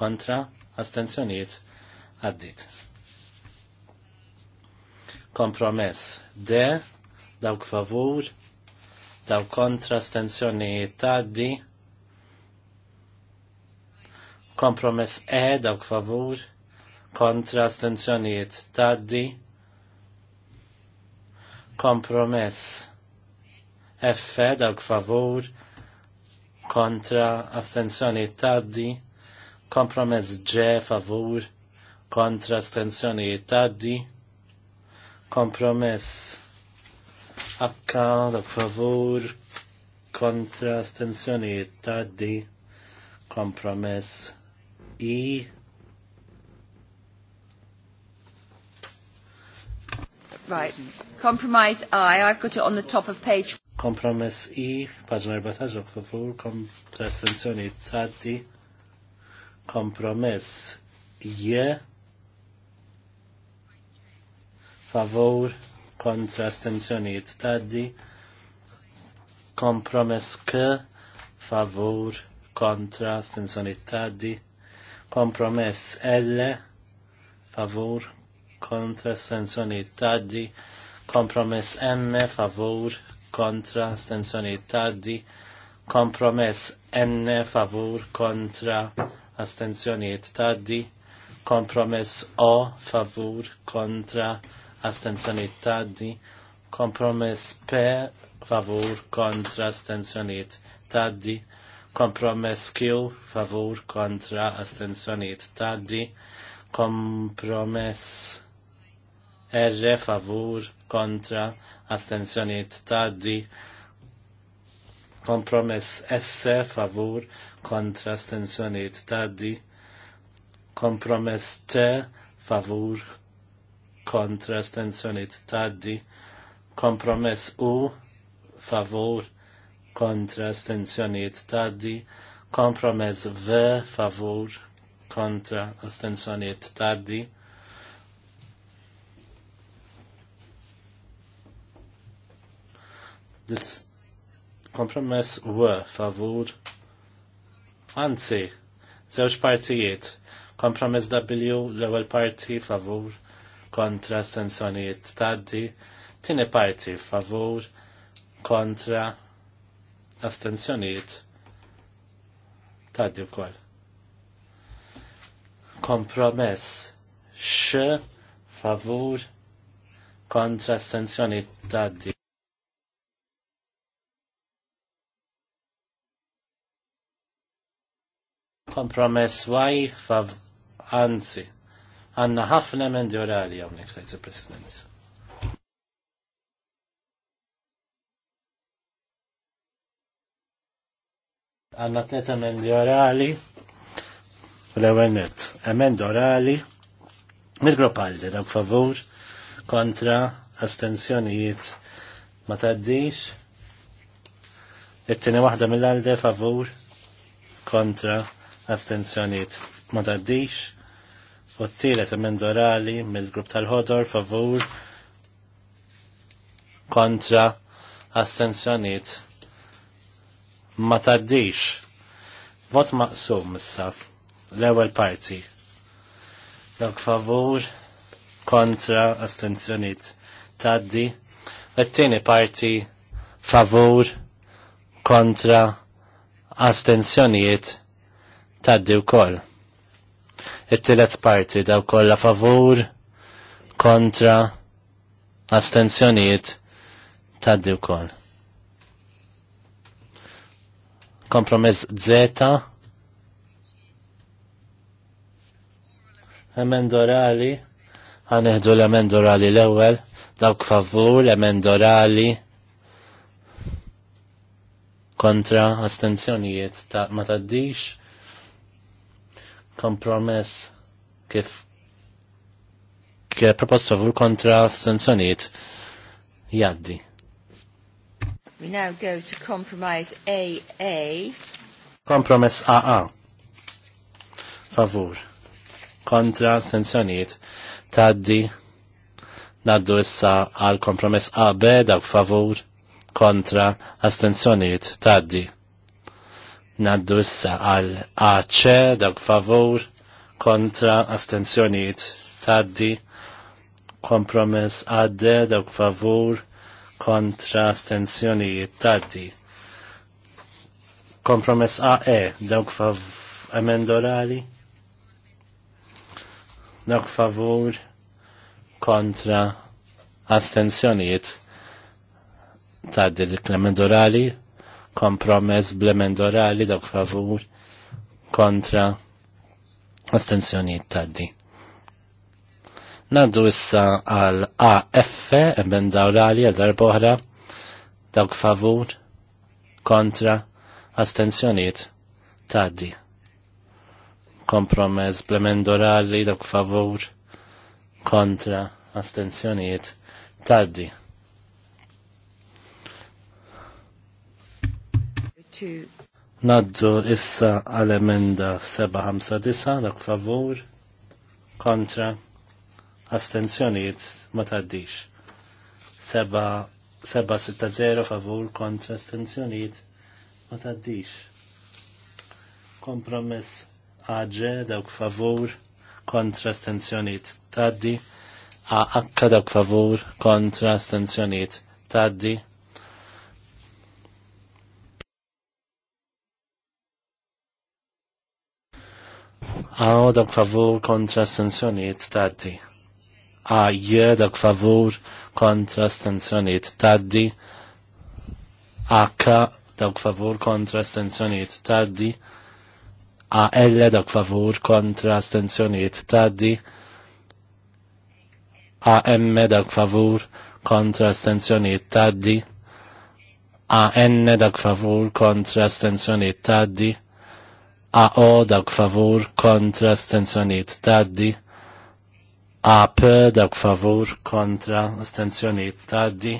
Kontra, astenzjonijiet għaddit. Kompromess D, dawk favur, dawk kontra, astenzjonijiet taddi. Kompromess E, dawk favur, kontra astenzjonijiet taddi kompromess effe, dawk favur kontra astenzjoniet, taddi, kompromess G favur kontra astenzjoniet, taddi, kompromess akka, dawk favur kontra astenzjoniet, taddi, kompromess I Right. Compromise I, I've got it on the top of page. Kompromess I, paġna 14, favur, kontrastenzjoni taddi. Kompromess je, favur, kontrastenzjoni taddi. Compromise k, Favor. contrastensione stenzjoni taddi. L, favor, kontra stenzjoni taddi, kompromess M favur kontra stenzjoni taddi, kompromess N favur kontra astenzjoni taddi, kompromess O favur kontra astenzjoni taddi, kompromess P favur kontra astenzjoni taddi, kompromess Q favur kontra astenzjoni taddi, kompromess R favur kontra astensjoniet taddi kompromess S favur kontra astensjoniet taddi kompromess T favur kontra astensjoniet taddi kompromess U favur kontra astensjoniet taddi kompromess V favur kontra astensjoniet taddi Kompromess u favur. Anzi, żewġ partijiet. Kompromess W l parti favur kontra sensonijiet taddi. Tieni parti favur kontra astensjoniet taddi wkoll. Kompromess x favur kontra astensjoniet taddi. Kompromess waj fav anzi. Għanna ħafna emendi orali għamnek tajt il-President. Għanna tlet emendi orali l-ewenet. Emendi orali mill-grupp għaldi dak favur kontra astensjonijiet ma taddix it-tini wahda mill-għalde favur kontra astenzjoniet ma taddix u t-tielet emendorali mill-grupp tal-ħodor favur kontra astenzjoniet ma taddix vot maqsum issa l-ewwel parti Dawk favur kontra astenzjoniet taddi l-tieni parti favur kontra astenzjoniet taddi wkoll. It-tielet parti daw kollha favur kontra astenzjonijiet taddi wkoll. Kompromess Zeta? emendorali ħaneħdu l-emendorali l-ewwel dawk favur emendorali kontra astenzjonijiet ta' ma taddix kompromess kif proposta favur kontra astensjoniet jaddi. We now go to compromise AA. Compromise AA. Favur. Kontra astensjoniet taddi. Naddu issa għal kompromess AB dak favur kontra astensjoniet taddi. Naddu issa għal AC, dawk favor, kontra, astenzjoniet, taddi, kompromess għadde, dawk favur, kontra, astenzjoniet, taddi. Kompromess AE, dawk favor, emendorali, dawk favur, kontra, astenzjoniet, taddi e, l-klemendorali, kompromess blemendorali dok favur kontra astensjonijiet taddi. Naddu issa għal AF ebben dawrali għal darboħra dawk favur kontra astensjoniet taddi. Kompromess blemendorali dawk favur kontra astensjoniet taddi. to Naddu issa għal-emenda 759 dak favur kontra astenzjoniet ma taddix. 760 favur kontra astenzjoniet ma taddix. Kompromess AG dak favur kontra astenzjoniet taddi. A akka favor favur kontra astenzjoniet taddi. Għaw dak favur kontra stenzjoniet taddi. jie, dak favur kontra stenzjoniet taddi. Akka dak favur kontra stenzjoniet taddi. elle dak favur kontra stenzjoniet taddi. emme dak favur kontra stenzjoniet taddi. enne dak favur kontra stenzjoniet taddi. AO dawk favur kontra stenzjoniet taddi. AP dawk favur kontra stenzjoniet taddi.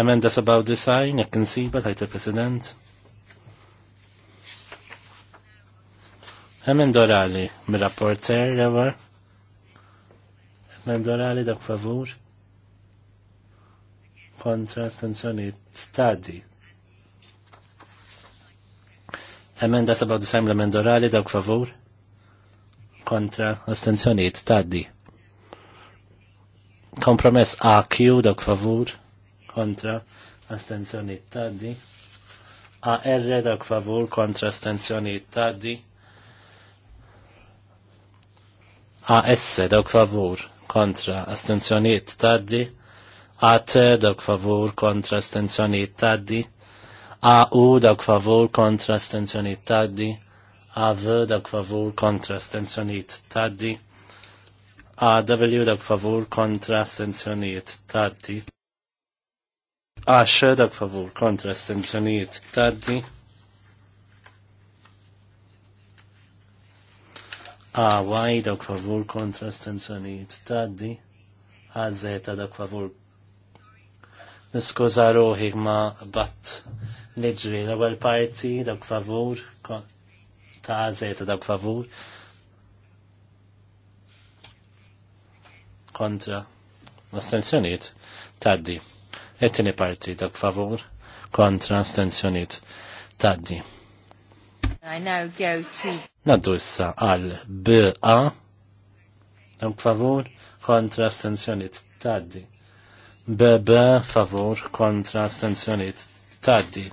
Emenda sabaw design, jek nsiba tajt il-President. Emenda orali, mir-rapporter, jawar. Amen orali dak favur kontra astenzjoniet taddi. Emenda 97 l-emenda orali dawk favur. Kontra astenzjoniet taddi. Kompromess AQ dawk favur. Kontra astenzjoniet taddi. AR dawk favur kontra astenzjoniet taddi. AS dawk favur kontra astenzjoniet taddi. AT dawk favur kontra astenzjoniet taddi. AU dawk favur kontra stenzjoniet taddi, AV dak favur kontra stenzjoniet taddi, AW Dak favur kontra stenzjoniet taddi, AX Dak favur kontra stenzjoniet taddi, AY dawk favur kontra stenzjoniet taddi, AZ dawk favur Niskuza ruħi ma bat li l-ewwel parti dawk favur ta' għażejta dawk favur kontra astenzjoniet taddi. et parti dawk favur kontra astenzjoniet taddi. I now go to Naddu issa għal BA dawk favur kontra astenzjoniet taddi. BB favur kontra astenzjoniet taddi.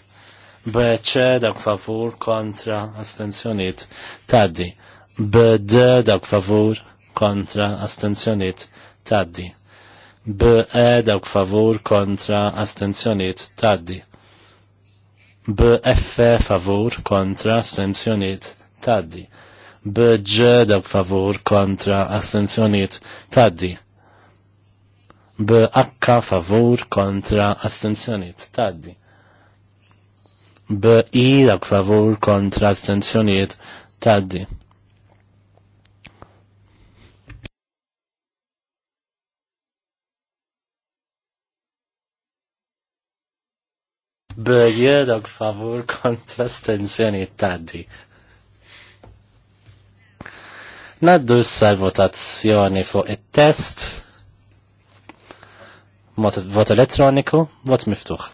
Beċe dak favur kontra astenzjoniet taddi. Bd dak favur kontra astenzjoniet taddi. BE dak favur kontra astenzjoniet taddi. BF favur kontra astenzjoniet taddi. BG dak favur kontra astenzjoniet taddi. BH favur kontra astenzjoniet taddi. B.I. dak favur kontra astenzjoniet taddi. Bejje dak favur kontra astenzjoniet taddi. Naddu issa votazzjoni fuq it-test. Vot elettroniku, vot miftuħ.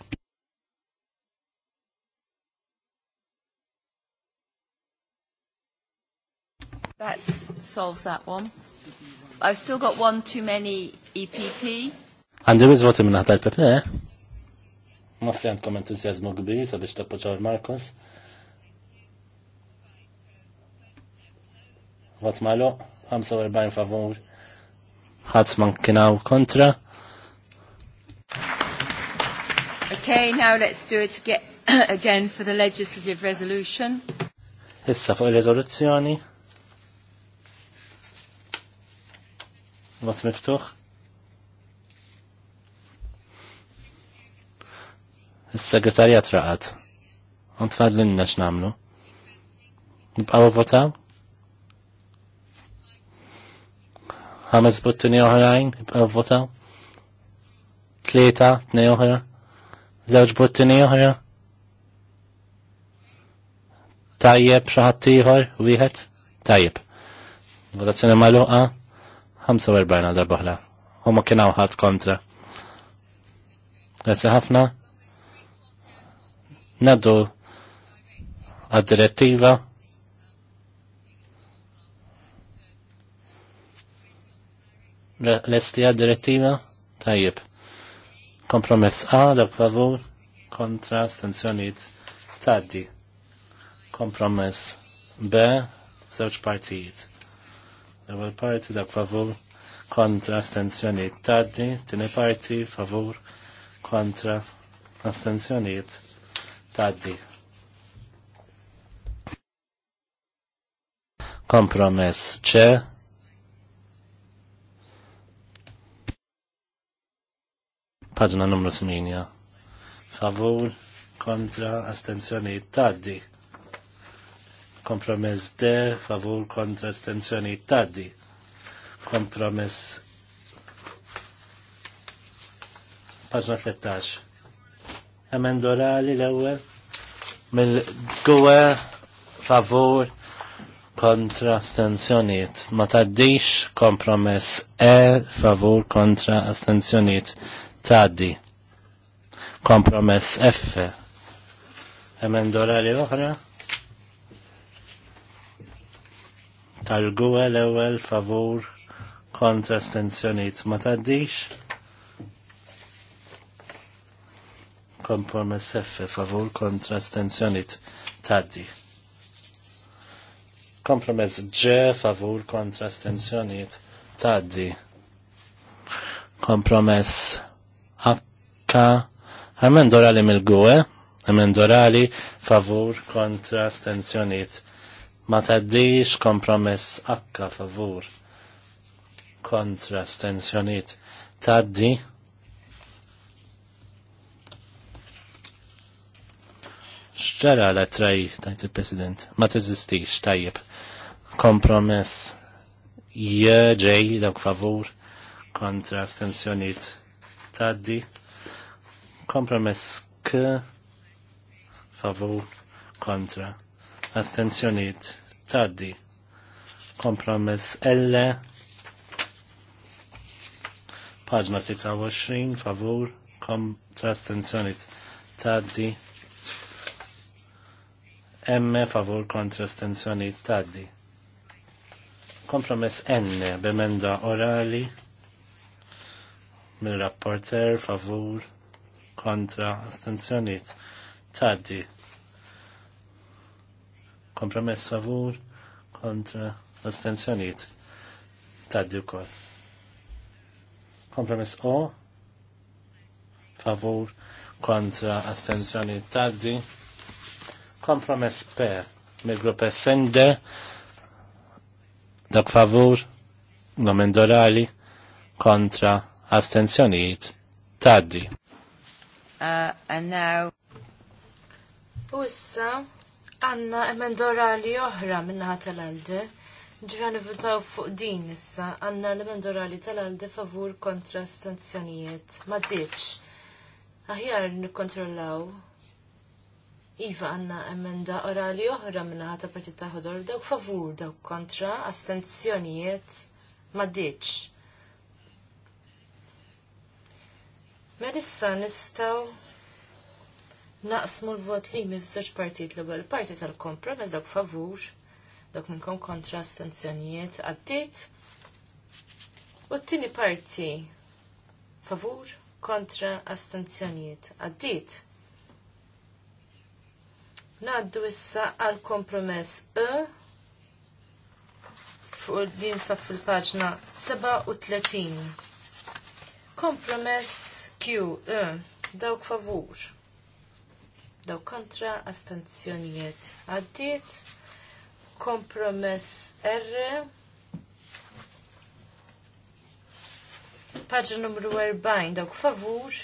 That solves that one. I've still got one too many EPP. Għandi mizvoti minna ħata l-PP. E. Ma fli għandkom entuzjazmu kbir sabiex tappoġaw il-Markos. Vot malu, 45 favur. Ħadd man kienaw kontra. Okay, now let's do it again for the legislative resolution. Issa fuq il-rezoluzzjoni. Vot miftuħ. il segretarjat raqat. fad l-inna x'namlu. Nibqaw votaw? ħames buttuni oħrajn, nibqaw votaw? Tlieta, tnej oħra? Żewġ buttuni oħra? Tajjeb xaħat tiħor, ieħor, wieħed? Tajjeb. Votazzjoni magħluqa? 45 għal darbaħla. U ma kienaw ħadd kontra. Grazzi ħafna. Naddu għad-direttiva. l estija direttiva tajib. Kompromess A, dak favur, kontra, stenzjoniet, taddi. Kompromess B, zewċ partijiet L-ewwel parti dak favur kontra astenzjonijiet tgħaddi, tieni parti favur kontra astenzjonijiet tgħaddi. Kompromess ċe Paġna numru 8. Favur kontra astenzjonijiet tgħaddi. Kompromess D, favur kontra estensjoni taddi. Kompromess Paġna 13. Emendorali l-ewel mill-gwe favur kontra astensjoniet. Ma taddix kompromess E favur kontra astensjoniet. Taddi. Kompromess F. Emendorali oħra tal l ewel favur kontra stenzjoniet ma taddix kompromess F favur kontra stenzjoniet taddi kompromess G favur kontra stenzjoniet taddi kompromess H għamendorali mill-gwe għamendorali favur kontra stenzjoniet taddi ma taddix kompromess akka favur kontra stenzjoniet taddi xċara la traj tajt il-president ma teżistix tajjeb kompromess jieġej dawk favur kontra stenzjoniet taddi kompromess k favur kontra astenzjoniet taddi. Kompromess L paġna 23 favur kontra astenzjoniet taddi. M favur kontra astenzjoniet taddi. Kompromess N bemenda orali mill-rapporter favur kontra astenzjoniet taddi Kompromess favur kontra astenzjoniet. Taddi u Kompromess o favur kontra astenzjoniet. Taddi. Kompromess P mill-grupp Sende dak favur nomendorali kontra astenzjoniet. Taddi. Uh, and now... U Għanna emendorali oħra minnaħat tal alde Ġran votaw fuq din issa, għanna l li tal-għalde favur kontra stanzjonijiet. Ma diċ, Aħjar nikontrollaw. Iva għanna emenda orali oħra minnaħat ta' partit ta' ħodor, dawk favur, dawk kontra, astenzjonijiet. Ma diċ. Melissa nistaw naqsmu l-vot li miż-żewġ partit l-ewwel parti tal-kompromess dak favur, dak minnkom kontra astenzjonijiet għaddit. U t-tieni parti favur kontra astenzjonijiet għaddit. Naddu issa għal kompromess E fuq din sa fil-paġna 37. Kompromess Q, E, dawk favur daw kontra astenzjonijiet għaddit kompromess R Paġa numru 40 dawk favur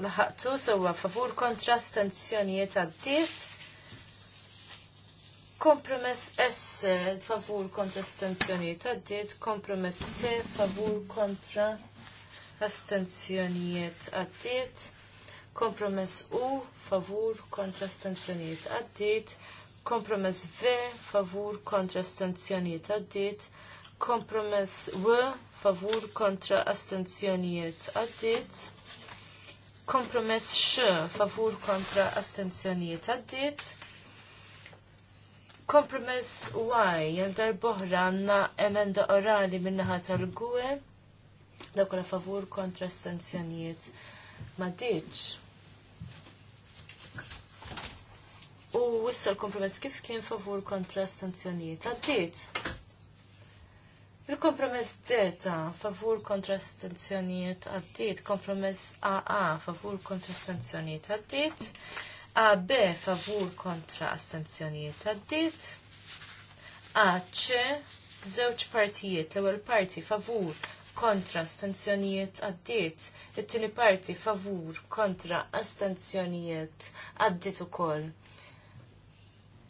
u laħaqtu sewa favur kontra stanzjonijiet għaddit Kompromess S favur kontra astenzjonijiet għaddiet kompromess T favur kontra astenzjonijiet għaddiet. Kompromess U favur kontra astenzjonijiet għaddiet. Kompromess V favur kontra astenzjonijiet għaddiet. Kompromess W favur kontra astenzjonijiet għaddiet. Kompromess X favur kontra astenzjonijiet għaddiet kompromess Y jaldar boħra għanna emenda orali minnaħa tal-gwe, Dawk la favur kontra stanzjonijiet ma diċ. U wissa l-kompromess kif kien favur kontra stanzjonijiet? Għaddit. Il-kompromess zeta favur kontra stanzjonijiet għaddit. Kompromess AA favur kontra stanzjonijiet għaddit. AB favur kontra astenzjonijiet għaddit. AC zewċ partijiet l-ewwel parti favur kontra astenzjonijiet għaddiet. It-tieni parti favur kontra astenzjonijiet għaddiet ukoll.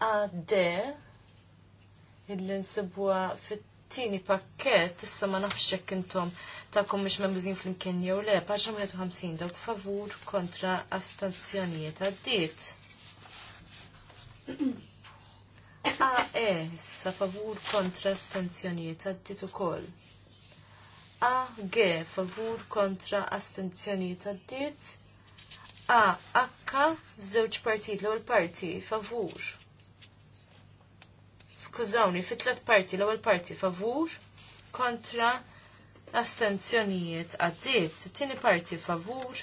Għadde illi nsibwa fit-tieni pakkett issa ma nafx hekk intom ta'kom mhux membużin flimkien jew le, paċa u ħamsin dawk favur kontra astenzjonijiet għaddiet. A, e, sa favur kontra astenzjonijiet għaddiet ukoll. A G favur kontra astenzjonijiet għaddiet. A H żewġ partit l-ewwel parti favur. Skużawni, fit tlet parti l-ewwel parti favur kontra astenzjonijiet għaddiet. Tieni parti favur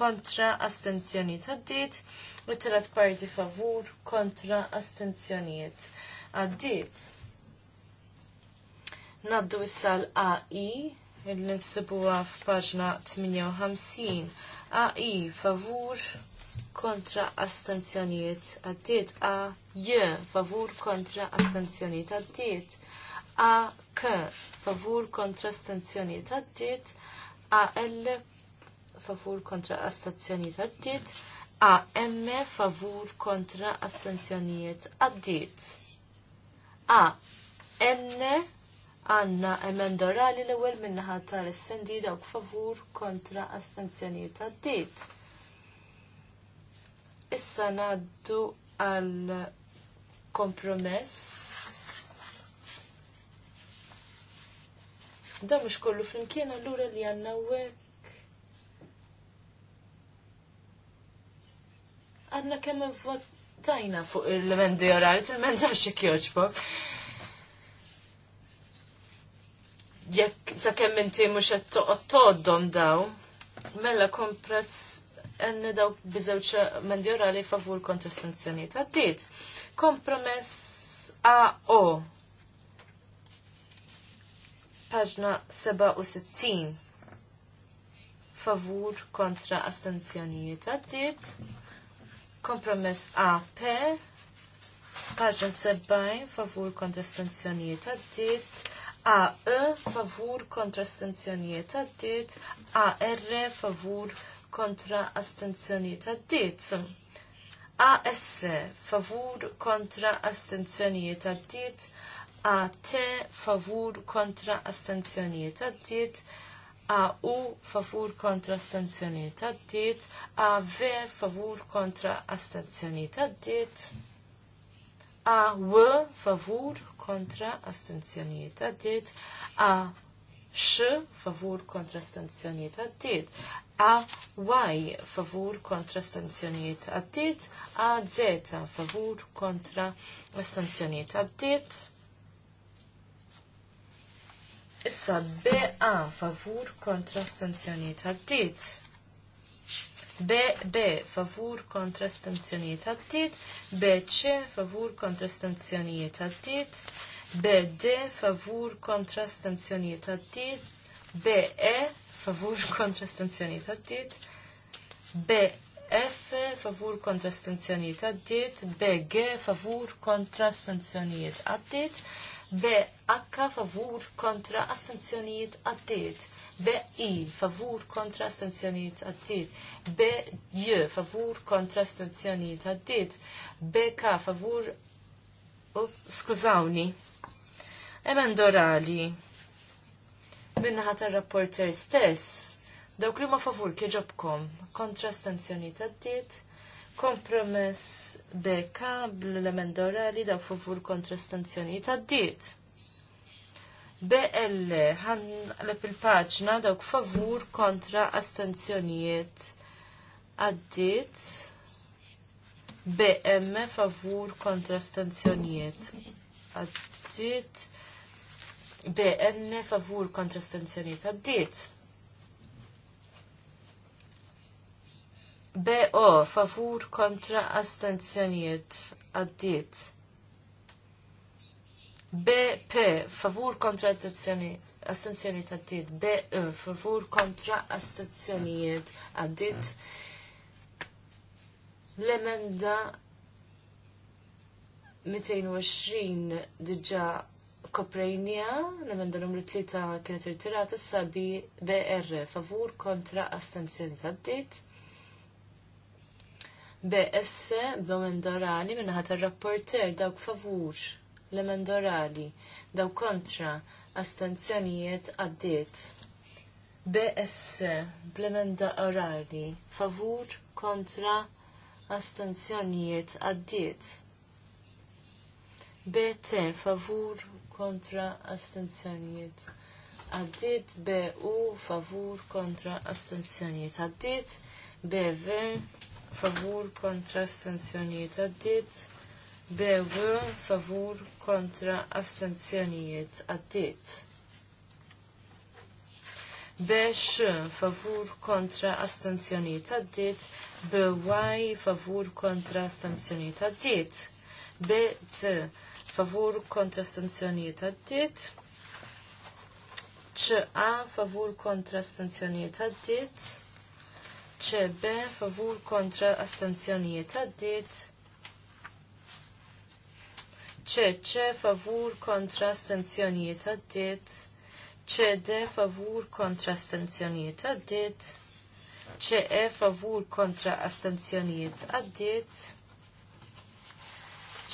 kontra astenzjonijiet għaddiet. U t-tlet parti favur kontra astenzjonijiet għaddiet. Naddu issa l-AI il-nisibuwa f'paġna 58. AI favur kontra astenzjoniet għaddiet. A J favur kontra astenzjoniet għaddiet. A K favur kontra astenzjoniet għaddiet. A L favur kontra astenzjoniet għaddiet. A M favur kontra astenzjoniet għaddiet. A N Għanna emenda orali l-ewel minnaħa tal-essendi dawk favur kontra astenzjonijiet għaddit. Issa naddu għal kompromess. Da mux kollu flimkien allura li għanna wek għadna kemm votajna fuq il-mendi orali, il-mendi għaxek joġbok. jekk sakemm inti mhux qed toqgħod toqgħoddhom daw. Mela kompress enni daw biżewġ mendi orali favur kontra sanzjonijiet. Għaddiet. Kompromess AO. Paġna 67 favur kontra astenzjonijiet għaddit, kompromess AP, paġna 70 favur kontra astenzjonijiet għaddit, E favur kontra astenzjonijiet A AR favur kontra astenzjonijiet A AS favur kontra astenzjonijiet A T favur kontra astenzjonijiet A U, favur kontra astenzjonijiet A V favur kontra astenzjonijiet għaddit. A w favur kontra astenzjonieta għaddiet. A x favur kontra astenzjonieta għaddiet. A y favur kontra astenzjonieta għaddiet. A z favur kontra astenzjonieta għaddiet. Issa BA favur kontra astenzjonieta għaddiet. B B favur kontra stanzjonijiet għaddit, C favur kontra stanzjonijiet għaddit, D favur kontra stanzjonijiet għaddit, BE favur kontra stanzjonijiet għaddit, BF favur kontra stanzjonijiet għaddit, BG favur kontra stanzjonijiet għaddit, H, favur kontra astenzjonijiet għaddit. B-I, favur kontra astenzjonijiet għaddit, B-J, favur kontra astenzjonijiet għaddit, BK favur u skużawni. Emendorali minnaħat rapporter stess dawk li ma favur kieġobkom kontra stanzjoni għaddit. kompromess BK bl-element dorali, daw favur kontra stanzjoni ta' diet. BL e, ħanqleb il-paġna dawk favur kontra astenzjonijiet għaddit. BM favur kontra astenzjonijiet għaddit. BN favur kontra astenzjonijiet għaddit. BO favur kontra astenzjonijiet għaddit. BP e, favur kontra astenzjoni ta' BE favur kontra astenzjonijiet għaddit. L-emenda 220 diġa koprejnija, l-emenda numru 3 kienet irtirata sabi BR favur kontra astenzjoni ta' dit BS b'emenda rani minnaħat il-rapporter dawk favur l-emendorali daw kontra astenzjonijiet għaddiet. BS bl-emenda orali favur kontra astenzjonijiet għaddiet. BT favur kontra astenzjonijiet għaddiet BU favur kontra astenzjonijiet għaddiet BV favur kontra astenzjonijiet għaddiet Bewe favur kontra astenzjonijiet għaddit. Bex favur kontra astenzjonijiet għaddit. Bewaj favur kontra astenzjonijiet għaddit. Bet favur kontra astenzjonijiet għaddit A favur kontra astenzjonijiet għaddit, ċebe favur kontra astenzjonijiet għaddit, ċeċe favur kontra stenzjonijiet għaddit, ċede favur kontra stenzjonijiet għaddit, ċeqe favur kontra astenzjonijiet għaddit,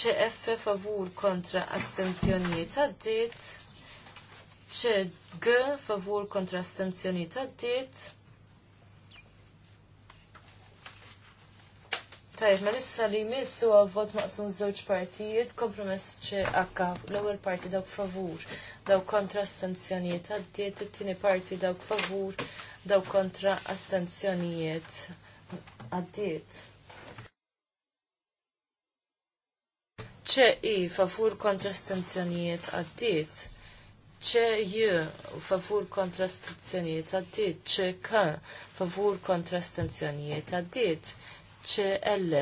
ċeqe favur kontra astenzjonijiet għaddit, ċeg favur kontra astenzjonijiet għaddit, Tajt, ma issa li missu għavot maqsum żewġ partijiet, kompromess ċe għakka, l-ewel parti dawk favur, dawk kontra astenzjonijiet, għaddiet it-tini parti dawk favur, dawk kontra astenzjonijiet, għaddiet. ċe i favur kontra astenzjonijiet, għaddiet ċe ju favur kontra stanzjonijiet għaddiet, ċe ka favur kontra stanzjonijiet għaddiet ċe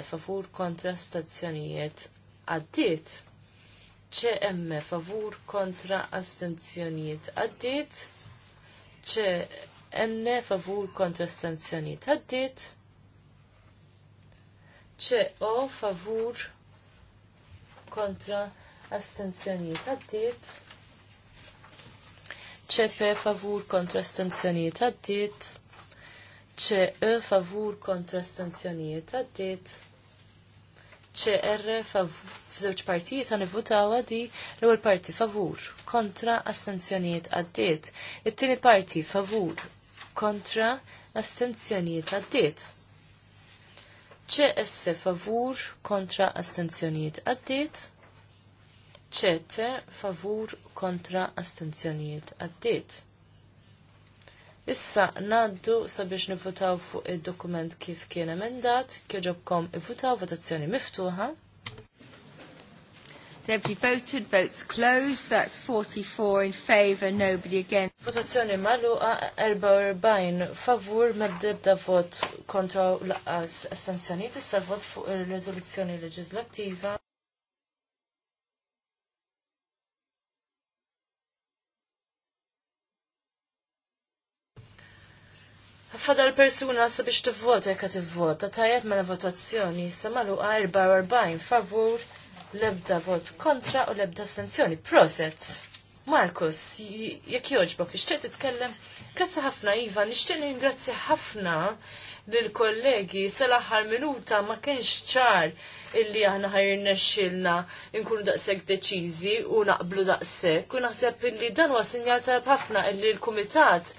favur kontra stazzjonijiet għaddiet. ċe favur kontra astenzjonijiet għaddiet. ċe favur kontra stazzjonijiet għaddiet. ċe favur kontra astenzjonijiet għaddiet. ċe favur kontra astenzjonijiet għaddiet ċe favur kontra stanzjonijiet għaddit. ċe R f'żewġ partijiet għan votaw għaddi l-ewwel parti favur kontra astenzjonijiet għaddit It-tieni parti favur kontra astenzjonijiet għaddit ċe S favur kontra astenzjonijiet għaddit ċe favur kontra astenzjonijiet għaddit Issa naddu sabiex nivvutaw fuq id-dokument kif kien emendat, kieġobkom ivutaw votazzjoni miftuħa. be voted, votes closed, that's 44 in favour, nobody against. Votazzjoni maluqa 44 favur mebdibda vot kontra l astanzjoni tissa vot fuq il-rezoluzzjoni leġislattiva. Fadal persuna sabiex t-vota jekka t-vota, tajab mela votazzjoni, malu 44 favur, lebda vot kontra u lebda sanzjoni. Proset! Markus, jekk joġbok, t-tkellem, Grazzi ħafna, Iva, nixtieq ringrazzi ħafna lil kollegi sal-aħħar minuta ma kienx ċar illi aħna ħajrna xilna nkunu daqshekk deċiżi u naqblu daqshekk u naħseb illi dan huwa sinjal tajb ħafna illi l-kumitat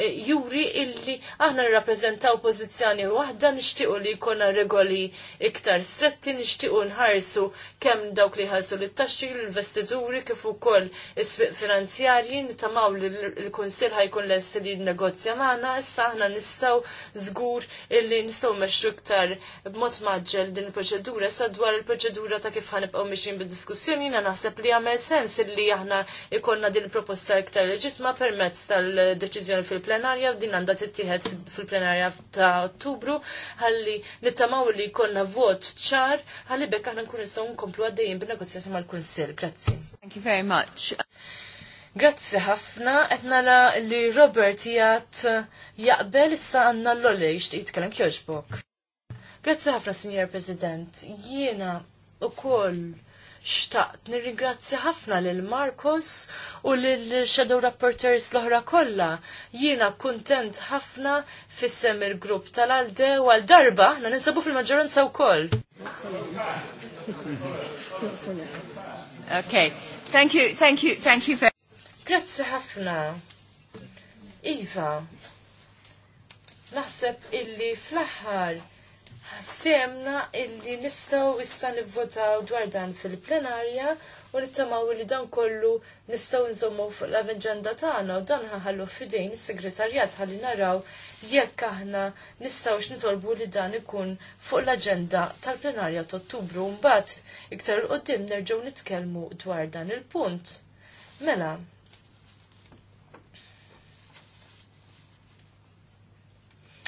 Eh, juri illi aħna nirrappreżentaw pożizzjoni waħda nixtiequ li jkollna regoli iktar stretti, nixtiequ nħarsu kemm dawk li ħarsu li taxxi l-investituri kif ukoll is-swieq finanzjarji nitamaw li l-Kunsill ħajkun lest li negozja magħna, issa aħna nistgħu żgur illi nistgħu mexxu iktar b'mod maġġel din il-proċedura sa dwar il-proċedura ta' kif ħanibqgħu mixin bid-diskussjoni jiena naħseb li għamel sens illi aħna jkollna din proposta iktar leġitma permezz tal-deċiżjoni fil fil-plenarja u din għandha tittieħed fil-plenarja ta' Ottubru ħalli nittamaw li jkollna vot ċar ħalli bekk aħna nkun nistgħu nkomplu għaddejjin b'negozjati mal-Kunsill. Grazzi. Thank you very much. Grazzi ħafna qed nara li Robert jgħat jaqbel issa għandna l-olli jixtieq jitkellem kjoġbok. Grazzi ħafna, Sinjor President. Jiena wkoll xtaqt nirringrazzja ħafna lil Marcos u lil Shadow Rapporteurs l-oħra kollha. Jiena kuntent ħafna fissem il-grupp tal-Alde u għal darba aħna ninsabu fil-maġġoranza wkoll. Okay, thank you, thank you, thank you very Grazzi ħafna. Iva, naħseb illi fl-aħħar ftemna illi nistaw issa nivvotaw dwar dan fil-plenarja u nittamaw li dan kollu nistaw nżommu fuq l-avenġenda tagħna u dan ħallu fidejn is-segretarjat ħalli naraw jekk aħna nistgħux nitolbu li dan ikun fuq l-aġenda tal-plenarja ta' Ottubru mbagħad iktar il qoddim nerġgħu nitkellmu dwar dan il-punt. Mela,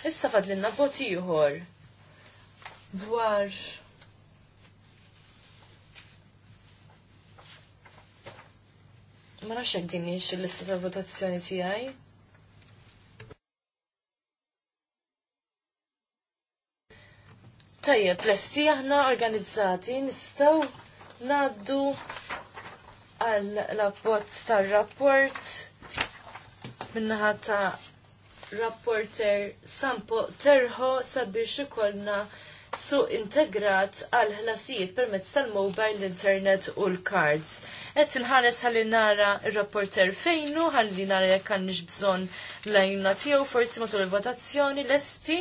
Issa fadlinna voti ieħor dwar Ma nafx hekk din il-lista ta' votazzjoni tiegħi. Tajjeb, lesti aħna organizzati nistgħu ngħaddu għal l-abbozz tar-rapport minnaħa ta' rapporter Sampo Terho sabiex ikollna Su integrat għal ħlasijiet permezz tal-mobile, l-internet u l-cards. Et il-ħares ħalli nara il-rapporter fejnu, ħalli nara jekk għandix bżon lajna tiegħu forsi matul il-votazzjoni lesti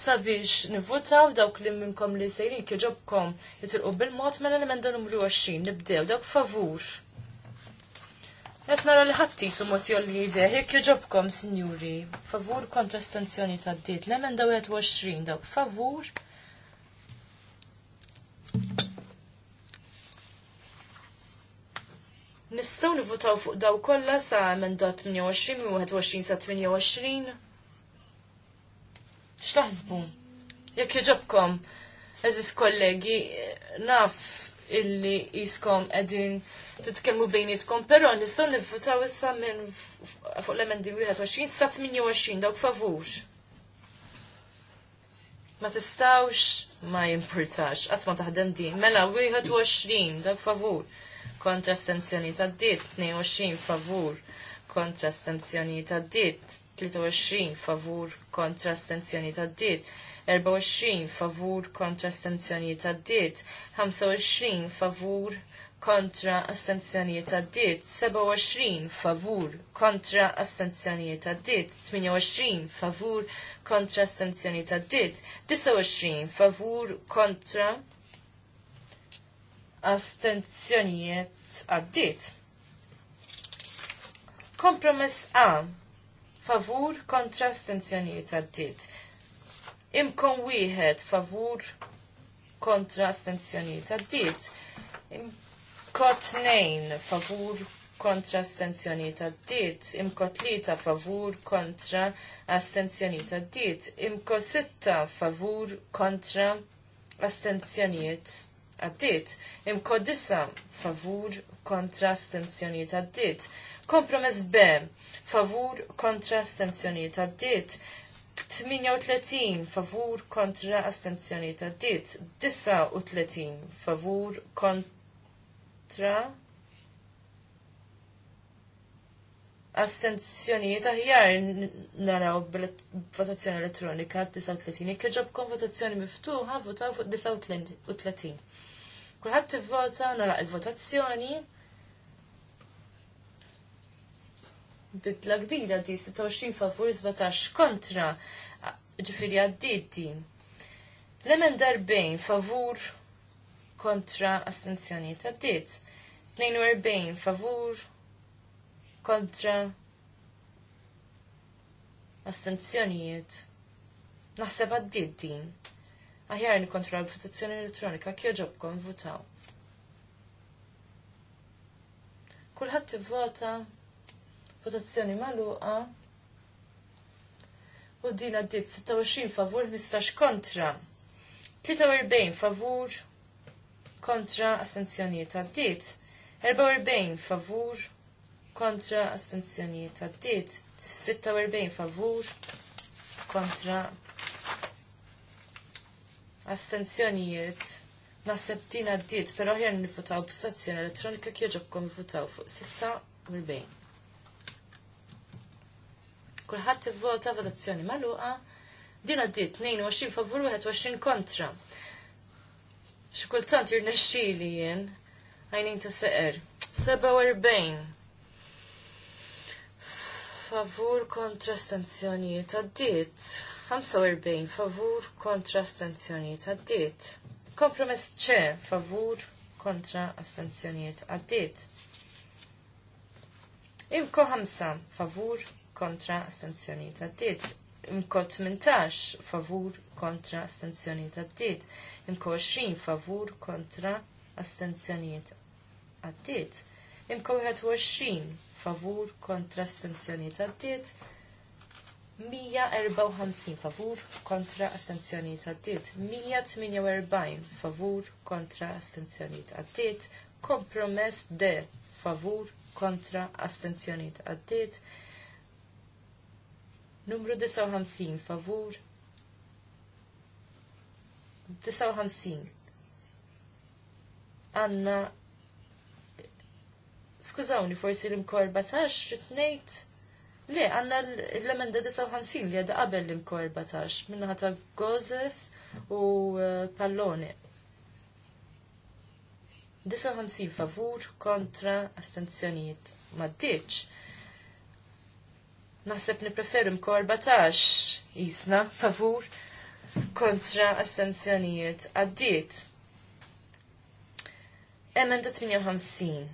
sabiex nivvotaw dawk li minnkom li sejrin kieġobkom jitilqu bil-mod mela l-emenda numru 20 nibdew dawk favur. Et nara li ħatti su li deħ, jek joġobkom, signori, favur kontra stanzjoni ta' d-diet, lemmen daw 21 dawk favur Nistaw nivutaw fuq daw kollha sa emenda 28 u 21 sa 28. Xtaħzbu? Jekk jġobkom, eżis kollegi, naf illi jiskom edin titkellmu bejnietkom, però nistgħu nivvutaw issa minn fuq l-emendi 21 sa 28 dawk favur ma tistawx ma jimpurtax, għat ma taħdem di, mela 21 dak favur kontra stenzjoni ta' dit, 22 favur kontra stenzjoni ta' dit, 23 favur kontra stenzjoni ta' dit, 24 favur kontra stenzjoni ta' dit, 25 favur kontra astenzjonijiet għaddit, 27 favur kontra astenzjonijiet għaddit, 28 favur kontra astenzjonijiet għaddit, 29 favur kontra astenzjonijiet għaddit. Kompromess A. Favur kontra astenzjonijiet għaddit. Imkon wieħed favur kontra astenzjonijiet għaddit. Im Imkot nejn favur kontra astenzjoniet għaddit. Imkot lita favur kontra astenzjoniet għaddit. Imkot sitta favur kontra astenzjoniet għaddit. Imkot disa favur kontra astenzjoniet għaddit. Kompromess B. Favur kontra astenzjoniet għaddit. 38 favur kontra Disa u 39 favur kontra kontra astenzjonijiet aħjar naraw votazzjoni elettronika 39, jekk kon votazzjoni miftuħa, votaw fuq 39. Kulħadd tivvota naraq il-votazzjoni. Bidla kbira di 26 favur 17 kontra ġifiri għaddiet din. L-emendar bejn favur kontra astenzjonijiet għaddiet. 42 favur kontra astenzjonijiet. Naħseb għaddiet din. Aħjar kontra l-votazzjoni elettronika kjo ġobkom votaw. Kulħadd ivvota votazzjoni magħluqa u din għaddiet 26 favur 15 kontra. 43 favur kontra astenzjonijiet għaddit. 44 favur kontra astenzjonijiet għaddit. 46 favur kontra astenzjonijiet nasib din għaddit, pero ħjar nifutaw b'votazzjoni elettronika kieġobkom nifutaw fuq 46. Kulħadd ivvota votazzjoni magħluqa din għaddit 22 favur 21 kontra. Xikultant jirnexxili jien. Għajnin ta' seqer. 47. Favur kontra stanzjonijiet għaddit. 45. Favur kontra stanzjonijiet għaddit. Kompromess ċe. Favur kontra astenzjonijiet għaddit. Imko 5. Favur kontra astenzjonijiet għaddit. Imko 18. Favur kontra astenzjoniet għaddit. Imko 20 favur kontra astenzjoniet għaddit. Imko 21 favur kontra astenzjoniet għaddit. 154 favur kontra astenzjoniet għaddit. 148 favur kontra astenzjoniet għaddit. Kompromess de, favur kontra astenzjoniet għaddit. Numru 59 favur 59. Anna skużawni forsi l-imkorba tax, ritnejt. Le, għanna l-emenda 59 li għada qabel l-imkorba tax, minna ħata gozes u eh, pallone. 59 favur kontra astenzjonijiet. Ma ddiċ. Naħseb nipreferim korba tax, jisna, favur kontra astenzjonijiet għaddiet. Emenda 58.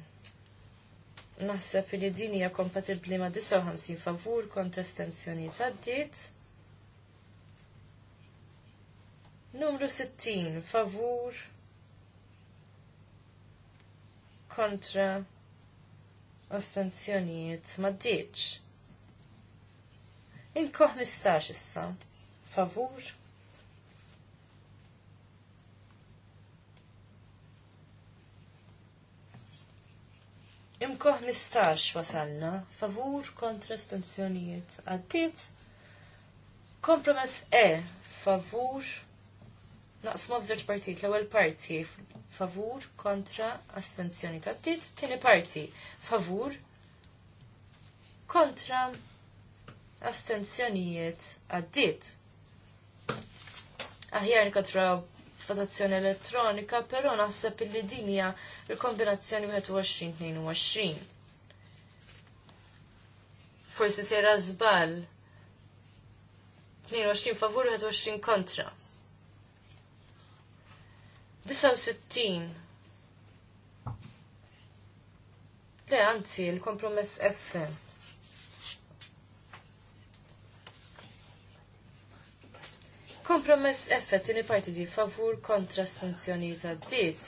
Naħseb li din hija kompatibbli ma' 59 favur kontra astenzjonijiet għaddiet. Numru 60 favur kontra astenzjonijiet ma ddiċ. Inkoħ issa. Favur Imkoħ nistax wasalna, favur kontra stanzjonijiet. Għaddit, kompromess E, favur, naqsma f'żewġ partit, l-ewwel parti, favur kontra astenzjoni. Għaddit, tieni parti, favur kontra astenzjonijiet. Għaddit. Aħjar nikatraw votazzjoni elettronika, però naħseb li din hija l-kombinazzjoni 21-22. Forsi sejra żball 22 favur 21 kontra. 69. Le, anzi, il-kompromess FM. Kompromess effett in parti di favur kontra sanzjonijiet għaddiet.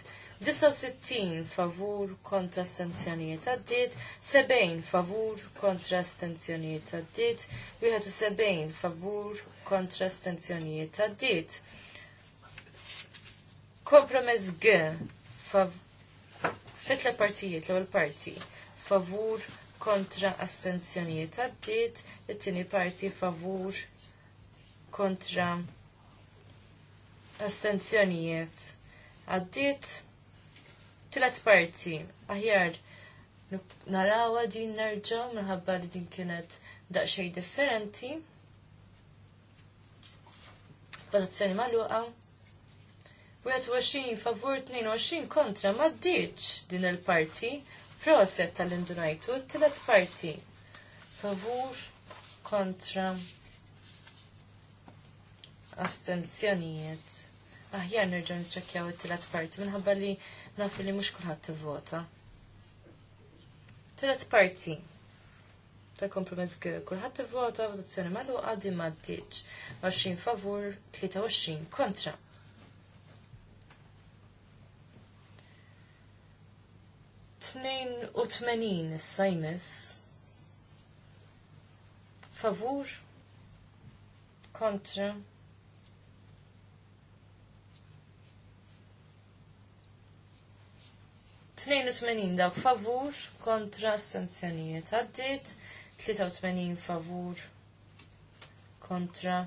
69 favur kontra sanzjonijiet għaddiet, 70 favur kontra sanzjonijiet għaddiet, 71 favur kontra sanzjonijiet għaddiet. Kompromess G fitla partijiet l-ewwel parti favur kontra astenzjonijiet għaddiet, it-tieni parti favur kontra astenzjonijiet għaddiet tlet parti aħjar narawa din nerġaw minħabba li din kienet daqxej differenti votazzjoni maluqa 21 favur 22 kontra ma ddiċ din il-parti proset tal-indunajtu tlet parti favur kontra astenzjonijiet aħjar nerġaw niċċekkjaw it-tielet parti minħabba li naf li mhux kulħadd tivvota. Tielet parti ta' kompromess kulħadd tivvota votazzjoni magħluqa din m'għaddiġ 20 favur, 23 kontra. Tnejn u tmenin issa jmiss. Favur kontra 82 dawk favur kontra stanzjonijiet għaddit, 83 favur kontra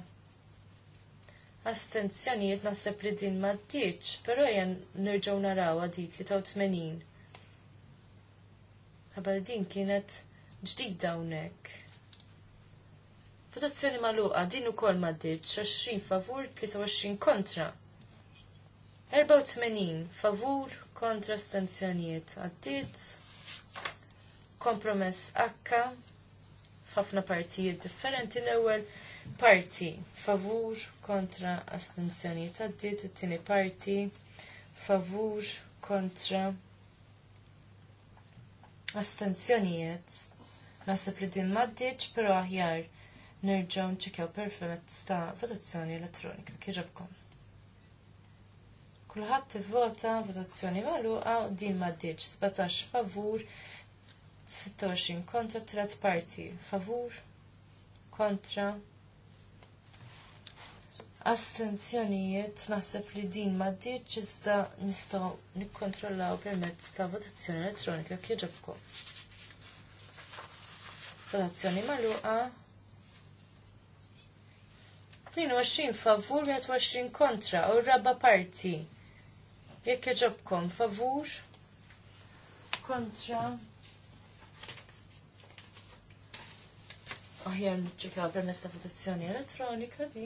astenzjonijiet naħseb li din ma ddiċ, pero jen nirġaw naraw għadik 83. Għabal din kienet ġdida unek. Votazzjoni maluqa din u kol ma ddiċ, 20 favur, 23 kontra. 84 favur kontra stenzjonijiet għaddit, kompromess akka f'ħafna partijiet differenti l-ewwel parti favur kontra astenzjonijiet għaddit, it-tieni parti favur kontra astenzjonijiet. Nasib li din maddiċ, pero aħjar nerġaw nċekjaw perfett ta' votazzjoni elettronika. Kieġabkom. Kulħadd tivvota votazzjoni magħluqa din m'għaddiex 17 favur, 26 kontra tret parti favur, kontra astenzjonijiet naħseb li din m'għaddiex iżda nistgħu nikkontrollaw permezz ta' votazzjoni elettronika kif ġobkom. Votazzjoni magħluqa 22 favur, 20 kontra u r-rabba parti Jekk jaġobkom, favur kontra aħjar nċekjaw permessa votazzjoni elettronika di.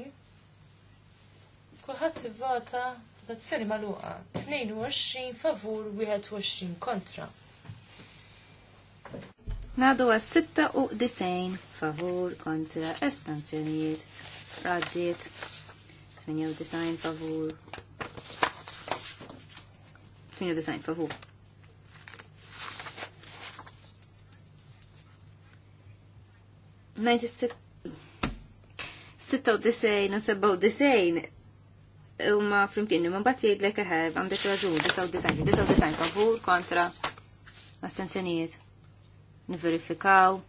Kulħadd ivvota votazzjoni magħluqa 22 favur 21 kontra. Nadu għas 6 u 90 favur kontra estensjonijiet. Raddiet 98 favur Tunja design, Ninety six sitta u disejn u sebba u disejn u ma frimkien ma bat jgħid lek eħeb għandek raġun disa u disejn disa u kontra astensjonijiet niverifikaw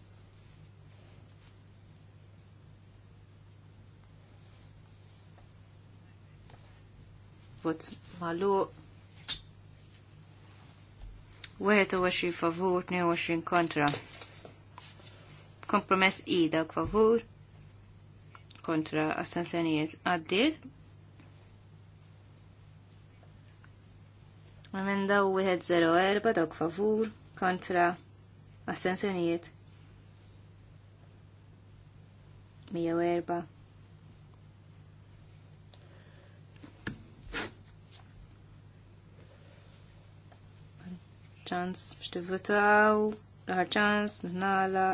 vot maluq 21 favur, 22 kontra. Kompromess i dak favur kontra astensjonijiet għaddiet. Amenda 104 dawk favur kontra astensjonijiet 104 ċans biex tivvotaw, l-ħar ċans, n-nala.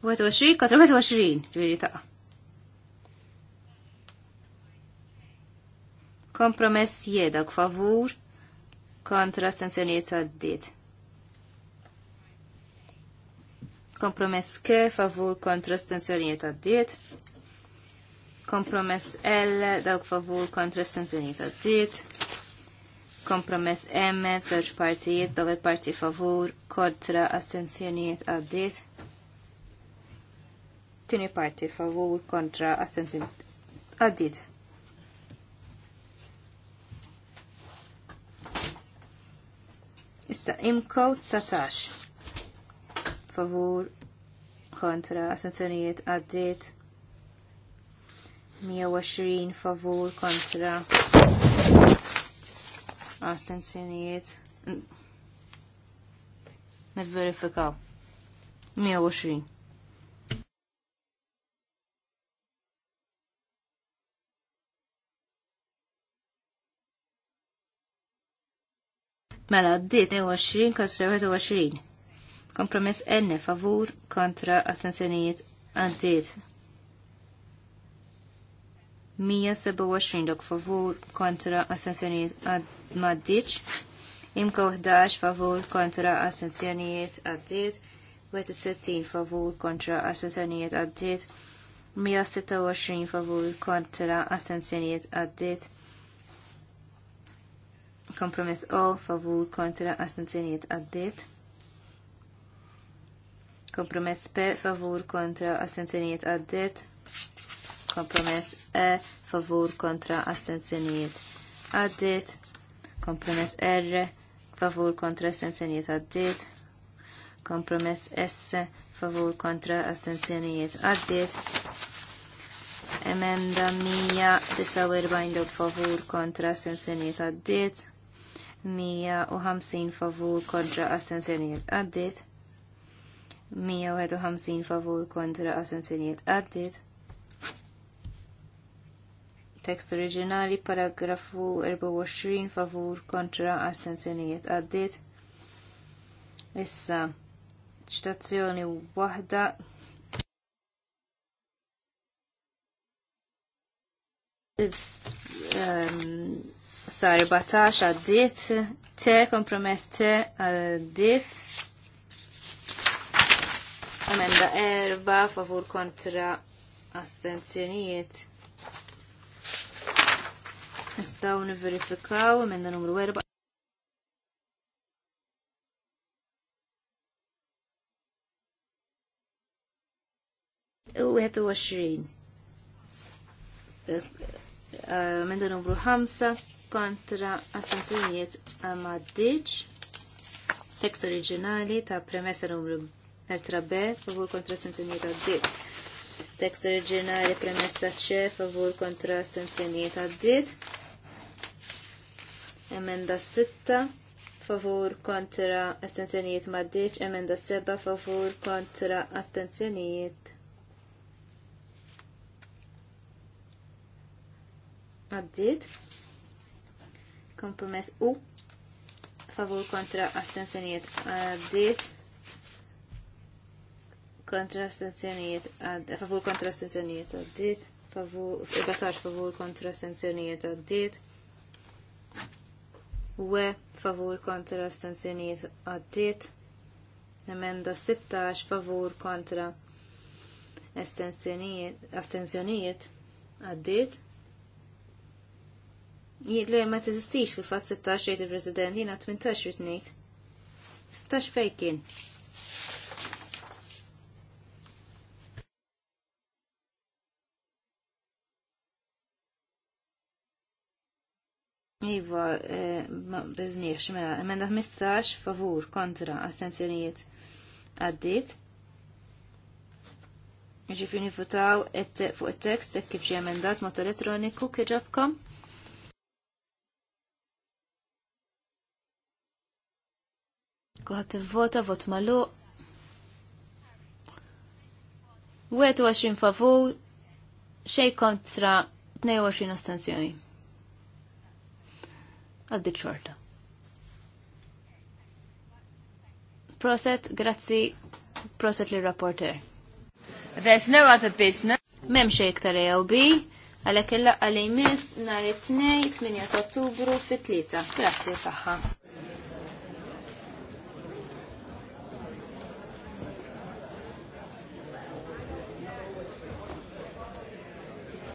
kontra 21, ġviri ta' kompromess jeda favur kontra sanzjoniet għaddit. Kompromess ke favur kontra sanzjoniet għaddit. Kompromess L dawk favur kontra sanzjoniet għaddit kompromess emme, zoċ partijiet, dove parti favur, kontra astensjonijiet għaddit. Tini parti favur, kontra astensjonijiet għaddit. Issa imko 19. Favur, kontra astensjonijiet għaddit. 120 favur kontra għastensjonijiet nil-verifikaw 120 Mela, d 20 kontra 21. Kompromess N favur kontra astensjonijiet għaddit. 127 dok favur kontra assenzjonijiet maddiċ. Imka 11 favur kontra assenzjonijiet għaddiet. 61 favur kontra assenzjonijiet għaddiet. 126 favur kontra assenzjonijiet għaddiet. Kompromess O favur kontra assenzjonijiet għaddiet. Kompromess P favur kontra assenzjonijiet għaddiet kompromess E favur kontra astenzjonijiet għaddit, kompromess R favur kontra astenzjonijiet għaddit, kompromess S favur kontra astenzjonijiet għaddit, emenda 149 dok favur kontra astenzjonijiet għaddit, 150 favur kontra astenzjonijiet għaddit, 151 favur kontra astenzjonijiet għaddit, Tekst oriġinali paragrafu 24 favur kontra astenzjonijiet għaddit. Issa ċitazzjoni waħda Sar ehm, sa 14 għaddit, te kompromess te għaddit. Amenda erba favur kontra astenzjonijiet Nistaw niverifikaw emenda numru 4. U 21. Eh, eh, emenda numru 5 kontra assenzjonijiet ma' Tekst oriġinali ta' premessa numru 4b, favur kontra assenzjonijiet ma' diġ. Tekst oriġinali premessa ċe, favur kontra assenzjonijiet ma' diġ emenda 6 favur kontra astenzjonijiet maddiċ, emenda 7 favur kontra astenzjonijiet. Għaddit. Kompromess U. Favur kontra astenzjonijiet għaddit. Kontra astenzjonijiet għaddit. Favur kontra astenzjonijiet għaddit. Favur, favur kontra astenzjonijiet għaddit we favur kontra astenzjonijiet għaddiet. Emenda 16 favur kontra astenzjonijiet għaddiet. Jek le ma t-istix fi fat 16 il-President jina 18 rritnejt. 16 fejkin. Iva, eh, bizniex, mela, emenda 15, favur, kontra, astensjonijiet għaddit. Ġifri nifutaw fuq il-tekst, ekk kif ġie emendat mot elettroniku kħiġabkom. Kuħat vota vot malu. 21 favur, xej kontra 22 astensjoni għaddit xorta. Proset, grazzi, proset li rapporter. There's no other business. Memxie iktar EOB, għalek il-laqqa li jmiss nar 2-8 ottubru fit-3. Grazzi, saħħa.